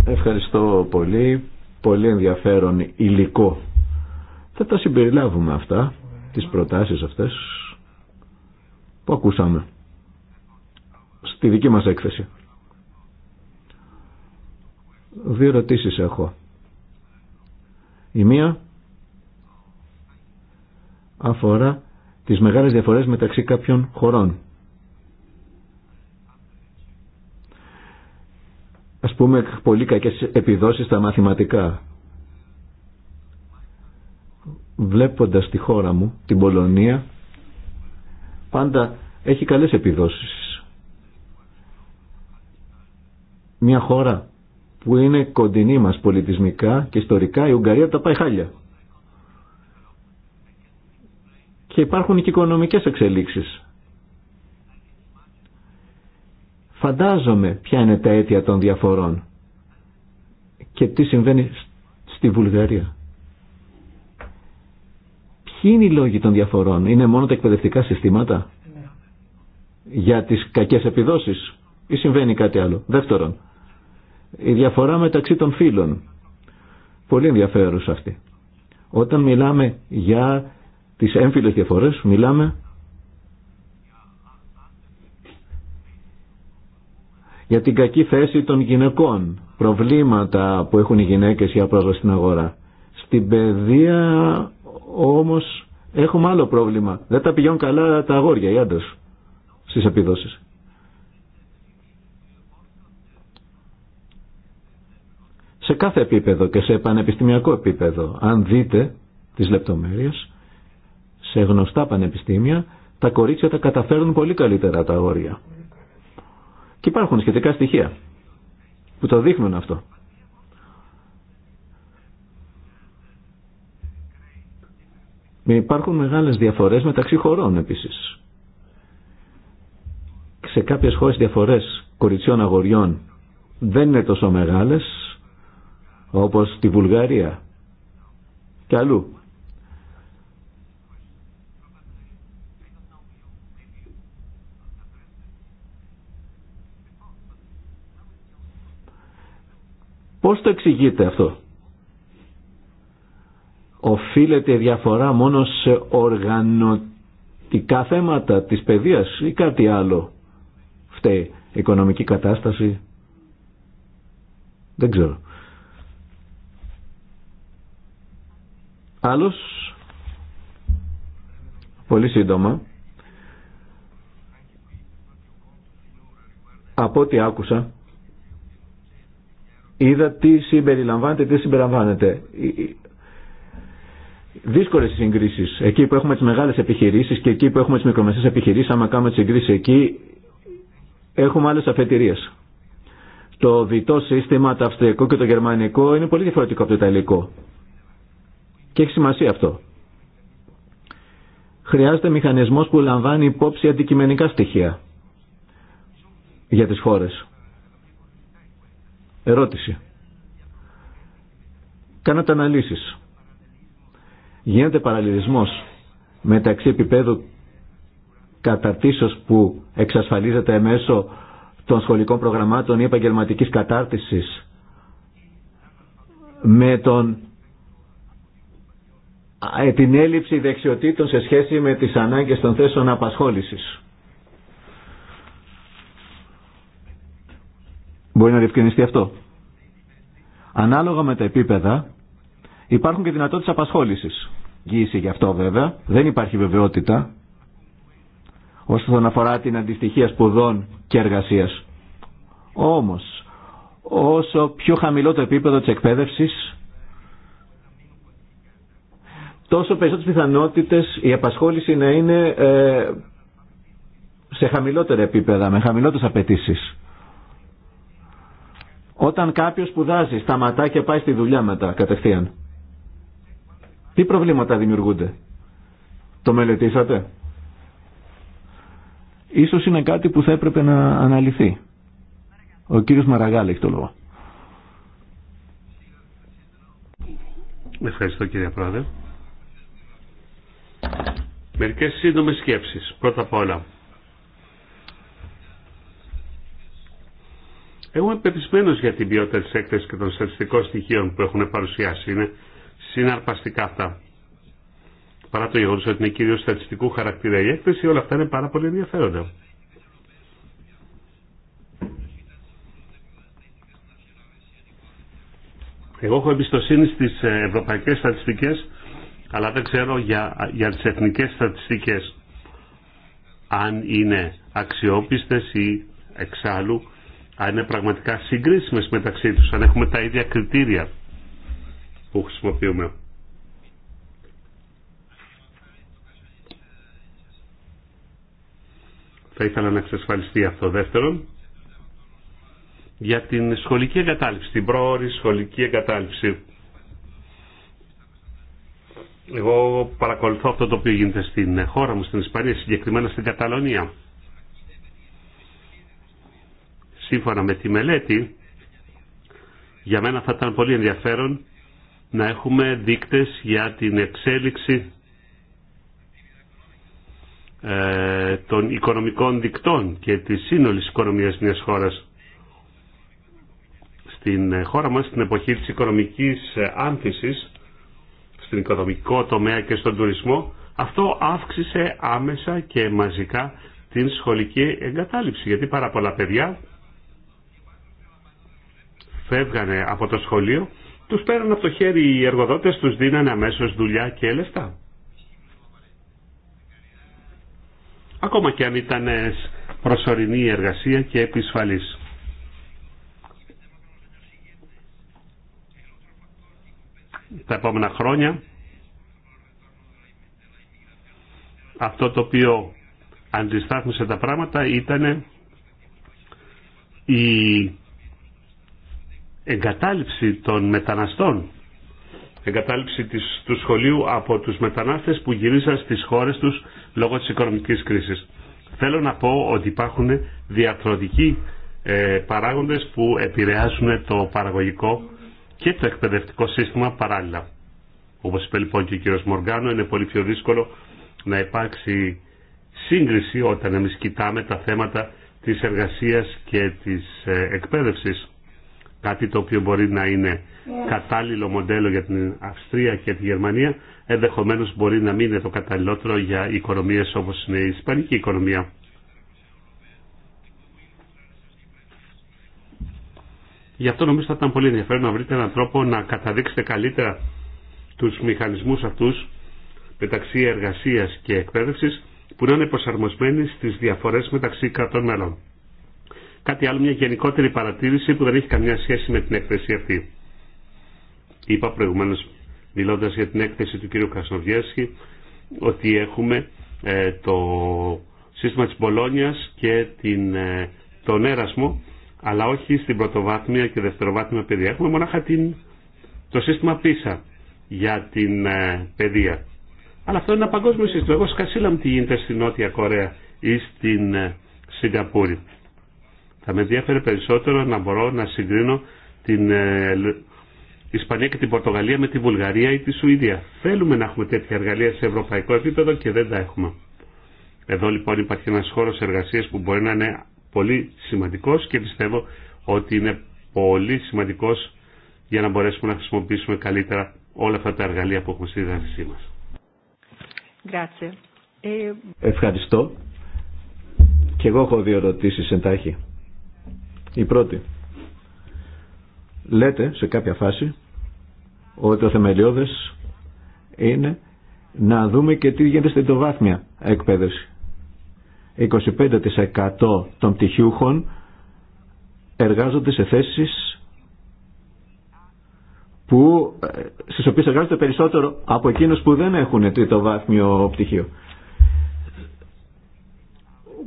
Ευχαριστώ πολύ. Πολύ ενδιαφέρον υλικό. Θα τα συμπεριλάβουμε αυτά, τις προτάσεις αυτές που ακούσαμε στη δική μας έκθεση. Δύο ερωτήσεις έχω. Η μία αφορά τις μεγάλες διαφορές μεταξύ κάποιων χωρών ας πούμε πολύ κακές επιδόσεις στα μαθηματικά. Βλέποντας τη χώρα μου, την Πολωνία, πάντα έχει καλές επιδόσεις. Μια χώρα που είναι κοντινή μας πολιτισμικά και ιστορικά, η Ουγγαρία τα πάει χάλια. Και υπάρχουν και οικονομικές εξελίξεις. Φαντάζομαι ποια είναι τα αίτια των διαφορών και τι συμβαίνει στη Βουλγαρία. Ποιοι είναι οι λόγοι των διαφορών. Είναι μόνο τα εκπαιδευτικά συστήματα για τις κακές επιδόσεις ή συμβαίνει κάτι άλλο. Δεύτερον, η διαφορά μεταξύ των φύλων. Πολύ ενδιαφέρουσα αυτή. Όταν μιλάμε για τις έμφυλες διαφορές μιλάμε για την κακή θέση των γυναικών, προβλήματα που έχουν οι γυναίκες για πρόσβαση στην αγορά. Στην παιδεία όμως έχουμε άλλο πρόβλημα. Δεν τα πηγαίνουν καλά τα αγόρια, οι άντρες, στις επιδόσεις. Σε κάθε επίπεδο και σε πανεπιστημιακό επίπεδο, αν δείτε τις λεπτομέρειες, σε γνωστά πανεπιστήμια, τα κορίτσια τα καταφέρνουν πολύ καλύτερα τα αγόρια. Και υπάρχουν σχετικά στοιχεία που το δείχνουν αυτό. Υπάρχουν μεγάλες διαφορές μεταξύ χωρών επίσης. Σε κάποιες χώρες διαφορές κοριτσιών αγοριών δεν είναι τόσο μεγάλες όπως τη Βουλγαρία και αλλού. Πώς το εξηγείτε αυτό. Οφείλεται η διαφορά μόνο σε οργανωτικά θέματα της παιδείας ή κάτι άλλο. Φταίει οικονομική κατάσταση. Δεν ξέρω. Άλλος, πολύ σύντομα, από ό,τι άκουσα, είδα τι συμπεριλαμβάνεται, τι συμπεριλαμβάνεται. Δύσκολε συγκρίσει. Εκεί που έχουμε τι μεγάλε επιχειρήσει και εκεί που έχουμε τι μικρομεσαίε επιχειρήσει, άμα κάνουμε τι συγκρίσει εκεί, έχουμε άλλε αφετηρίε. Το διτό σύστημα, το αυστριακό και το γερμανικό είναι πολύ διαφορετικό από το ιταλικό. Και έχει σημασία αυτό. Χρειάζεται μηχανισμό που λαμβάνει υπόψη αντικειμενικά στοιχεία για τι χώρε. Ερώτηση. Κάνατε αναλύσεις. Γίνεται παραλληλισμός μεταξύ επίπεδου καταρτήσεως που εξασφαλίζεται μέσω των σχολικών προγραμμάτων ή επαγγελματική κατάρτισης με τον, ε, την έλλειψη δεξιοτήτων σε σχέση με τις ανάγκες των θέσεων απασχόλησης. Μπορεί να διευκρινιστεί αυτό. Ανάλογα με τα επίπεδα υπάρχουν και δυνατότητε απασχόλησης. Γύηση γι' αυτό βέβαια. Δεν υπάρχει βεβαιότητα όσον αφορά την αντιστοιχία σπουδών και εργασίας. Όμω, όσο πιο χαμηλό το επίπεδο τη εκπαίδευση, τόσο περισσότερε πιθανότητε η απασχόληση να είναι ε, σε χαμηλότερα επίπεδα, με χαμηλότερε απαιτήσει. Όταν κάποιος σπουδάζει, σταματά και πάει στη δουλειά μετά κατευθείαν. Τι προβλήματα δημιουργούνται. Το μελετήσατε. Ίσως είναι κάτι που θα έπρεπε να αναλυθεί. Ο κύριος Μαραγάλη έχει το λόγο. Ευχαριστώ κύριε Πρόεδρε. Μερικές σύντομες σκέψεις. Πρώτα απ' όλα, Εγώ είμαι για την ποιότητα της έκθεσης και των στατιστικών στοιχείων που έχουν παρουσιάσει. Είναι συναρπαστικά αυτά. Παρά το γεγονός ότι είναι κυρίως στατιστικού χαρακτήρα η έκθεση, όλα αυτά είναι πάρα πολύ ενδιαφέροντα. Εγώ έχω εμπιστοσύνη στις ε, ευρωπαϊκές στατιστικές, αλλά δεν ξέρω για, για τις εθνικές στατιστικές αν είναι αξιόπιστες ή εξάλλου αν είναι πραγματικά συγκρίσιμες μεταξύ τους, αν έχουμε τα ίδια κριτήρια που χρησιμοποιούμε. Θα ήθελα να εξασφαλιστεί αυτό δεύτερον. Για την σχολική εγκατάλειψη, την πρόορη σχολική εγκατάλειψη. Εγώ παρακολουθώ αυτό το οποίο γίνεται στην χώρα μου, στην Ισπανία, συγκεκριμένα στην Καταλωνία σύμφωνα με τη μελέτη, για μένα θα ήταν πολύ ενδιαφέρον να έχουμε δείκτες για την εξέλιξη ε, των οικονομικών δικτών και της σύνολης οικονομίας μιας χώρας. Στην ε, χώρα μας, στην εποχή της οικονομικής ε, άνθησης, στην οικονομικό τομέα και στον τουρισμό, αυτό αύξησε άμεσα και μαζικά την σχολική εγκατάλειψη, γιατί πάρα πολλά παιδιά φεύγανε από το σχολείο, τους πέραν από το χέρι οι εργοδότες, τους δίνανε αμέσως δουλειά και έλεστα Ακόμα και αν ήταν προσωρινή εργασία και επισφαλής. Τα επόμενα χρόνια αυτό το οποίο αντιστάθμισε τα πράγματα ήταν η εγκατάλειψη των μεταναστών, εγκατάλειψη της, του σχολείου από τους μετανάστες που γυρίσαν στις χώρες τους λόγω της οικονομικής κρίσης. Θέλω να πω ότι υπάρχουν διαφορετικοί ε, παράγοντες που επηρεάζουν το παραγωγικό και το εκπαιδευτικό σύστημα παράλληλα. Όπως είπε λοιπόν και ο κύριος Μοργάνο, είναι πολύ πιο δύσκολο να υπάρξει σύγκριση όταν εμείς κοιτάμε τα θέματα της εργασίας και της ε, εκπαίδευσης κάτι το οποίο μπορεί να είναι ναι. κατάλληλο μοντέλο για την Αυστρία και τη Γερμανία, ενδεχομένως μπορεί να μην είναι το καταλληλότερο για οικονομίες όπως είναι η Ισπανική οικονομία. Γι' αυτό νομίζω θα ήταν πολύ ενδιαφέρον να βρείτε έναν τρόπο να καταδείξετε καλύτερα τους μηχανισμούς αυτούς μεταξύ εργασίας και εκπαίδευσης που να είναι προσαρμοσμένοι στις διαφορές μεταξύ κρατών μελών. Κάτι άλλο, μια γενικότερη παρατήρηση που δεν έχει καμιά σχέση με την έκθεση αυτή. Είπα προηγουμένως, μιλώντας για την έκθεση του κ. Κασνοβιέσχη, ότι έχουμε ε, το σύστημα της Μπολόνιας και την, ε, τον έρασμο, αλλά όχι στην πρωτοβάθμια και δευτεροβάθμια παιδεία. Έχουμε μονάχα το σύστημα πίσα για την ε, παιδεία. Αλλά αυτό είναι ένα παγκόσμιο σύστημα. Εγώ σκασίλαμε τι γίνεται στην Νότια Κορέα ή στην ε, Σιγκαπούρη. Θα με ενδιαφέρει περισσότερο να μπορώ να συγκρίνω την ε, Ισπανία και την Πορτογαλία με τη Βουλγαρία ή τη Σουηδία. Θέλουμε να έχουμε τέτοια εργαλεία σε ευρωπαϊκό επίπεδο και δεν τα έχουμε. Εδώ λοιπόν υπάρχει ένας χώρος εργασίας που μπορεί να είναι πολύ σημαντικός και πιστεύω ότι είναι πολύ σημαντικός για να μπορέσουμε να χρησιμοποιήσουμε καλύτερα όλα αυτά τα εργαλεία που έχουμε στη διάθεσή μας. Ε, Ευχαριστώ. Και εγώ έχω δύο ερωτήσεις εντάχει. Η πρώτη. Λέτε σε κάποια φάση ότι ο θεμελιώδες είναι να δούμε και τι γίνεται στην τοβάθμια εκπαίδευση. 25% των πτυχιούχων εργάζονται σε θέσεις που, ε, στις οποίες εργάζονται περισσότερο από εκείνους που δεν έχουν τρίτο βάθμιο πτυχίο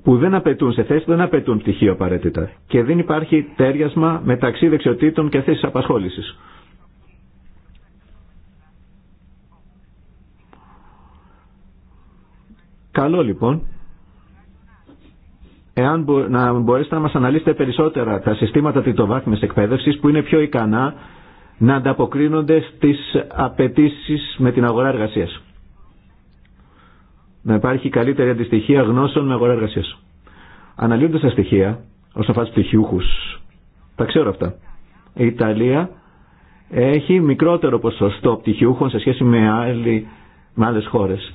που δεν απαιτούν σε θέση, δεν απαιτούν πτυχίο απαραίτητα. Και δεν υπάρχει τέριασμα μεταξύ δεξιοτήτων και θέσης απασχόλησης. Καλό λοιπόν, εάν να μπορέσετε να μας αναλύσετε περισσότερα τα συστήματα τριτοβάθμιας εκπαίδευσης που είναι πιο ικανά να ανταποκρίνονται στις απαιτήσεις με την αγορά εργασίας να υπάρχει καλύτερη αντιστοιχεία γνώσεων με αγορά εργασία. Αναλύοντα τα στοιχεία, όσον αφορά του πτυχιούχου, τα ξέρω αυτά. Η Ιταλία έχει μικρότερο ποσοστό πτυχιούχων σε σχέση με, με άλλες χώρες.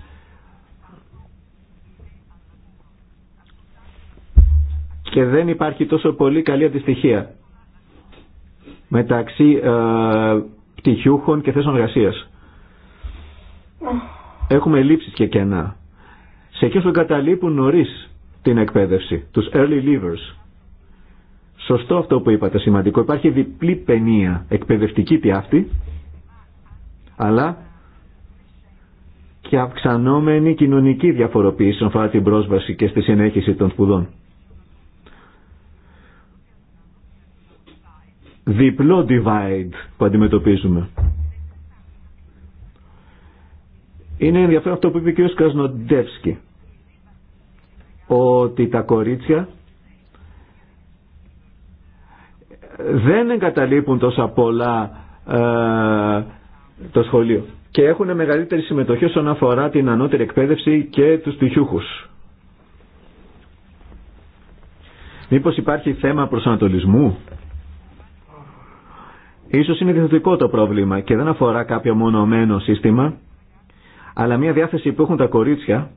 Και δεν υπάρχει τόσο πολύ καλή αντιστοιχεία μεταξύ ε, πτυχιούχων και θέσεων εργασία. Έχουμε λήψεις και κενά σε εκείνους που καταλείπουν νωρί την εκπαίδευση, τους early leavers. Σωστό αυτό που είπατε, σημαντικό. Υπάρχει διπλή παινία, εκπαιδευτική τη αυτή, αλλά και αυξανόμενη κοινωνική διαφοροποίηση όσον αφορά την πρόσβαση και στη συνέχιση των σπουδών. Διπλό divide που αντιμετωπίζουμε. Είναι ενδιαφέρον αυτό που είπε ο κ. Κρασνοντεύσκη ότι τα κορίτσια δεν εγκαταλείπουν τόσα πολλά ε, το σχολείο και έχουν μεγαλύτερη συμμετοχή όσον αφορά την ανώτερη εκπαίδευση και τους τυχιούχους. Μήπως υπάρχει θέμα προσανατολισμού. Ίσως είναι διευθυντικό το πρόβλημα και δεν αφορά κάποιο μονομένο σύστημα, αλλά μια διάθεση που έχουν τα κορίτσια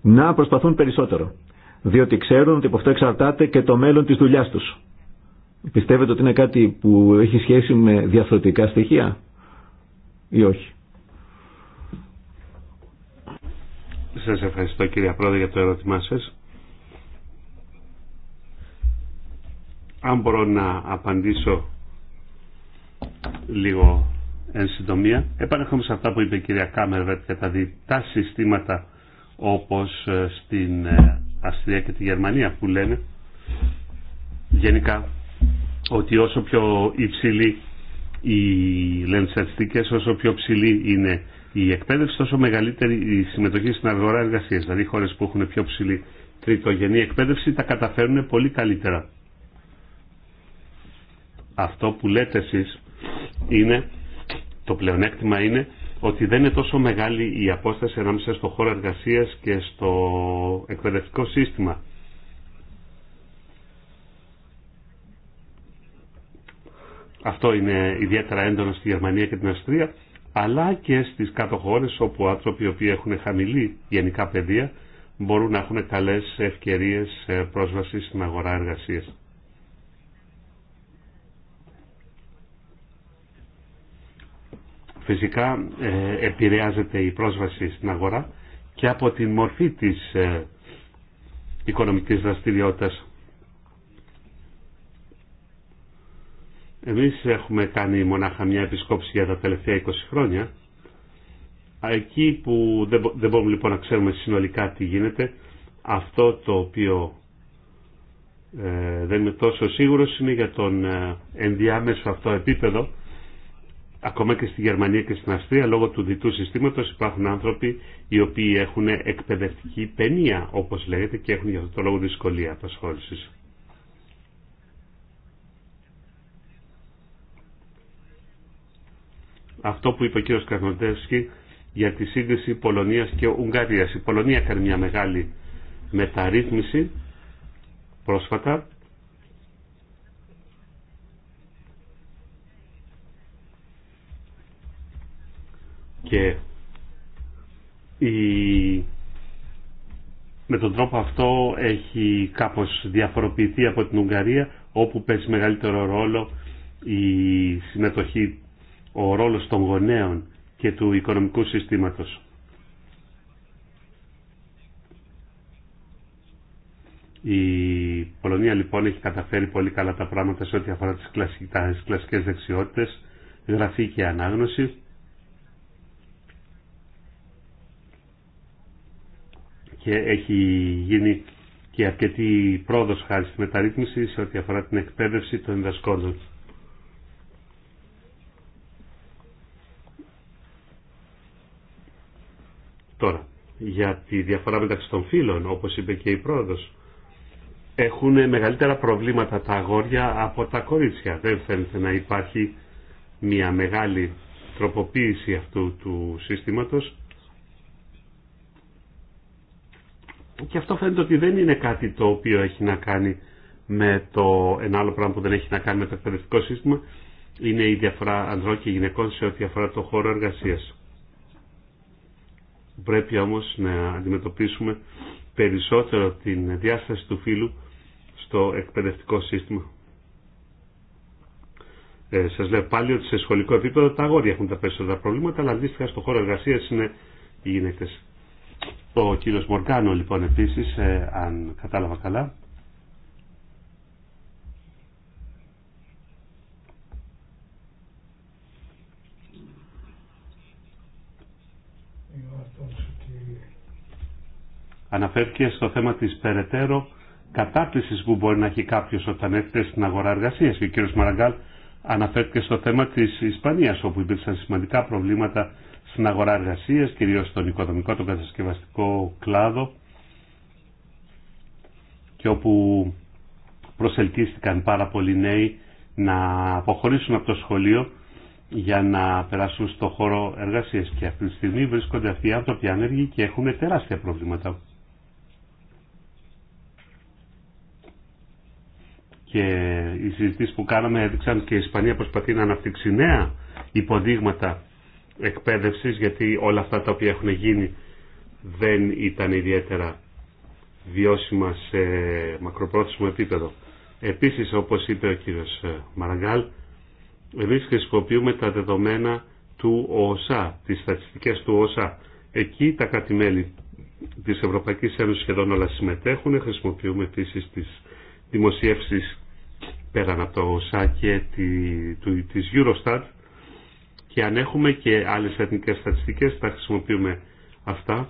να προσπαθούν περισσότερο. Διότι ξέρουν ότι από αυτό εξαρτάται και το μέλλον της δουλειάς τους. Πιστεύετε ότι είναι κάτι που έχει σχέση με διαφορετικά στοιχεία ή όχι. Σας ευχαριστώ κύριε Πρόεδρε για το ερώτημά σας. Αν μπορώ να απαντήσω λίγο εν συντομία, επανέρχομαι σε αυτά που είπε η κυρία Κάμερβετ για τα διτά συστήματα όπως ε, στην ε, Αυστρία και τη Γερμανία που λένε γενικά ότι όσο πιο υψηλή οι όσο πιο ψηλή είναι η εκπαίδευση, τόσο μεγαλύτερη η συμμετοχή στην αγορά εργασίας. Δηλαδή χώρες που έχουν πιο ψηλή τριτογενή εκπαίδευση τα καταφέρουν πολύ καλύτερα. Αυτό που λέτε εσείς είναι, το πλεονέκτημα είναι ότι δεν είναι τόσο μεγάλη η απόσταση ανάμεσα στο χώρο εργασίας και στο εκπαιδευτικό σύστημα. Αυτό είναι ιδιαίτερα έντονο στη Γερμανία και την Αυστρία, αλλά και στις κάτω χώρες όπου άνθρωποι οι οποίοι έχουν χαμηλή γενικά παιδεία μπορούν να έχουν καλές ευκαιρίες ε, πρόσβασης στην αγορά εργασίας. φυσικά ε, επηρεάζεται η πρόσβαση στην αγορά και από την μορφή της ε, οικονομικής δραστηριότητας. Εμείς έχουμε κάνει μονάχα μια επισκόψη για τα τελευταία 20 χρόνια. Εκεί που δεν μπορούμε λοιπόν να ξέρουμε συνολικά τι γίνεται, αυτό το οποίο ε, δεν είμαι τόσο σίγουρος είναι για τον ενδιάμεσο αυτό επίπεδο Ακόμα και στη Γερμανία και στην Αυστρία λόγω του διτού συστήματος υπάρχουν άνθρωποι οι οποίοι έχουν εκπαιδευτική παινία όπως λέγεται και έχουν για αυτό το λόγο δυσκολία απασχόλησης. Αυτό που είπε ο κ. Καρνοντεύσκη για τη σύγκριση Πολωνίας και Ουγγαρίας. Η Πολωνία έκανε μια μεγάλη μεταρρύθμιση πρόσφατα και με τον τρόπο αυτό έχει κάπως διαφοροποιηθεί από την Ουγγαρία όπου παίζει μεγαλύτερο ρόλο η συμμετοχή, ο ρόλος των γονέων και του οικονομικού συστήματος. Η Πολωνία λοιπόν έχει καταφέρει πολύ καλά τα πράγματα σε ό,τι αφορά τις κλασικές δεξιότητες, γραφή και ανάγνωση. και έχει γίνει και αρκετή πρόοδος χάρη στη μεταρρύθμιση σε ό,τι αφορά την εκπαίδευση των δασκόντων. Τώρα, για τη διαφορά μεταξύ των φύλων, όπως είπε και η πρόοδος, έχουν μεγαλύτερα προβλήματα τα αγόρια από τα κορίτσια. Δεν φαίνεται να υπάρχει μια μεγάλη τροποποίηση αυτού του σύστηματος και αυτό φαίνεται ότι δεν είναι κάτι το οποίο έχει να κάνει με το ένα άλλο πράγμα που δεν έχει να κάνει με το εκπαιδευτικό σύστημα είναι η διαφορά ανδρών και γυναικών σε ό,τι αφορά το χώρο εργασίας. Πρέπει όμως να αντιμετωπίσουμε περισσότερο την διάσταση του φύλου στο εκπαιδευτικό σύστημα. Ε, σας λέω πάλι ότι σε σχολικό επίπεδο τα αγόρια έχουν τα περισσότερα προβλήματα, αλλά αντίστοιχα στο χώρο εργασίας είναι οι γυναίκες. Ο κύριος Μοργκάνο λοιπόν επίσης, ε, αν κατάλαβα καλά. Αναφέρθηκε στο θέμα της περαιτέρω κατάρτισης που μπορεί να έχει κάποιος όταν έρχεται στην αγορά εργασίας και ο κύριος Μαραγκάλ αναφέρθηκε στο θέμα της Ισπανίας όπου υπήρξαν σημαντικά προβλήματα στην αγορά εργασία, κυρίως στον οικοδομικό, τον κατασκευαστικό κλάδο και όπου προσελκύστηκαν πάρα πολλοί νέοι να αποχωρήσουν από το σχολείο για να περάσουν στο χώρο εργασίας και αυτή τη στιγμή βρίσκονται αυτοί οι άνθρωποι άνεργοι και έχουν τεράστια προβλήματα. Και οι συζητήσεις που κάναμε έδειξαν και η Ισπανία προσπαθεί να αναπτύξει νέα υποδείγματα εκπαίδευσης γιατί όλα αυτά τα οποία έχουν γίνει δεν ήταν ιδιαίτερα βιώσιμα σε μακροπρόθεσμο επίπεδο. Επίσης, όπως είπε ο κύριος ε, Μαραγκάλ, εμείς χρησιμοποιούμε τα δεδομένα του ΟΣΑ, τις στατιστικές του ΟΣΑ. Εκεί τα κράτη-μέλη της Ευρωπαϊκής Ένωσης σχεδόν όλα συμμετέχουν. Χρησιμοποιούμε επίσης τις δημοσίευσεις πέραν από το ΟΣΑ και τη, του, της Eurostat και αν έχουμε και άλλες εθνικές στατιστικές θα χρησιμοποιούμε αυτά.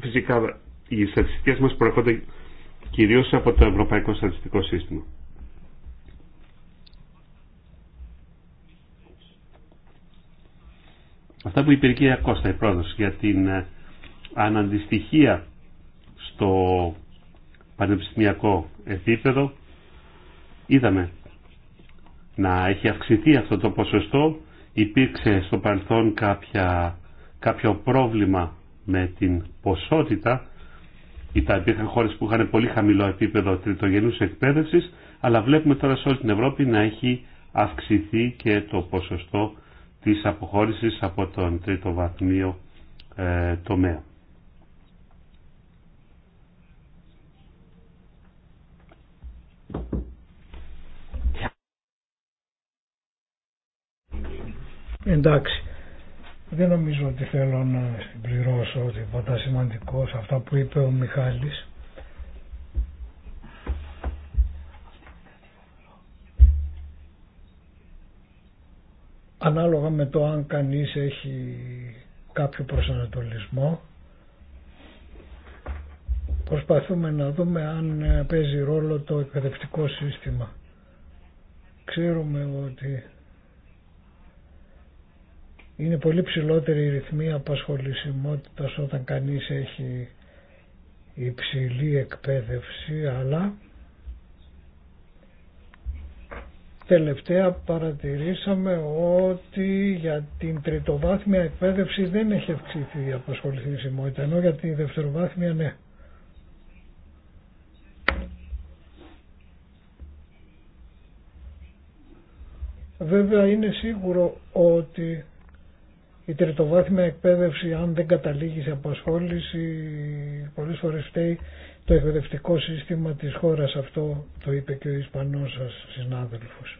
Φυσικά οι στατιστικές μας προέρχονται κυρίως από το Ευρωπαϊκό Στατιστικό Σύστημα. Αυτά που είπε η κυρία Κώστα, η για την ε, αναντιστοιχία στο πανεπιστημιακό επίπεδο, είδαμε να έχει αυξηθεί αυτό το ποσοστό. Υπήρξε στο παρελθόν κάποιο πρόβλημα με την ποσότητα. Υπήρχαν χώρες που είχαν πολύ χαμηλό επίπεδο τριτογενούς εκπαίδευσης, αλλά βλέπουμε τώρα σε όλη την Ευρώπη να έχει αυξηθεί και το ποσοστό της αποχώρησης από τον τρίτο βαθμίο ε, τομέα. εντάξει. Δεν νομίζω ότι θέλω να συμπληρώσω τίποτα σημαντικό σε αυτά που είπε ο Μιχάλης. Ανάλογα με το αν κανείς έχει κάποιο προσανατολισμό προσπαθούμε να δούμε αν παίζει ρόλο το εκπαιδευτικό σύστημα. Ξέρουμε ότι είναι πολύ ψηλότερη η ρυθμή απασχολησιμότητας όταν κανείς έχει υψηλή εκπαίδευση, αλλά τελευταία παρατηρήσαμε ότι για την τριτοβάθμια εκπαίδευση δεν έχει αυξηθεί η απασχολησιμότητα, ενώ για τη δευτεροβάθμια ναι. Βέβαια είναι σίγουρο ότι η τριτοβάθμια εκπαίδευση αν δεν καταλήγει σε απασχόληση πολλές φορές φταίει το εκπαιδευτικό σύστημα της χώρας αυτό το είπε και ο Ισπανός σας συνάδελφος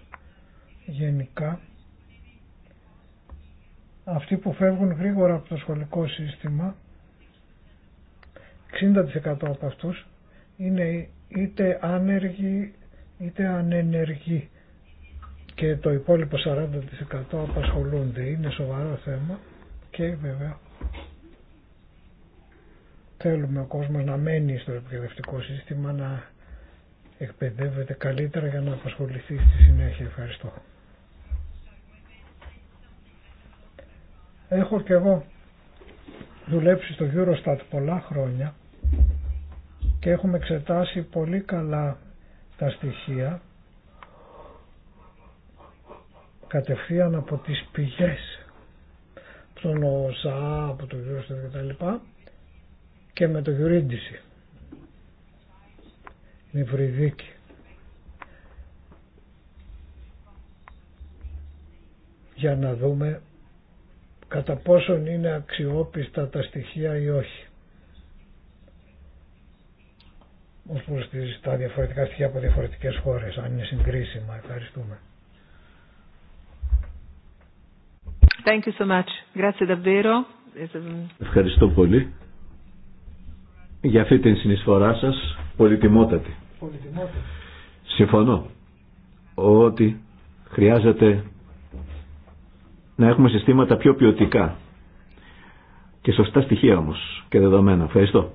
γενικά αυτοί που φεύγουν γρήγορα από το σχολικό σύστημα 60% από αυτούς είναι είτε άνεργοι είτε ανενεργοί και το υπόλοιπο 40% απασχολούνται. Είναι σοβαρό θέμα και βέβαια θέλουμε ο κόσμος να μένει στο εκπαιδευτικό σύστημα, να εκπαιδεύεται καλύτερα για να απασχοληθεί στη συνέχεια. Ευχαριστώ. Έχω και εγώ δουλέψει στο Eurostat πολλά χρόνια και έχουμε εξετάσει πολύ καλά τα στοιχεία κατευθείαν από τις πηγές τον ΟΣΑ, από το Γιώργο και τα λοιπά και με το Γιουρίντιση η Βρυδίκη για να δούμε κατά πόσον είναι αξιόπιστα τα στοιχεία ή όχι ως προς τα διαφορετικά στοιχεία από διαφορετικές χώρες αν είναι συγκρίσιμα ευχαριστούμε Thank you so much. Grazie davvero. Ευχαριστώ πολύ για αυτή την συνεισφορά σας πολυτιμότατη. πολυτιμότατη. Συμφωνώ ότι χρειάζεται να έχουμε συστήματα πιο ποιοτικά και σωστά στοιχεία όμως και δεδομένα. Ευχαριστώ.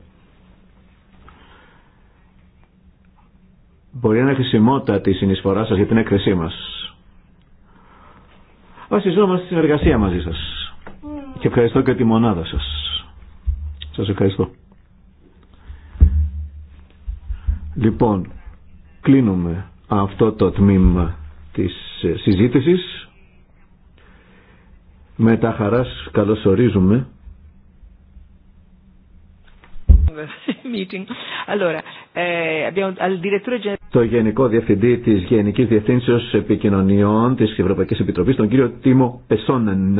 Μπορεί να είναι χρησιμότατη η συνεισφορά σας για την έκθεσή μας. Βασιζόμαστε στην εργασία μαζί σας. Mm. Και ευχαριστώ και τη μονάδα σας. Σας ευχαριστώ. Λοιπόν, κλείνουμε αυτό το τμήμα της συζήτησης. Με τα χαράς καλωσορίζουμε. Meeting. Allora, eh, το Γενικό Διευθυντή τη Γενική Διευθύνσεω Επικοινωνιών τη Ευρωπαϊκή Επιτροπή, τον κύριο Τίμο Πεσόνεν,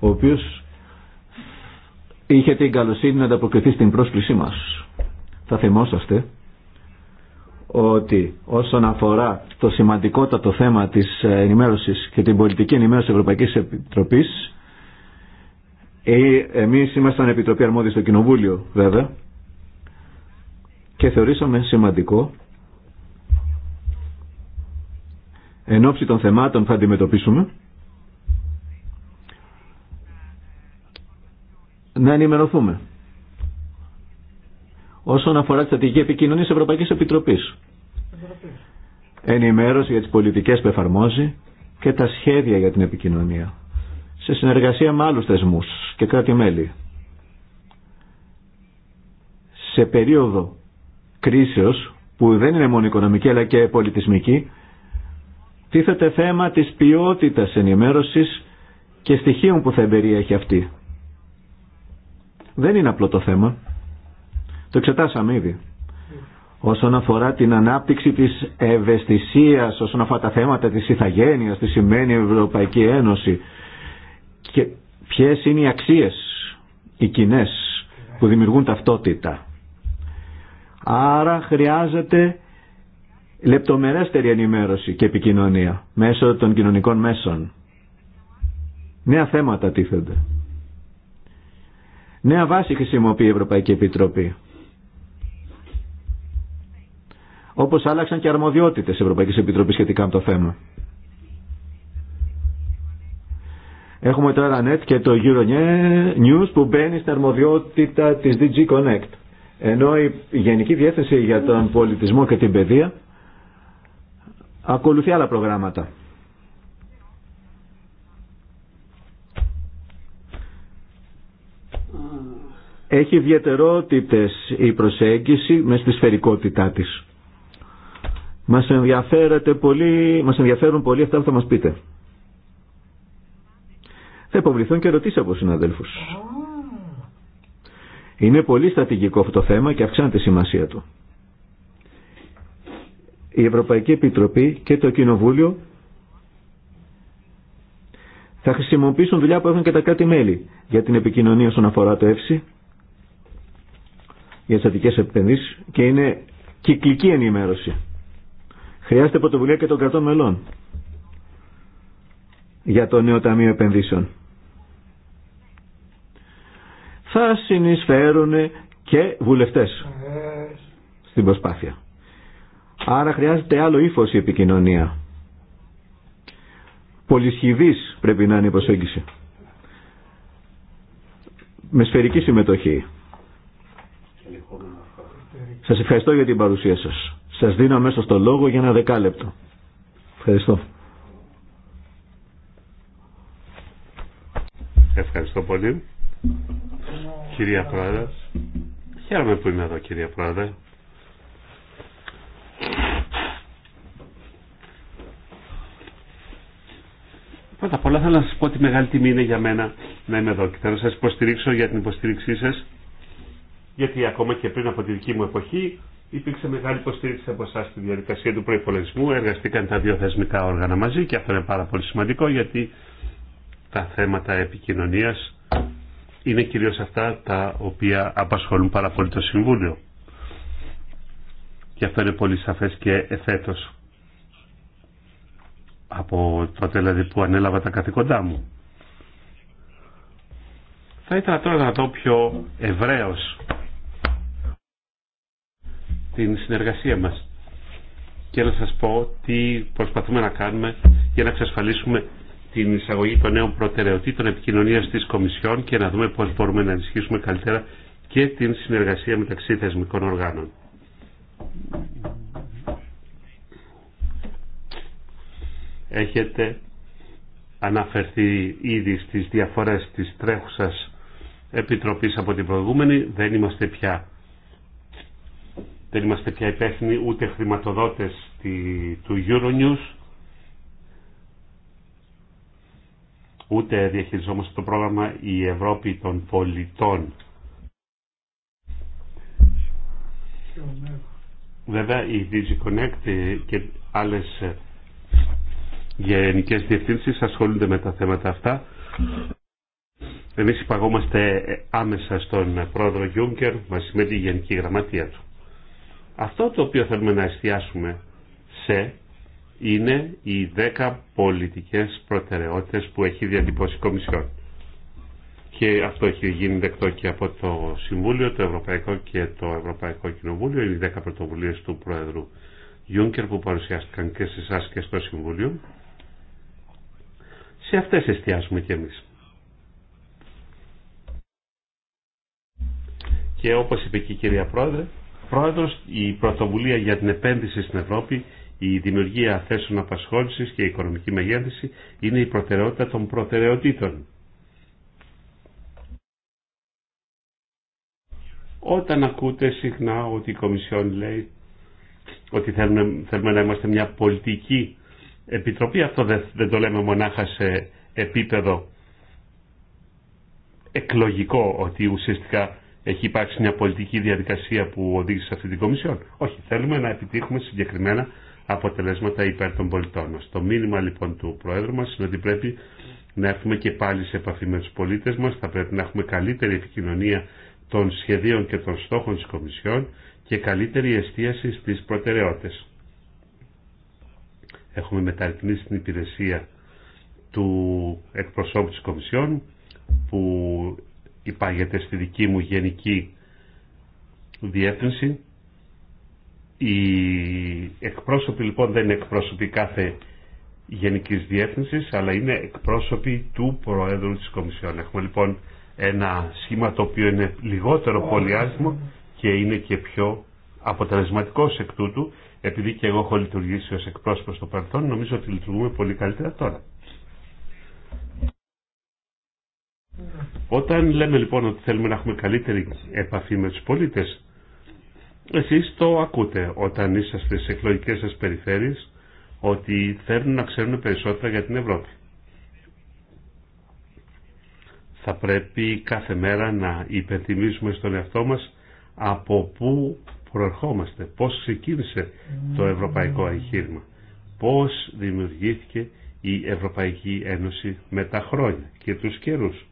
ο οποίο είχε την καλοσύνη να ανταποκριθεί στην πρόσκλησή μα. Θα θυμόσαστε ότι όσον αφορά το σημαντικότατο θέμα της ενημέρωσης και την πολιτική ενημέρωση της Ευρωπαϊκής Επιτροπής ε, εμείς ήμασταν Επιτροπή Αρμόδια στο Κοινοβούλιο βέβαια και θεωρήσαμε σημαντικό εν ώψη των θεμάτων θα αντιμετωπίσουμε να ενημερωθούμε όσον αφορά τη στρατηγική επικοινωνία της Ευρωπαϊκής Επιτροπής. Ενημέρωση για τις πολιτικές που εφαρμόζει και τα σχέδια για την επικοινωνία σε συνεργασία με άλλους θεσμούς και κράτη-μέλη. Σε περίοδο κρίσεως που δεν είναι μόνο οικονομική αλλά και πολιτισμική τίθεται θέμα της ποιότητας ενημέρωσης και στοιχείων που θα εμπεριέχει αυτή. Δεν είναι απλό το θέμα. Το εξετάσαμε ήδη. Όσον αφορά την ανάπτυξη της ευαισθησίας, όσον αφορά τα θέματα της ηθαγένειας, τι σημαίνει η Ευρωπαϊκή Ένωση και ποιες είναι οι αξίες, οι κοινέ που δημιουργούν ταυτότητα. Άρα χρειάζεται λεπτομερέστερη ενημέρωση και επικοινωνία μέσω των κοινωνικών μέσων. Νέα θέματα τίθενται. Νέα βάση χρησιμοποιεί η Ευρωπαϊκή Επιτροπή. Όπως άλλαξαν και αρμοδιότητες της Ευρωπαϊκής Επιτροπής σχετικά με το θέμα. Έχουμε τώρα και το Euronews που μπαίνει στην αρμοδιότητα της DG Connect. Ενώ η Γενική Διεύθυνση για τον Πολιτισμό και την Παιδεία ακολουθεί άλλα προγράμματα. Έχει ιδιαιτερότητες η προσέγγιση με στη σφαιρικότητά της. Μας, ενδιαφέρεται πολύ, μας ενδιαφέρουν πολύ αυτά που θα μας πείτε. Θα υποβληθούν και ερωτήσει από συναδέλφου. Είναι πολύ στρατηγικό αυτό το θέμα και αυξάνεται η σημασία του η Ευρωπαϊκή Επιτροπή και το Κοινοβούλιο θα χρησιμοποιήσουν δουλειά που έχουν και τα κράτη-μέλη για την επικοινωνία στον αφορά το ΕΦΣΥ, για τι αδικέ επενδύσει και είναι κυκλική ενημέρωση. Χρειάζεται πρωτοβουλία και των κρατών μελών για το νέο Ταμείο Επενδύσεων. Θα συνεισφέρουν και βουλευτές στην προσπάθεια. Άρα χρειάζεται άλλο ύφο η επικοινωνία. Πολυσχηδή πρέπει να είναι η προσέγγιση. Με σφαιρική συμμετοχή. Σα ευχαριστώ για την παρουσία σας. Σας δίνω αμέσω το λόγο για ένα δεκάλεπτο. Ευχαριστώ. Ευχαριστώ πολύ. Κυρία Πρόεδρε. Χαίρομαι που είμαι εδώ κυρία Πρόεδρε. Πρώτα απ' όλα θέλω να σα πω ότι μεγάλη τιμή είναι για μένα να είμαι εδώ και θέλω να σας υποστηρίξω για την υποστήριξή σα γιατί ακόμα και πριν από τη δική μου εποχή υπήρξε μεγάλη υποστήριξη από εσά στη διαδικασία του προπολογισμού. Εργαστήκαν τα δύο θεσμικά όργανα μαζί και αυτό είναι πάρα πολύ σημαντικό γιατί τα θέματα επικοινωνία είναι κυρίω αυτά τα οποία απασχολούν πάρα πολύ το Συμβούλιο. Και αυτό είναι πολύ σαφέ και εφέτος από τότε δηλαδή που ανέλαβα τα καθήκοντά μου. Θα ήθελα τώρα να δω πιο ευραίος την συνεργασία μας και να σας πω τι προσπαθούμε να κάνουμε για να εξασφαλίσουμε την εισαγωγή των νέων προτεραιοτήτων επικοινωνίας της Κομισιόν και να δούμε πώς μπορούμε να ενισχύσουμε καλύτερα και την συνεργασία μεταξύ θεσμικών οργάνων. έχετε αναφερθεί ήδη στις διαφορές της τρέχουσας επιτροπής από την προηγούμενη. Δεν είμαστε πια, δεν είμαστε πια υπεύθυνοι ούτε χρηματοδότες του Euronews, ούτε διαχειριζόμαστε το πρόγραμμα «Η Ευρώπη των πολιτών». Βέβαια η DigiConnect και άλλες γενικέ διευθύνσει ασχολούνται με τα θέματα αυτά. Εμεί υπαγόμαστε άμεσα στον πρόεδρο Γιούγκερ μαζί με τη Γενική Γραμματεία του. Αυτό το οποίο θέλουμε να εστιάσουμε σε είναι οι 10 πολιτικές προτεραιότητες που έχει διατυπώσει η Κομισιόν. Και αυτό έχει γίνει δεκτό και από το Συμβούλιο, το Ευρωπαϊκό και το Ευρωπαϊκό Κοινοβούλιο. Είναι οι 10 πρωτοβουλίε του Πρόεδρου Γιούνκερ που παρουσιάστηκαν και σε εσά και στο Συμβούλιο. Σε αυτές εστιάζουμε κι εμείς. Και όπως είπε και η κυρία Πρόεδρε, Πρόεδρος, η πρωτοβουλία για την επένδυση στην Ευρώπη, η δημιουργία θέσεων απασχόλησης και η οικονομική μεγέθυνση είναι η προτεραιότητα των προτεραιοτήτων. Όταν ακούτε συχνά ότι η Κομισιόν λέει ότι θέλουμε, θέλουμε να είμαστε μια πολιτική Επιτροπή. Αυτό δεν το λέμε μονάχα σε επίπεδο εκλογικό ότι ουσιαστικά έχει υπάρξει μια πολιτική διαδικασία που οδήγησε σε αυτή την Κομισιόν. Όχι, θέλουμε να επιτύχουμε συγκεκριμένα αποτελέσματα υπέρ των πολιτών μας. Το μήνυμα λοιπόν του Προέδρου μας είναι ότι πρέπει να έρθουμε και πάλι σε επαφή με τους πολίτες μας, θα πρέπει να έχουμε καλύτερη επικοινωνία των σχεδίων και των στόχων της Κομισιόν και καλύτερη εστίαση στις προτεραιότητες. Έχουμε μεταρρυθμίσει την υπηρεσία του εκπροσώπου της Κομισιόν που υπάγεται στη δική μου γενική διεύθυνση. Οι εκπρόσωποι λοιπόν δεν είναι εκπρόσωποι κάθε γενικής διεύθυνσης αλλά είναι εκπρόσωποι του Προέδρου της Κομισιόν. Έχουμε λοιπόν ένα σχήμα το οποίο είναι λιγότερο πολυάριθμο και είναι και πιο αποτελεσματικός εκ τούτου επειδή και εγώ έχω λειτουργήσει ως εκπρόσωπος στο παρελθόν, νομίζω ότι λειτουργούμε πολύ καλύτερα τώρα. Όταν λέμε λοιπόν ότι θέλουμε να έχουμε καλύτερη επαφή με τους πολίτες, εσείς το ακούτε όταν είσαστε σε εκλογικές σας περιφέρειες, ότι θέλουν να ξέρουν περισσότερα για την Ευρώπη. Θα πρέπει κάθε μέρα να υπενθυμίζουμε στον εαυτό μας από πού προερχόμαστε, πώς ξεκίνησε το ευρωπαϊκό εγχείρημα, πώς δημιουργήθηκε η Ευρωπαϊκή Ένωση με τα χρόνια και τους καιρούς.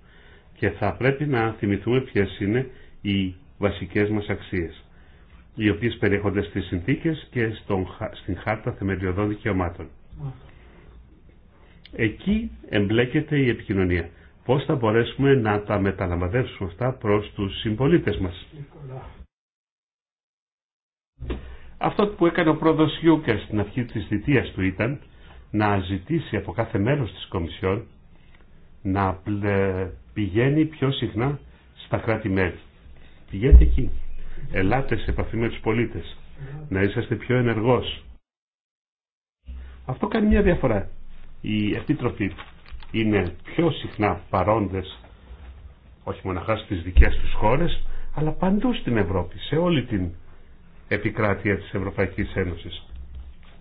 Και θα πρέπει να θυμηθούμε ποιες είναι οι βασικές μας αξίες, οι οποίες περιέχονται στις συνθήκες και στον, στην Χάρτα Θεμελιωδών Δικαιωμάτων. Εκεί εμπλέκεται η επικοινωνία. Πώς θα μπορέσουμε να τα μεταλαμβαδεύσουμε αυτά προς τους συμπολίτες μας. Αυτό που έκανε ο πρόεδρος Γιούκερ στην αρχή της θητείας του ήταν να ζητήσει από κάθε μέλος της Κομισιόν να πηγαίνει πιο συχνά στα κράτη-μέλη. Πηγαίνετε εκεί. Ελάτε σε επαφή με του πολίτες. Να είσαστε πιο ενεργός. Αυτό κάνει μια διαφορά. η επίτροποι είναι πιο συχνά παρόντες όχι μοναχά στις δικέ του χώρε, αλλά παντού στην Ευρώπη, σε όλη την επικράτεια της Ευρωπαϊκής Ένωσης.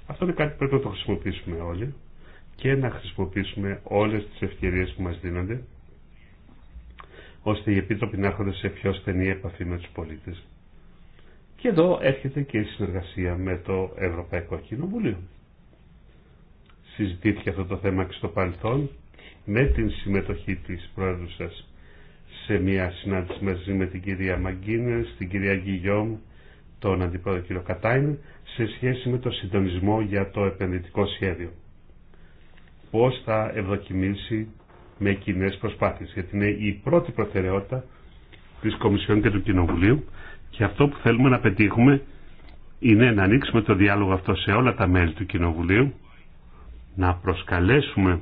Αυτό είναι κάτι που πρέπει να το χρησιμοποιήσουμε όλοι και να χρησιμοποιήσουμε όλες τις ευκαιρίες που μας δίνονται ώστε οι επίτροποι να έρχονται σε πιο στενή επαφή με τους πολίτες. Και εδώ έρχεται και η συνεργασία με το Ευρωπαϊκό Κοινοβούλιο. Συζητήθηκε αυτό το θέμα και στο παρελθόν με την συμμετοχή της Πρόεδρου σας σε μια συνάντηση μαζί με την κυρία Μαγκίνες, την κυρία Γκυγιόμ, τον Αντιπρόεδρο κ. Κατάιν σε σχέση με το συντονισμό για το επενδυτικό σχέδιο. Πώς θα ευδοκιμήσει με κοινέ προσπάθειες, γιατί είναι η πρώτη προτεραιότητα της Κομισιόν και του Κοινοβουλίου και αυτό που θέλουμε να πετύχουμε είναι να ανοίξουμε το διάλογο αυτό σε όλα τα μέλη του Κοινοβουλίου, να προσκαλέσουμε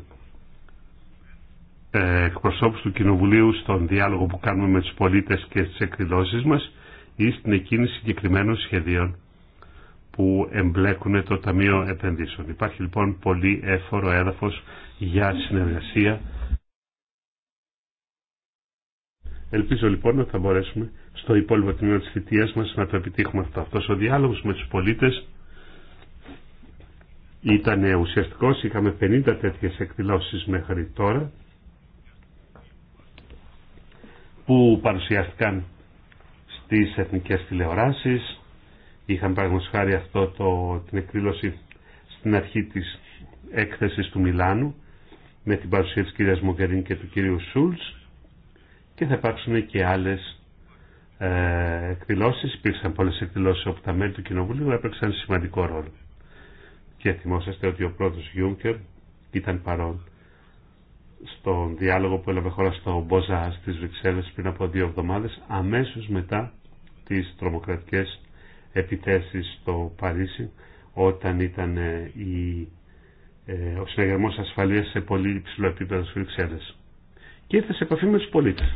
ε, εκπροσώπους του Κοινοβουλίου στον διάλογο που κάνουμε με τους πολίτες και στις εκδηλώσεις μας ή στην εκκίνηση συγκεκριμένων σχεδίων που εμπλέκουν το Ταμείο Επενδύσεων. Υπάρχει λοιπόν πολύ έφορο έδαφος για συνεργασία. Ελπίζω λοιπόν να θα μπορέσουμε στο υπόλοιπο τμήμα της θητείας μας να το επιτύχουμε αυτό. Αυτός ο διάλογος με τους πολίτες ήταν ουσιαστικός. Είχαμε 50 τέτοιες εκδηλώσεις μέχρι τώρα που παρουσιάστηκαν στις εθνικές τηλεοράσεις. Είχαμε παραδείγματος χάρη αυτό το, την εκδήλωση στην αρχή της έκθεσης του Μιλάνου με την παρουσία της κυρίας Μογκερίν και του κυρίου Σούλτς και θα υπάρξουν και άλλες ε, εκδηλώσεις. Υπήρξαν πολλές εκδηλώσεις όπου τα μέλη του Κοινοβουλίου έπαιξαν σημαντικό ρόλο. Και θυμόσαστε ότι ο πρώτος Γιούνκερ ήταν παρόν στον διάλογο που έλαβε χώρα στο Μποζά στις Βρυξέλλες πριν από δύο εβδομάδες αμέσως μετά τις τρομοκρατικές επιθέσεις στο Παρίσι όταν ήταν ε, η, ε, ο συνεργασμό ασφαλείας σε πολύ υψηλό επίπεδο στις Βρυξέλλες και ήρθε σε επαφή με τους πολίτες.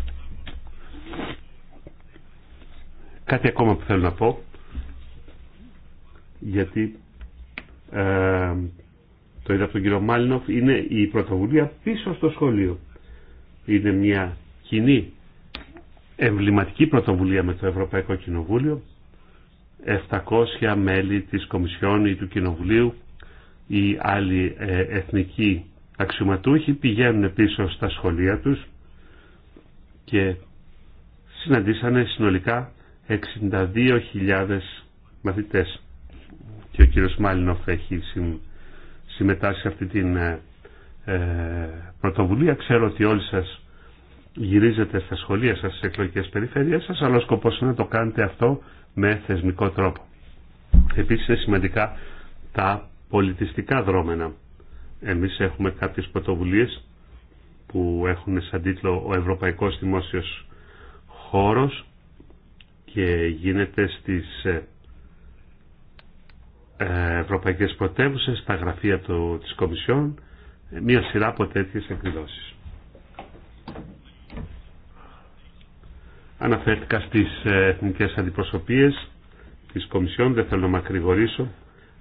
Κάτι ακόμα που θέλω να πω γιατί ε, το είδα από τον κύριο Μάλινοφ, είναι η πρωτοβουλία πίσω στο σχολείο. Είναι μια κοινή εμβληματική πρωτοβουλία με το Ευρωπαϊκό Κοινοβούλιο. 700 μέλη της Κομισιόν ή του Κοινοβουλίου ή άλλοι ε, εθνικοί αξιωματούχοι πηγαίνουν πίσω στα σχολεία τους και συναντήσανε συνολικά 62.000 μαθητές. Και ο κύριος Μάλινοφ έχει συμμετάσχει σε αυτή την ε, ε, πρωτοβουλία. Ξέρω ότι όλοι σας γυρίζετε στα σχολεία σας, στις εκλογικές περιφέρειές σας, αλλά ο σκοπός είναι να το κάνετε αυτό με θεσμικό τρόπο. Επίσης είναι σημαντικά τα πολιτιστικά δρόμενα. Εμείς έχουμε κάποιες πρωτοβουλίε που έχουν σαν τίτλο «Ο Ευρωπαϊκός Δημόσιος Χώρος» και γίνεται στις ε, ευρωπαϊκές πρωτεύουσες, τα γραφεία του, της Κομισιόν, μία σειρά από τέτοιες εκδηλώσεις. Αναφέρθηκα στις ε, εθνικές αντιπροσωπείες της Κομισιόν, δεν θέλω να μακρηγορήσω,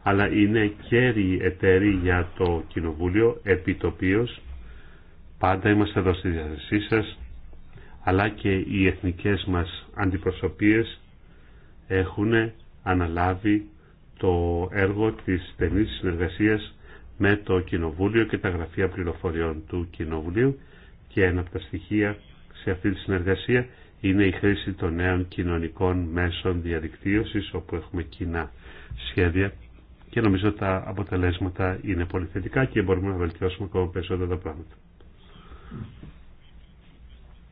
αλλά είναι κέρι εταίροι για το Κοινοβούλιο, επί το οποίο Πάντα είμαστε εδώ στη διάθεσή σας, αλλά και οι εθνικές μας αντιπροσωπείες έχουν αναλάβει το έργο της στενής συνεργασίας με το Κοινοβούλιο και τα Γραφεία Πληροφοριών του Κοινοβουλίου και ένα από τα στοιχεία σε αυτή τη συνεργασία είναι η χρήση των νέων κοινωνικών μέσων διαδικτύωσης όπου έχουμε κοινά σχέδια και νομίζω τα αποτελέσματα είναι πολύ θετικά και μπορούμε να βελτιώσουμε ακόμα περισσότερα τα πράγματα.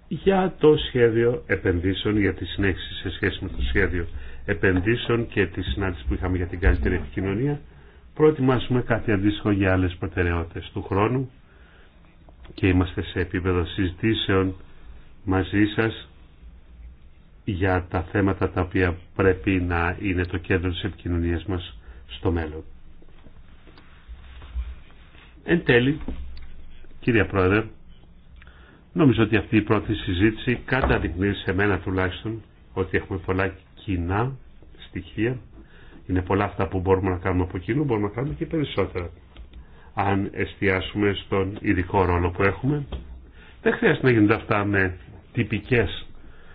Για το σχέδιο επενδύσεων, για τη συνέχιση σε σχέση με το σχέδιο επενδύσεων και τη συνάντηση που είχαμε για την καλύτερη επικοινωνία, προετοιμάσουμε κάτι αντίστοιχο για άλλε προτεραιότητε του χρόνου και είμαστε σε επίπεδο συζητήσεων μαζί σας για τα θέματα τα οποία πρέπει να είναι το κέντρο της επικοινωνίας μας στο μέλλον. Εν τέλει, κύριε Πρόεδρε, νομίζω ότι αυτή η πρώτη συζήτηση καταδεικνύει σε μένα τουλάχιστον ότι έχουμε πολλά κοινά στοιχεία. Είναι πολλά αυτά που μπορούμε να κάνουμε από κοινού, μπορούμε να κάνουμε και περισσότερα. Αν εστιάσουμε στον ειδικό ρόλο που έχουμε, δεν χρειάζεται να γίνονται αυτά με τυπικές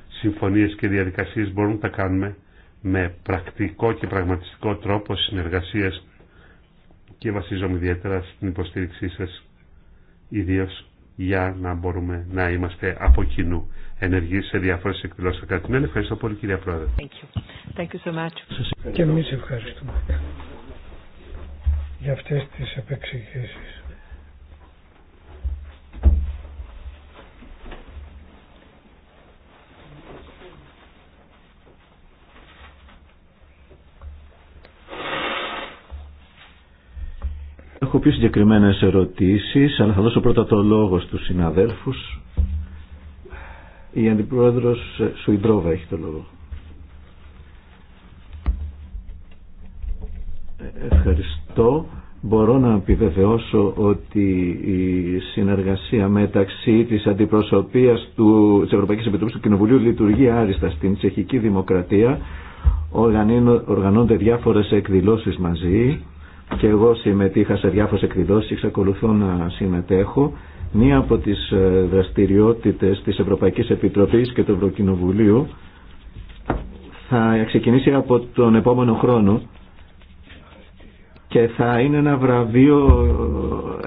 συμφωνίες και διαδικασίες, μπορούμε να τα κάνουμε με πρακτικό και πραγματιστικό τρόπο συνεργασίες και βασίζομαι ιδιαίτερα στην υποστήριξή σας, ιδίως για να μπορούμε να είμαστε από κοινού ενεργοί σε διάφορε εκδηλώσει στα Ευχαριστώ πολύ, κυρία Πρόεδρε. Thank you. Thank you so much. Και εμεί ευχαριστούμε για αυτέ τι επεξηγήσει. Έχω πιο συγκεκριμένες ερωτήσεις, αλλά θα δώσω πρώτα το λόγο στους συναδέλφους. Η Αντιπρόεδρος Σουιντρόβα έχει το λόγο. Ευχαριστώ. Μπορώ να επιβεβαιώσω ότι η συνεργασία μεταξύ της αντιπροσωπείας του, της Ευρωπαϊκής Επιτροπής του Κοινοβουλίου λειτουργεί άριστα στην Τσεχική Δημοκρατία. Οργανώνται διάφορες εκδηλώσεις μαζί και εγώ συμμετείχα σε διάφορες εκδηλώσεις, εξακολουθώ να συμμετέχω. Μία από τις ε, δραστηριότητες της Ευρωπαϊκής Επιτροπής και του Ευρωκοινοβουλίου θα ξεκινήσει από τον επόμενο χρόνο και θα είναι ένα βραβείο,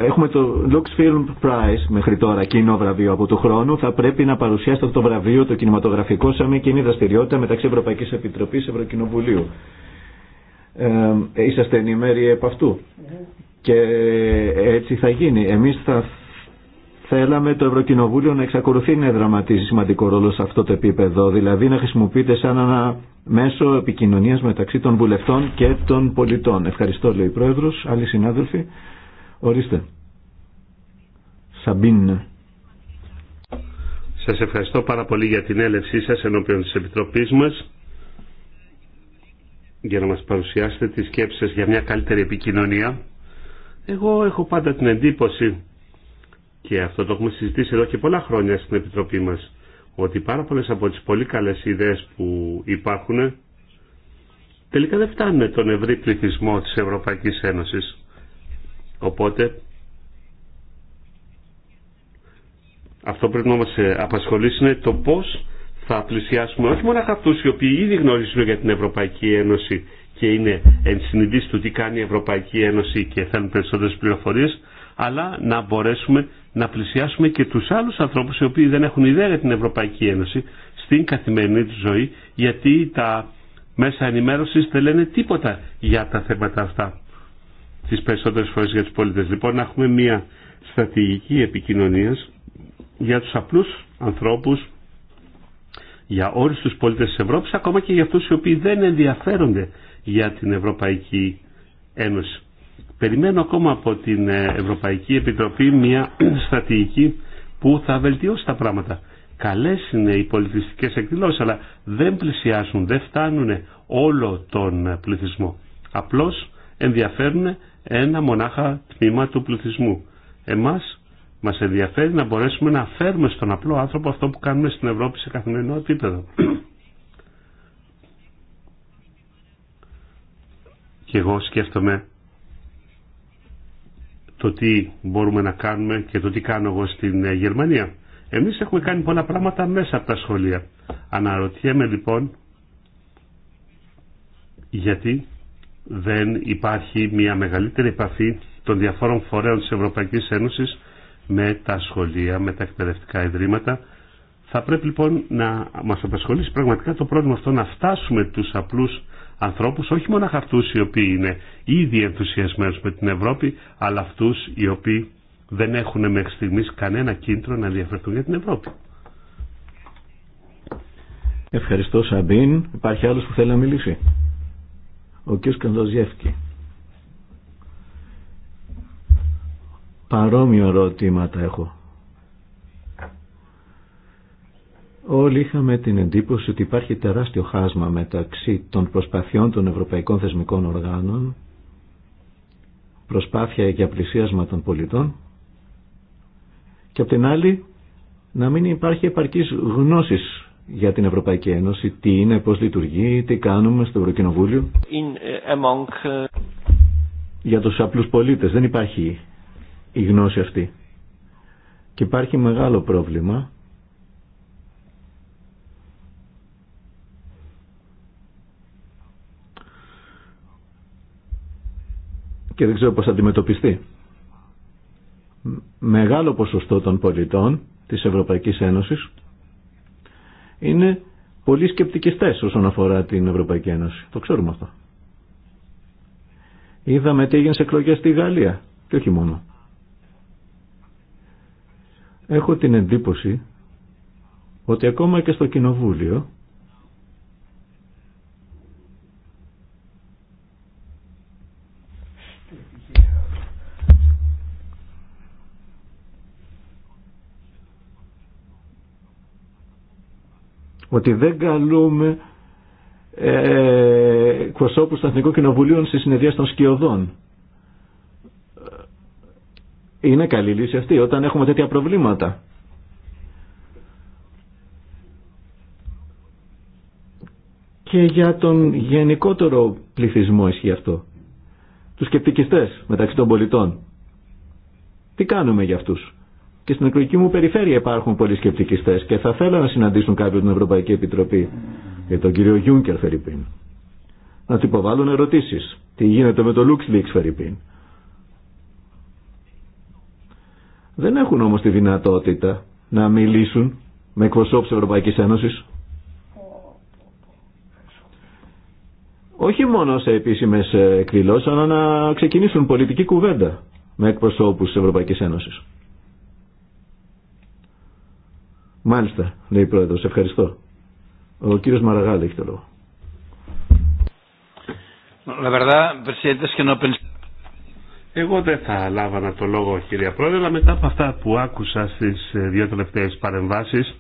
ε, έχουμε το Lux Film Prize μέχρι τώρα, κοινό βραβείο από του χρόνου, θα πρέπει να αυτό το βραβείο το κινηματογραφικό σαν μια κοινή δραστηριότητα μεταξύ Ευρωπαϊκής Επιτροπής και Ευρωκοινοβουλίου είσαστε ενημέροι επ' αυτού. Και έτσι θα γίνει. Εμείς θα θέλαμε το Ευρωκοινοβούλιο να εξακολουθεί να δραματίζει σημαντικό ρόλο σε αυτό το επίπεδο, δηλαδή να χρησιμοποιείται σαν ένα μέσο επικοινωνίας μεταξύ των βουλευτών και των πολιτών. Ευχαριστώ, λέει η Πρόεδρος. Άλλοι συνάδελφοι, ορίστε. Σαμπίν. Σας ευχαριστώ πάρα πολύ για την έλευσή σας ενώπιον της Επιτροπής μας για να μας παρουσιάσετε τις σκέψεις για μια καλύτερη επικοινωνία. Εγώ έχω πάντα την εντύπωση και αυτό το έχουμε συζητήσει εδώ και πολλά χρόνια στην Επιτροπή μας ότι πάρα πολλές από τις πολύ καλές ιδέες που υπάρχουν τελικά δεν φτάνουν τον ευρύ πληθυσμό της Ευρωπαϊκής Ένωσης. Οπότε αυτό πρέπει να μας ε, απασχολήσει είναι το πώς θα πλησιάσουμε όχι μόνο αυτού, οι οποίοι ήδη γνωρίζουν για την Ευρωπαϊκή Ένωση και είναι εν του τι κάνει η Ευρωπαϊκή Ένωση και θέλουν περισσότερε πληροφορίε, αλλά να μπορέσουμε να πλησιάσουμε και του άλλου ανθρώπου οι οποίοι δεν έχουν ιδέα για την Ευρωπαϊκή Ένωση στην καθημερινή του ζωή, γιατί τα μέσα ενημέρωση δεν λένε τίποτα για τα θέματα αυτά τι περισσότερε φορέ για του πολιτέ. Λοιπόν, να έχουμε μια στρατηγική επικοινωνία για του απλού ανθρώπου για όλους τους πολίτες της Ευρώπης, ακόμα και για αυτούς οι οποίοι δεν ενδιαφέρονται για την Ευρωπαϊκή Ένωση. Περιμένω ακόμα από την ε, Ευρωπαϊκή Επιτροπή μια στρατηγική που θα βελτιώσει τα πράγματα. Καλές είναι οι πολιτιστικές εκδηλώσεις, αλλά δεν πλησιάζουν, δεν φτάνουν όλο τον πληθυσμό. Απλώς ενδιαφέρουν ένα μονάχα τμήμα του πληθυσμού. Εμάς Μα ενδιαφέρει να μπορέσουμε να φέρουμε στον απλό άνθρωπο αυτό που κάνουμε στην Ευρώπη σε καθημερινό επίπεδο. και εγώ σκέφτομαι το τι μπορούμε να κάνουμε και το τι κάνω εγώ στην ε, Γερμανία. Εμείς έχουμε κάνει πολλά πράγματα μέσα από τα σχολεία. Αναρωτιέμαι λοιπόν γιατί δεν υπάρχει μια μεγαλύτερη επαφή των διαφόρων φορέων της Ευρωπαϊκής Ένωσης με τα σχολεία, με τα εκπαιδευτικά ιδρύματα. Θα πρέπει λοιπόν να μας απασχολήσει πραγματικά το πρόβλημα αυτό να φτάσουμε τους απλούς ανθρώπους, όχι μόνο αυτούς οι οποίοι είναι ήδη ενθουσιασμένους με την Ευρώπη, αλλά αυτούς οι οποίοι δεν έχουν μέχρι στιγμής κανένα κίνητρο να διαφερθούν για την Ευρώπη. Ευχαριστώ Σαμπίν. Υπάρχει άλλος που θέλει να μιλήσει. Ο κ. Κανδοζιεύκη. Παρόμοια ερώτηματα έχω. Όλοι είχαμε την εντύπωση ότι υπάρχει τεράστιο χάσμα μεταξύ των προσπαθειών των ευρωπαϊκών θεσμικών οργάνων, προσπάθεια για πλησίασμα των πολιτών και απ' την άλλη να μην υπάρχει επαρκής γνώσης για την Ευρωπαϊκή Ένωση, τι είναι, πώς λειτουργεί, τι κάνουμε στο Ευρωκοινοβούλιο. In, ε, among... Ε, για τους απλούς πολίτες δεν υπάρχει η γνώση αυτή. Και υπάρχει μεγάλο πρόβλημα και δεν ξέρω πώς θα αντιμετωπιστεί. Μεγάλο ποσοστό των πολιτών της Ευρωπαϊκής Ένωσης είναι πολύ σκεπτικιστές όσον αφορά την Ευρωπαϊκή Ένωση. Το ξέρουμε αυτό. Είδαμε τι έγινε σε εκλογές στη Γαλλία και όχι μόνο. Έχω την εντύπωση ότι ακόμα και στο Κοινοβούλιο ότι δεν καλούμε ε, προσώπους των Εθνικών Κοινοβουλίων σε συνεδρία των σκιωδών. Είναι καλή λύση αυτή όταν έχουμε τέτοια προβλήματα. Και για τον γενικότερο πληθυσμό ισχύει αυτό. Τους σκεπτικιστές μεταξύ των πολιτών. Τι κάνουμε για αυτούς. Και στην εκλογική μου περιφέρεια υπάρχουν πολλοί σκεπτικιστές και θα θέλω να συναντήσουν κάποιον την Ευρωπαϊκή Επιτροπή για τον κύριο Γιούνκερ Φερρυπίν. Να του υποβάλουν ερωτήσεις. Τι γίνεται με το LuxLeaks Φερρυπίν. δεν έχουν όμως τη δυνατότητα να μιλήσουν με εκπροσώπους Ευρωπαϊκής Ένωσης. Όχι μόνο σε επίσημες εκδηλώσεις, αλλά να ξεκινήσουν πολιτική κουβέντα με εκπροσώπους της Ευρωπαϊκής Ένωσης. Μάλιστα, λέει η Πρόεδρος, ευχαριστώ. Ο κύριος Μαραγάλη έχει το λόγο. Εγώ δεν θα λάβανα το λόγο κυρία Πρόεδρε, αλλά μετά από αυτά που άκουσα στις ε, δύο τελευταίες παρεμβάσεις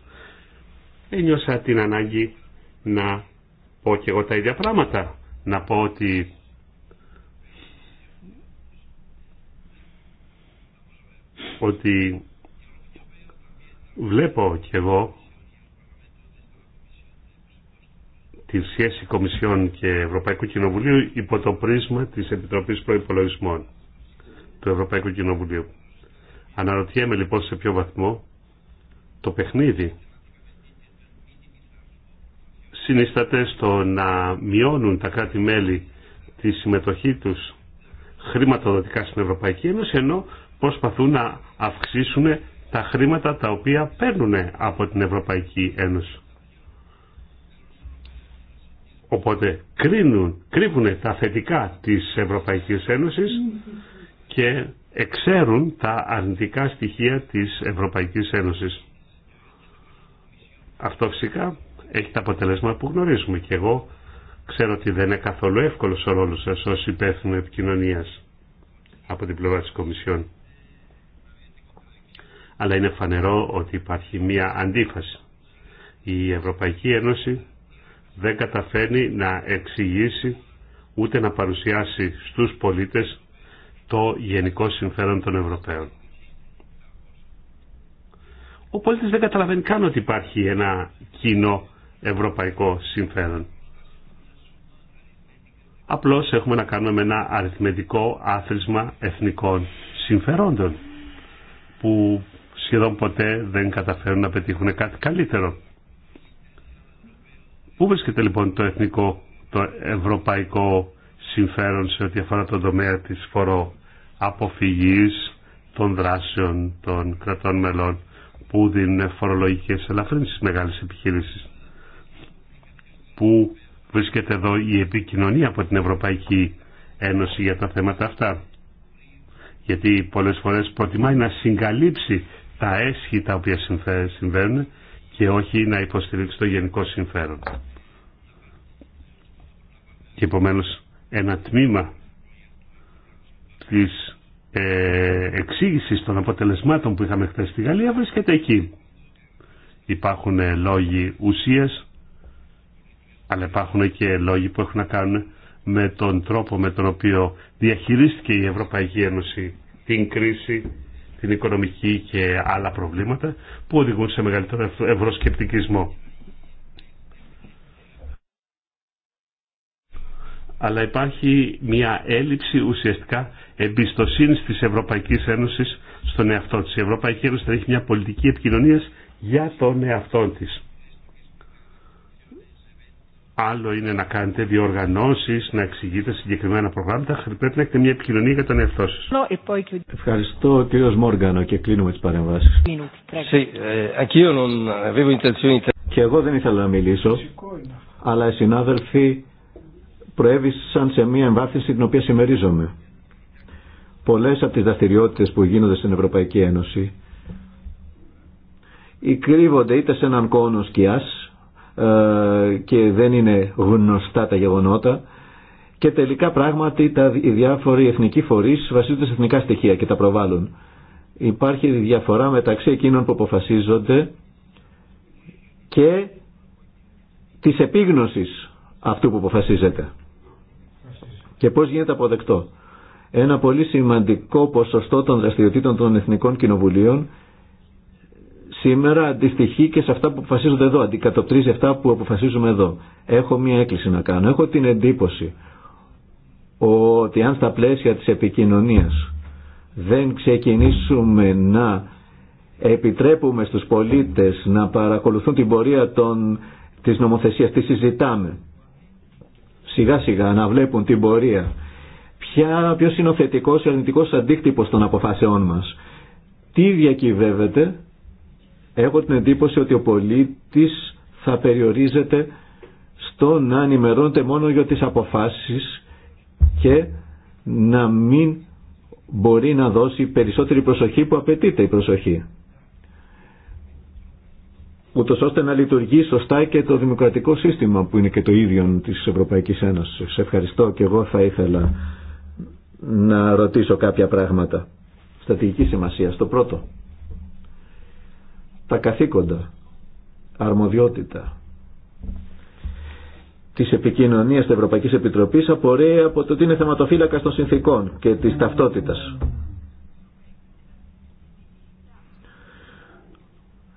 ένιωσα την ανάγκη να πω και εγώ τα ίδια πράγματα. Να πω ότι ότι βλέπω και εγώ τη σχέση Κομισιόν και Ευρωπαϊκού Κοινοβουλίου υπό το πρίσμα της Επιτροπής Προϋπολογισμών του Ευρωπαϊκού Κοινοβουλίου. Αναρωτιέμαι λοιπόν σε ποιο βαθμό το παιχνίδι συνίσταται στο να μειώνουν τα κράτη-μέλη τη συμμετοχή τους χρηματοδοτικά στην Ευρωπαϊκή Ένωση ενώ προσπαθούν να αυξήσουν τα χρήματα τα οποία παίρνουν από την Ευρωπαϊκή Ένωση. Οπότε κρίνουν, κρύβουν τα θετικά της Ευρωπαϊκής Ένωσης και εξέρουν τα αρνητικά στοιχεία της Ευρωπαϊκής Ένωσης. Αυτό φυσικά έχει τα αποτελέσματα που γνωρίζουμε και εγώ ξέρω ότι δεν είναι καθόλου εύκολος ο ρόλος σας ως υπεύθυνο επικοινωνίας από την πλευρά της Κομισιόν. Αλλά είναι φανερό ότι υπάρχει μία αντίφαση. Η Ευρωπαϊκή Ένωση δεν καταφέρνει να εξηγήσει ούτε να παρουσιάσει στους πολίτες το γενικό συμφέρον των Ευρωπαίων. Ο πολίτης δεν καταλαβαίνει καν ότι υπάρχει ένα κοινό ευρωπαϊκό συμφέρον. Απλώς έχουμε να κάνουμε ένα αριθμητικό άθροισμα εθνικών συμφερόντων που σχεδόν ποτέ δεν καταφέρουν να πετύχουν κάτι καλύτερο. Πού βρίσκεται λοιπόν το εθνικό, το ευρωπαϊκό συμφέρον σε ό,τι αφορά τον τομέα της φοροαποφυγής των δράσεων των κρατών μελών που δίνουν φορολογικές ελαφρύνσεις μεγάλες επιχειρήσεις. Πού βρίσκεται εδώ η επικοινωνία από την Ευρωπαϊκή Ένωση για τα θέματα αυτά. Γιατί πολλές φορές προτιμάει να συγκαλύψει τα έσχη τα οποία συμβαίνουν και όχι να υποστηρίξει το γενικό συμφέρον. Και επομένως ένα τμήμα της ε, εξήγησης των αποτελεσμάτων που είχαμε χθες στη Γαλλία βρίσκεται εκεί. Υπάρχουν ε, λόγοι ουσίας, αλλά υπάρχουν και λόγοι που έχουν να κάνουν με τον τρόπο με τον οποίο διαχειρίστηκε η Ευρωπαϊκή Ένωση την κρίση, την οικονομική και άλλα προβλήματα που οδηγούν σε μεγαλύτερο ευρωσκεπτικισμό. αλλά υπάρχει μια έλλειψη ουσιαστικά εμπιστοσύνης της Ευρωπαϊκής Ένωσης στον εαυτό της. Η Ευρωπαϊκή Ένωση θα έχει μια πολιτική επικοινωνίας για τον εαυτό της. Άλλο είναι να κάνετε διοργανώσεις, να εξηγείτε συγκεκριμένα προγράμματα. Πρέπει να έχετε μια επικοινωνία για τον εαυτό σας. Ευχαριστώ κύριο Μόργανο και κλείνουμε τις παρεμβάσεις. Eh, και εγώ δεν ήθελα να μιλήσω, αλλά οι συνάδελφοι προέβησαν σε μια εμβάθυνση την οποία συμμερίζομαι. Πολλέ από τις δραστηριότητε που γίνονται στην Ευρωπαϊκή Ένωση κρύβονται είτε σε έναν κόνο σκιά ε, και δεν είναι γνωστά τα γεγονότα και τελικά πράγματι τα, οι διάφοροι εθνικοί φορεί βασίζονται σε εθνικά στοιχεία και τα προβάλλουν. Υπάρχει διαφορά μεταξύ εκείνων που αποφασίζονται και της επίγνωσης αυτού που αποφασίζεται και πώς γίνεται αποδεκτό. Ένα πολύ σημαντικό ποσοστό των δραστηριοτήτων των Εθνικών Κοινοβουλίων σήμερα αντιστοιχεί και σε αυτά που αποφασίζονται εδώ, αντικατοπτρίζει αυτά που αποφασίζουμε εδώ. Έχω μία έκκληση να κάνω. Έχω την εντύπωση ότι αν στα πλαίσια της επικοινωνίας δεν ξεκινήσουμε να επιτρέπουμε στους πολίτες να παρακολουθούν την πορεία των, της νομοθεσίας, τι συζητάμε, σιγά σιγά να βλέπουν την πορεία. Ποια, ποιος είναι ο θετικός αρνητικός αντίκτυπος των αποφάσεών μας. Τι διακυβεύεται, έχω την εντύπωση ότι ο πολίτης θα περιορίζεται στο να ενημερώνεται μόνο για τις αποφάσεις και να μην μπορεί να δώσει περισσότερη προσοχή που απαιτείται η προσοχή ούτως ώστε να λειτουργεί σωστά και το δημοκρατικό σύστημα που είναι και το ίδιο της Ευρωπαϊκής Ένωσης. Σε Ευχαριστώ και εγώ θα ήθελα να ρωτήσω κάποια πράγματα. Στατηγική σημασία. Στο πρώτο. Τα καθήκοντα. Αρμοδιότητα της επικοινωνίας της Ευρωπαϊκής Επιτροπής απορρέει από το ότι είναι θεματοφύλακα των συνθήκων και της ταυτότητας.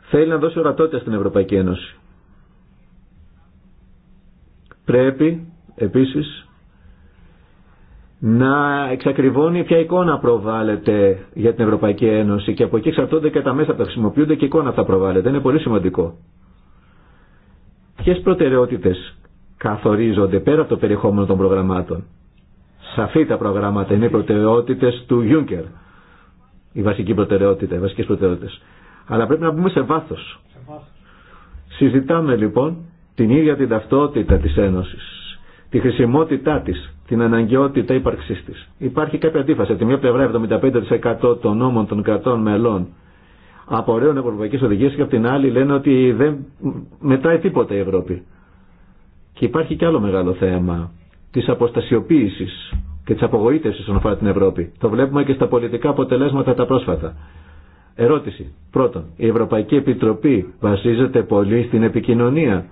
θέλει να δώσει ορατότητα στην Ευρωπαϊκή Ένωση. Πρέπει επίσης να εξακριβώνει ποια εικόνα προβάλλεται για την Ευρωπαϊκή Ένωση και από εκεί εξαρτώνται και τα μέσα που τα χρησιμοποιούνται και εικόνα αυτά προβάλλεται. Είναι πολύ σημαντικό. Ποιε προτεραιότητε καθορίζονται πέρα από το περιεχόμενο των προγραμμάτων. Σαφή τα προγράμματα είναι οι προτεραιότητε του Juncker. Οι βασικοί προτεραιότητες. οι βασικέ προτεραιότητε αλλά πρέπει να πούμε σε βάθος. σε Συζητάμε λοιπόν την ίδια την ταυτότητα της Ένωσης, τη χρησιμότητά της, την αναγκαιότητα ύπαρξής της. Υπάρχει κάποια αντίφαση. Από τη μία πλευρά 75% των νόμων των κρατών μελών απορρέουν ευρωπαϊκές οδηγίες και από την άλλη λένε ότι δεν μετράει τίποτα η Ευρώπη. Και υπάρχει και άλλο μεγάλο θέμα της αποστασιοποίησης και της απογοήτευσης όσον αφορά την Ευρώπη. Το βλέπουμε και στα πολιτικά αποτελέσματα τα πρόσφατα. Ερώτηση. Πρώτον, η Ευρωπαϊκή Επιτροπή βασίζεται πολύ στην επικοινωνία.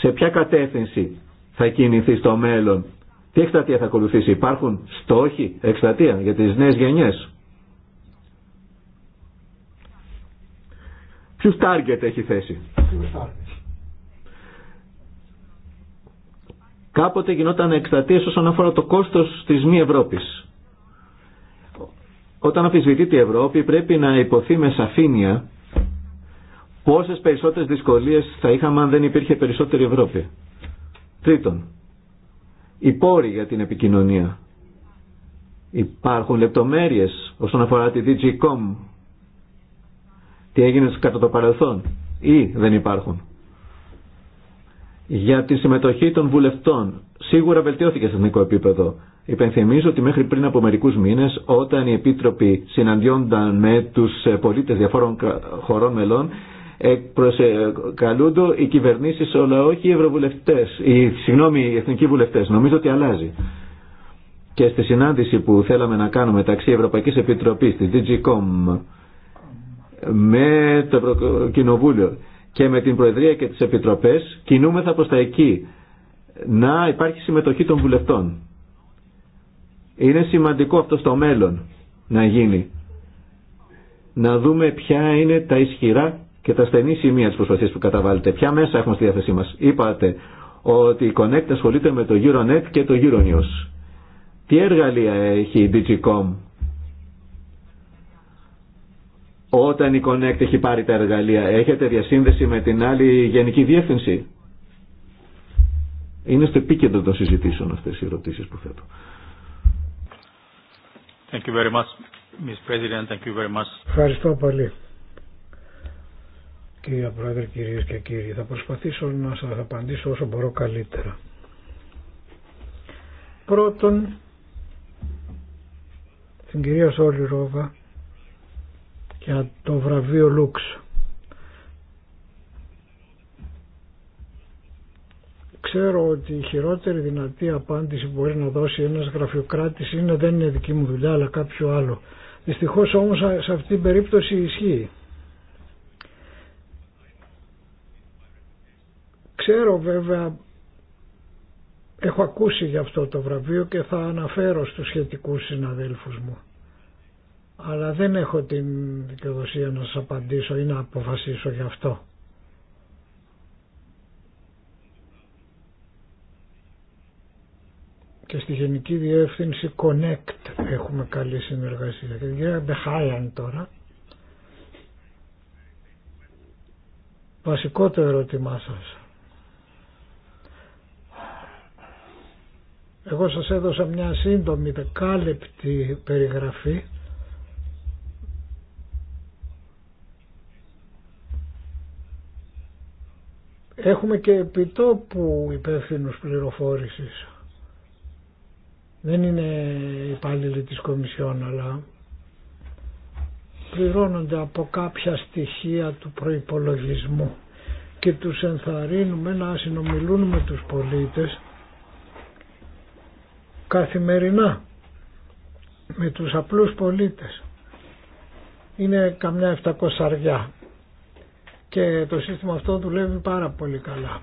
Σε ποια κατεύθυνση θα κινηθεί στο μέλλον, τι εκστρατεία θα ακολουθήσει, υπάρχουν στόχοι εκστρατεία για τις νέες γενιές. Ποιους target έχει θέσει. Κάποτε γινόταν εκστρατείες όσον αφορά το κόστος της μη Ευρώπης. Όταν αφισβητείται η Ευρώπη πρέπει να υποθεί με σαφήνεια πόσες περισσότερες δυσκολίες θα είχαμε αν δεν υπήρχε περισσότερη Ευρώπη. Τρίτον, οι πόροι για την επικοινωνία. Υπάρχουν λεπτομέρειες όσον αφορά τη DGCOM, τι έγινε κατά το παρελθόν ή δεν υπάρχουν. Για τη συμμετοχή των βουλευτών σίγουρα βελτιώθηκε σε εθνικό επίπεδο. Υπενθυμίζω ότι μέχρι πριν από μερικού μήνε, όταν οι επίτροποι συναντιόνταν με του ε, πολίτε διαφόρων χωρών μελών, καλούνται οι κυβερνήσει, αλλά όχι οι ευρωβουλευτέ, οι, συγγνώμη, οι εθνικοί βουλευτέ. Νομίζω ότι αλλάζει. Και στη συνάντηση που θέλαμε να κάνουμε μεταξύ Ευρωπαϊκή Επιτροπή, τη DGCOM, με το Ευρωκοινοβούλιο και με την Προεδρία και τι Επιτροπέ, κινούμεθα προ τα εκεί να υπάρχει συμμετοχή των βουλευτών. Είναι σημαντικό αυτό στο μέλλον να γίνει. Να δούμε ποια είναι τα ισχυρά και τα στενή σημεία της προσπαθίας που καταβάλλετε. Ποια μέσα έχουμε στη διάθεσή μας. Είπατε ότι η Connect ασχολείται με το Euronet και το Euronews. Τι εργαλεία έχει η Digicom όταν η Connect έχει πάρει τα εργαλεία. Έχετε διασύνδεση με την άλλη γενική διεύθυνση είναι στο επίκεντρο των συζητήσεων αυτές οι ερωτήσεις που θέτω. Thank you very much, President. Thank you very much. Ευχαριστώ πολύ. Κύριε Πρόεδρε, κυρίες και κύριοι, θα προσπαθήσω να σας απαντήσω όσο μπορώ καλύτερα. Πρώτον, την κυρία Σόλη Ρόβα για το βραβείο Λούξ. Ξέρω ότι η χειρότερη δυνατή απάντηση που μπορεί να δώσει ένας γραφειοκράτης είναι δεν είναι δική μου δουλειά αλλά κάποιο άλλο. Δυστυχώς όμως σε αυτή την περίπτωση ισχύει. Ξέρω βέβαια, έχω ακούσει για αυτό το βραβείο και θα αναφέρω στους σχετικούς συναδέλφους μου. Αλλά δεν έχω την δικαιοδοσία να σας απαντήσω ή να αποφασίσω γι' αυτό. και στη Γενική Διεύθυνση Connect έχουμε καλή συνεργασία. Και για Μπεχάιαν τώρα. Βασικό το ερώτημά σας. Εγώ σας έδωσα μια σύντομη δεκάλεπτη περιγραφή Έχουμε και επιτόπου υπεύθυνους πληροφόρησης δεν είναι υπάλληλοι της Κομισιόν αλλά πληρώνονται από κάποια στοιχεία του προϋπολογισμού και τους ενθαρρύνουμε να συνομιλούν με τους πολίτες καθημερινά με τους απλούς πολίτες. Είναι καμιά 700 αριά και το σύστημα αυτό δουλεύει πάρα πολύ καλά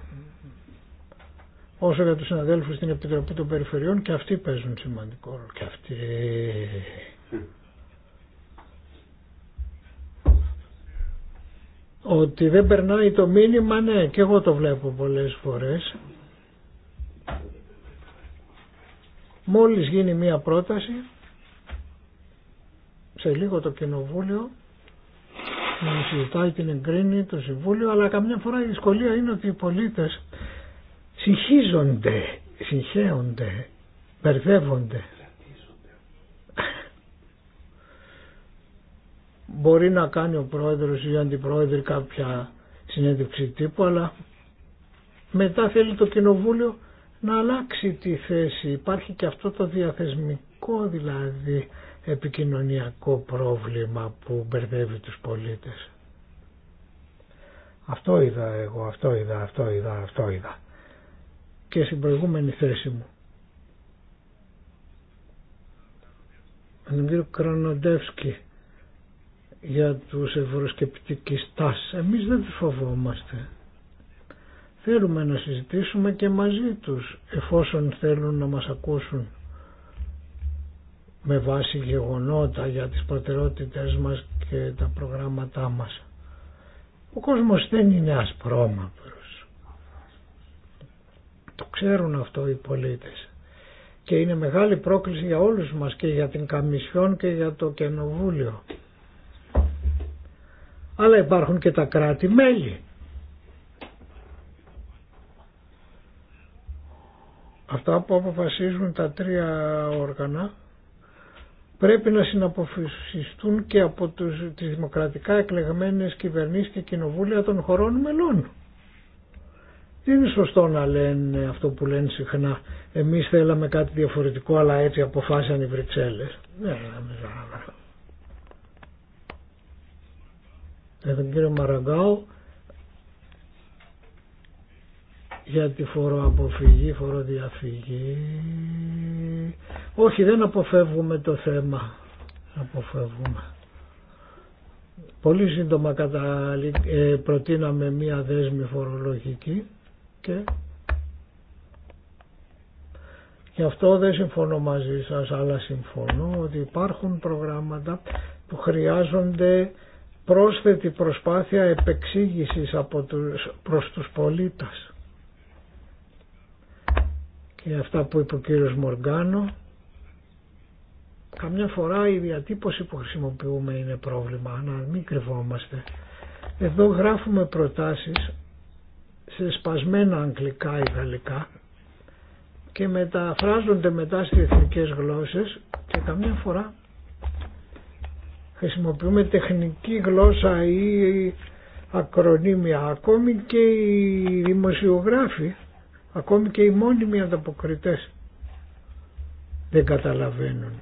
όσο για τους συναδέλφους στην Επιτροπή των Περιφερειών και αυτοί παίζουν σημαντικό ρόλο. Και αυτοί. Ότι δεν περνάει το μήνυμα, ναι, και εγώ το βλέπω πολλές φορές. Μόλις γίνει μία πρόταση, σε λίγο το κοινοβούλιο να συζητάει την εγκρίνη το Συμβούλιο, αλλά καμιά φορά η δυσκολία είναι ότι οι πολίτες Συγχίζονται, συγχέονται, μπερδεύονται. Μπορεί να κάνει ο πρόεδρος ή ο αντιπρόεδρος κάποια συνέντευξη τύπου, αλλά μετά θέλει το κοινοβούλιο να αλλάξει τη θέση. Υπάρχει και αυτό το διαθεσμικό δηλαδή επικοινωνιακό πρόβλημα που μπερδεύει τους πολίτες. Αυτό είδα εγώ, αυτό είδα, αυτό είδα, αυτό είδα και στην προηγούμενη θέση μου. Αν τον κύριο Κρανοντεύσκη για τους ευρωσκεπτικιστάς. Εμείς δεν τους φοβόμαστε. Θέλουμε να συζητήσουμε και μαζί τους εφόσον θέλουν να μας ακούσουν με βάση γεγονότα για τις προτεραιότητες μας και τα προγράμματά μας. Ο κόσμος δεν είναι ασπρόμαυρο το ξέρουν αυτό οι πολίτες. Και είναι μεγάλη πρόκληση για όλους μας και για την Καμισιόν και για το Κενοβούλιο. Αλλά υπάρχουν και τα κράτη-μέλη. Αυτά που αποφασίζουν τα τρία όργανα πρέπει να συναποφασιστούν και από τους, τις δημοκρατικά εκλεγμένες κυβερνήσεις και κοινοβούλια των χωρών μελών. Δεν είναι σωστό να λένε αυτό που λένε συχνά. Εμείς θέλαμε κάτι διαφορετικό αλλά έτσι αποφάσισαν οι Βρυξέλλε. Ναι, Για ε, τον κύριο Μαραγκάου για τη φοροαποφυγή, φοροδιαφυγή. Όχι, δεν αποφεύγουμε το θέμα. Αποφεύγουμε. Πολύ σύντομα καταλή... ε, προτείναμε μία δέσμη φορολογική και γι' αυτό δεν συμφωνώ μαζί σας αλλά συμφωνώ ότι υπάρχουν προγράμματα που χρειάζονται πρόσθετη προσπάθεια επεξήγησης από τους, προς τους πολίτες και αυτά που είπε ο κύριος Μοργκάνο καμιά φορά η διατύπωση που χρησιμοποιούμε είναι πρόβλημα να μην κρυβόμαστε εδώ γράφουμε προτάσεις σε σπασμένα αγγλικά ή γαλλικά και μεταφράζονται μετά στις εθνικές γλώσσες και καμιά φορά χρησιμοποιούμε τεχνική γλώσσα ή ακρονίμια ακόμη και οι δημοσιογράφοι ακόμη και οι μόνιμοι ανταποκριτές δεν καταλαβαίνουν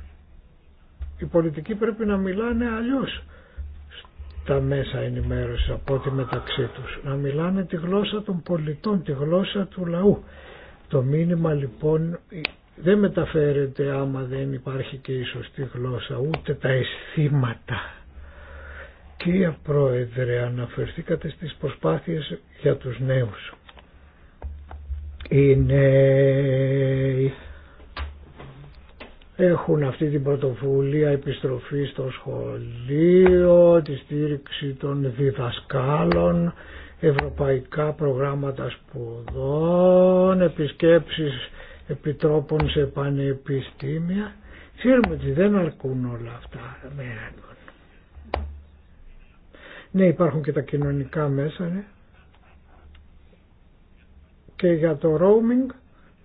οι πολιτικοί πρέπει να μιλάνε αλλιώς τα μέσα ενημέρωσης από ό,τι μεταξύ τους. Να μιλάνε τη γλώσσα των πολιτών, τη γλώσσα του λαού. Το μήνυμα λοιπόν δεν μεταφέρεται άμα δεν υπάρχει και η σωστή γλώσσα, ούτε τα αισθήματα. Κύριε Πρόεδρε, αναφερθήκατε στις προσπάθειες για τους νέους. Οι έχουν αυτή την πρωτοβουλία επιστροφή στο σχολείο, τη στήριξη των διδασκάλων, ευρωπαϊκά προγράμματα σπουδών, επισκέψεις επιτρόπων σε πανεπιστήμια. Ξέρουμε ότι δεν αρκούν όλα αυτά με ναι, λοιπόν. ναι, υπάρχουν και τα κοινωνικά μέσα, ναι. Και για το roaming,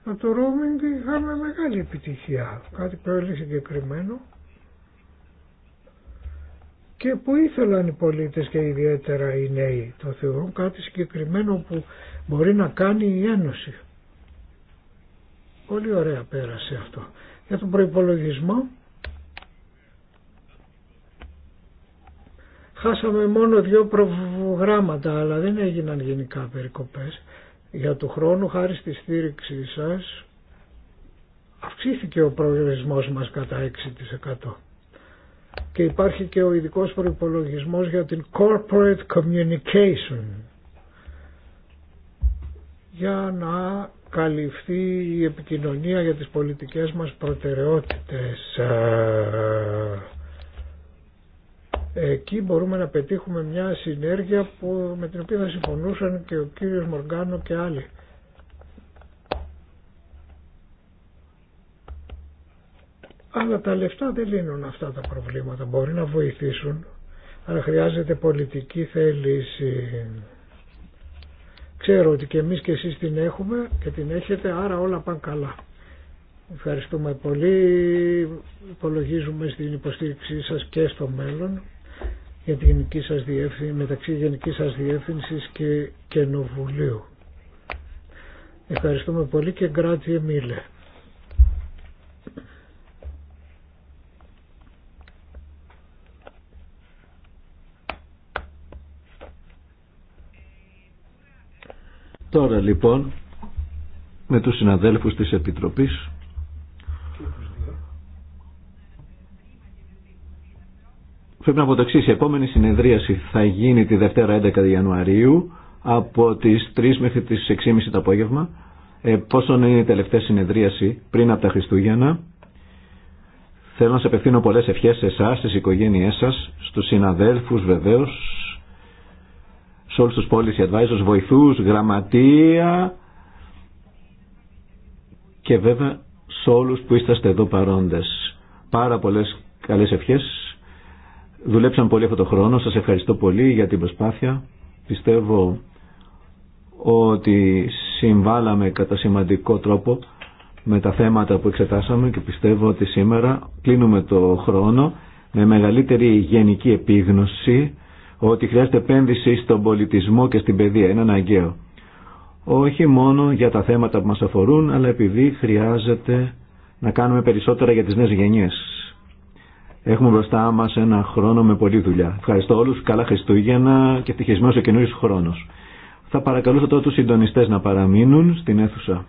από το roaming είχαμε μεγάλη επιτυχία, κάτι πολύ συγκεκριμένο και που ήθελαν οι πολίτες και ιδιαίτερα οι νέοι. Το θεωρούν κάτι συγκεκριμένο που μπορεί να κάνει η Ένωση. Πολύ ωραία πέρασε αυτό. Για τον προϋπολογισμό χάσαμε μόνο δύο προγράμματα αλλά δεν έγιναν γενικά περικοπές. Για του χρόνου χάρη στη στήριξή σας αυξήθηκε ο προορισμός μας κατά 6% και υπάρχει και ο ειδικό προϋπολογισμός για την corporate communication για να καλυφθεί η επικοινωνία για τις πολιτικές μας προτεραιότητες. Εκεί μπορούμε να πετύχουμε μια συνέργεια που, με την οποία θα συμφωνούσαν και ο κύριος Μοργκάνο και άλλοι. Αλλά τα λεφτά δεν λύνουν αυτά τα προβλήματα. Μπορεί να βοηθήσουν, αλλά χρειάζεται πολιτική θέληση. Ξέρω ότι και εμείς και εσείς την έχουμε και την έχετε, άρα όλα πάνε καλά. Ευχαριστούμε πολύ. Υπολογίζουμε στην υποστήριξή σας και στο μέλλον για τη γενική σας διεύθυνση, μεταξύ γενικής σας διεύθυνσης και κενοβουλίου. Ευχαριστούμε πολύ και γκράτζι μίλε. Τώρα λοιπόν με τους συναδέλφους της Επιτροπής Πρέπει να πω το εξή. η επόμενη συνεδρίαση θα γίνει τη Δευτέρα 11 Ιανουαρίου από τις 3 μέχρι τι 6.30 το απόγευμα. Ε, πόσο είναι η τελευταία συνεδρίαση πριν από τα Χριστούγεννα. Θέλω να σε απευθύνω πολλές ευχές σε εσάς, στις οικογένειές σας, στους συναδέλφους βεβαίως, σε όλους τους policy advisors, βοηθούς, γραμματεία και βέβαια σε όλους που είστε εδώ παρόντες. Πάρα πολλές καλές ευχές Δουλέψαμε πολύ αυτό το χρόνο. Σας ευχαριστώ πολύ για την προσπάθεια. Πιστεύω ότι συμβάλαμε κατά σημαντικό τρόπο με τα θέματα που εξετάσαμε και πιστεύω ότι σήμερα κλείνουμε το χρόνο με μεγαλύτερη γενική επίγνωση ότι χρειάζεται επένδυση στον πολιτισμό και στην παιδεία. Είναι αναγκαίο. Όχι μόνο για τα θέματα που μας αφορούν, αλλά επειδή χρειάζεται να κάνουμε περισσότερα για τις νέες γενιές. Έχουμε μπροστά μα ένα χρόνο με πολλή δουλειά. Ευχαριστώ όλου. Καλά Χριστούγεννα και ευτυχισμένο ο καινούριο χρόνο. Θα παρακαλούσα τώρα του συντονιστέ να παραμείνουν στην αίθουσα.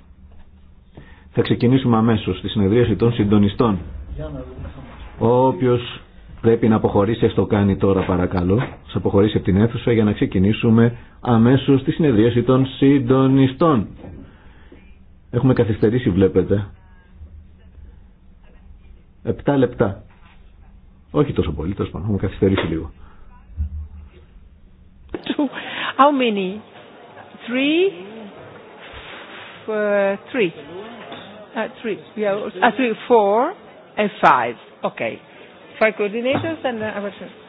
Θα ξεκινήσουμε αμέσω τη συνεδρίαση των συντονιστών. Όποιο πρέπει να αποχωρήσει, το κάνει τώρα παρακαλώ. Σα αποχωρήσει από την αίθουσα για να ξεκινήσουμε αμέσω τη συνεδρίαση των συντονιστών. Έχουμε καθυστερήσει, βλέπετε. Επτά λεπτά. Όχι τόσο πολύ, τόσο πάνω. Έχουμε καθυστερήσει λίγο. How many? Three? Three. Uh, three. We uh, three, four and five. Okay. Five coordinators and uh,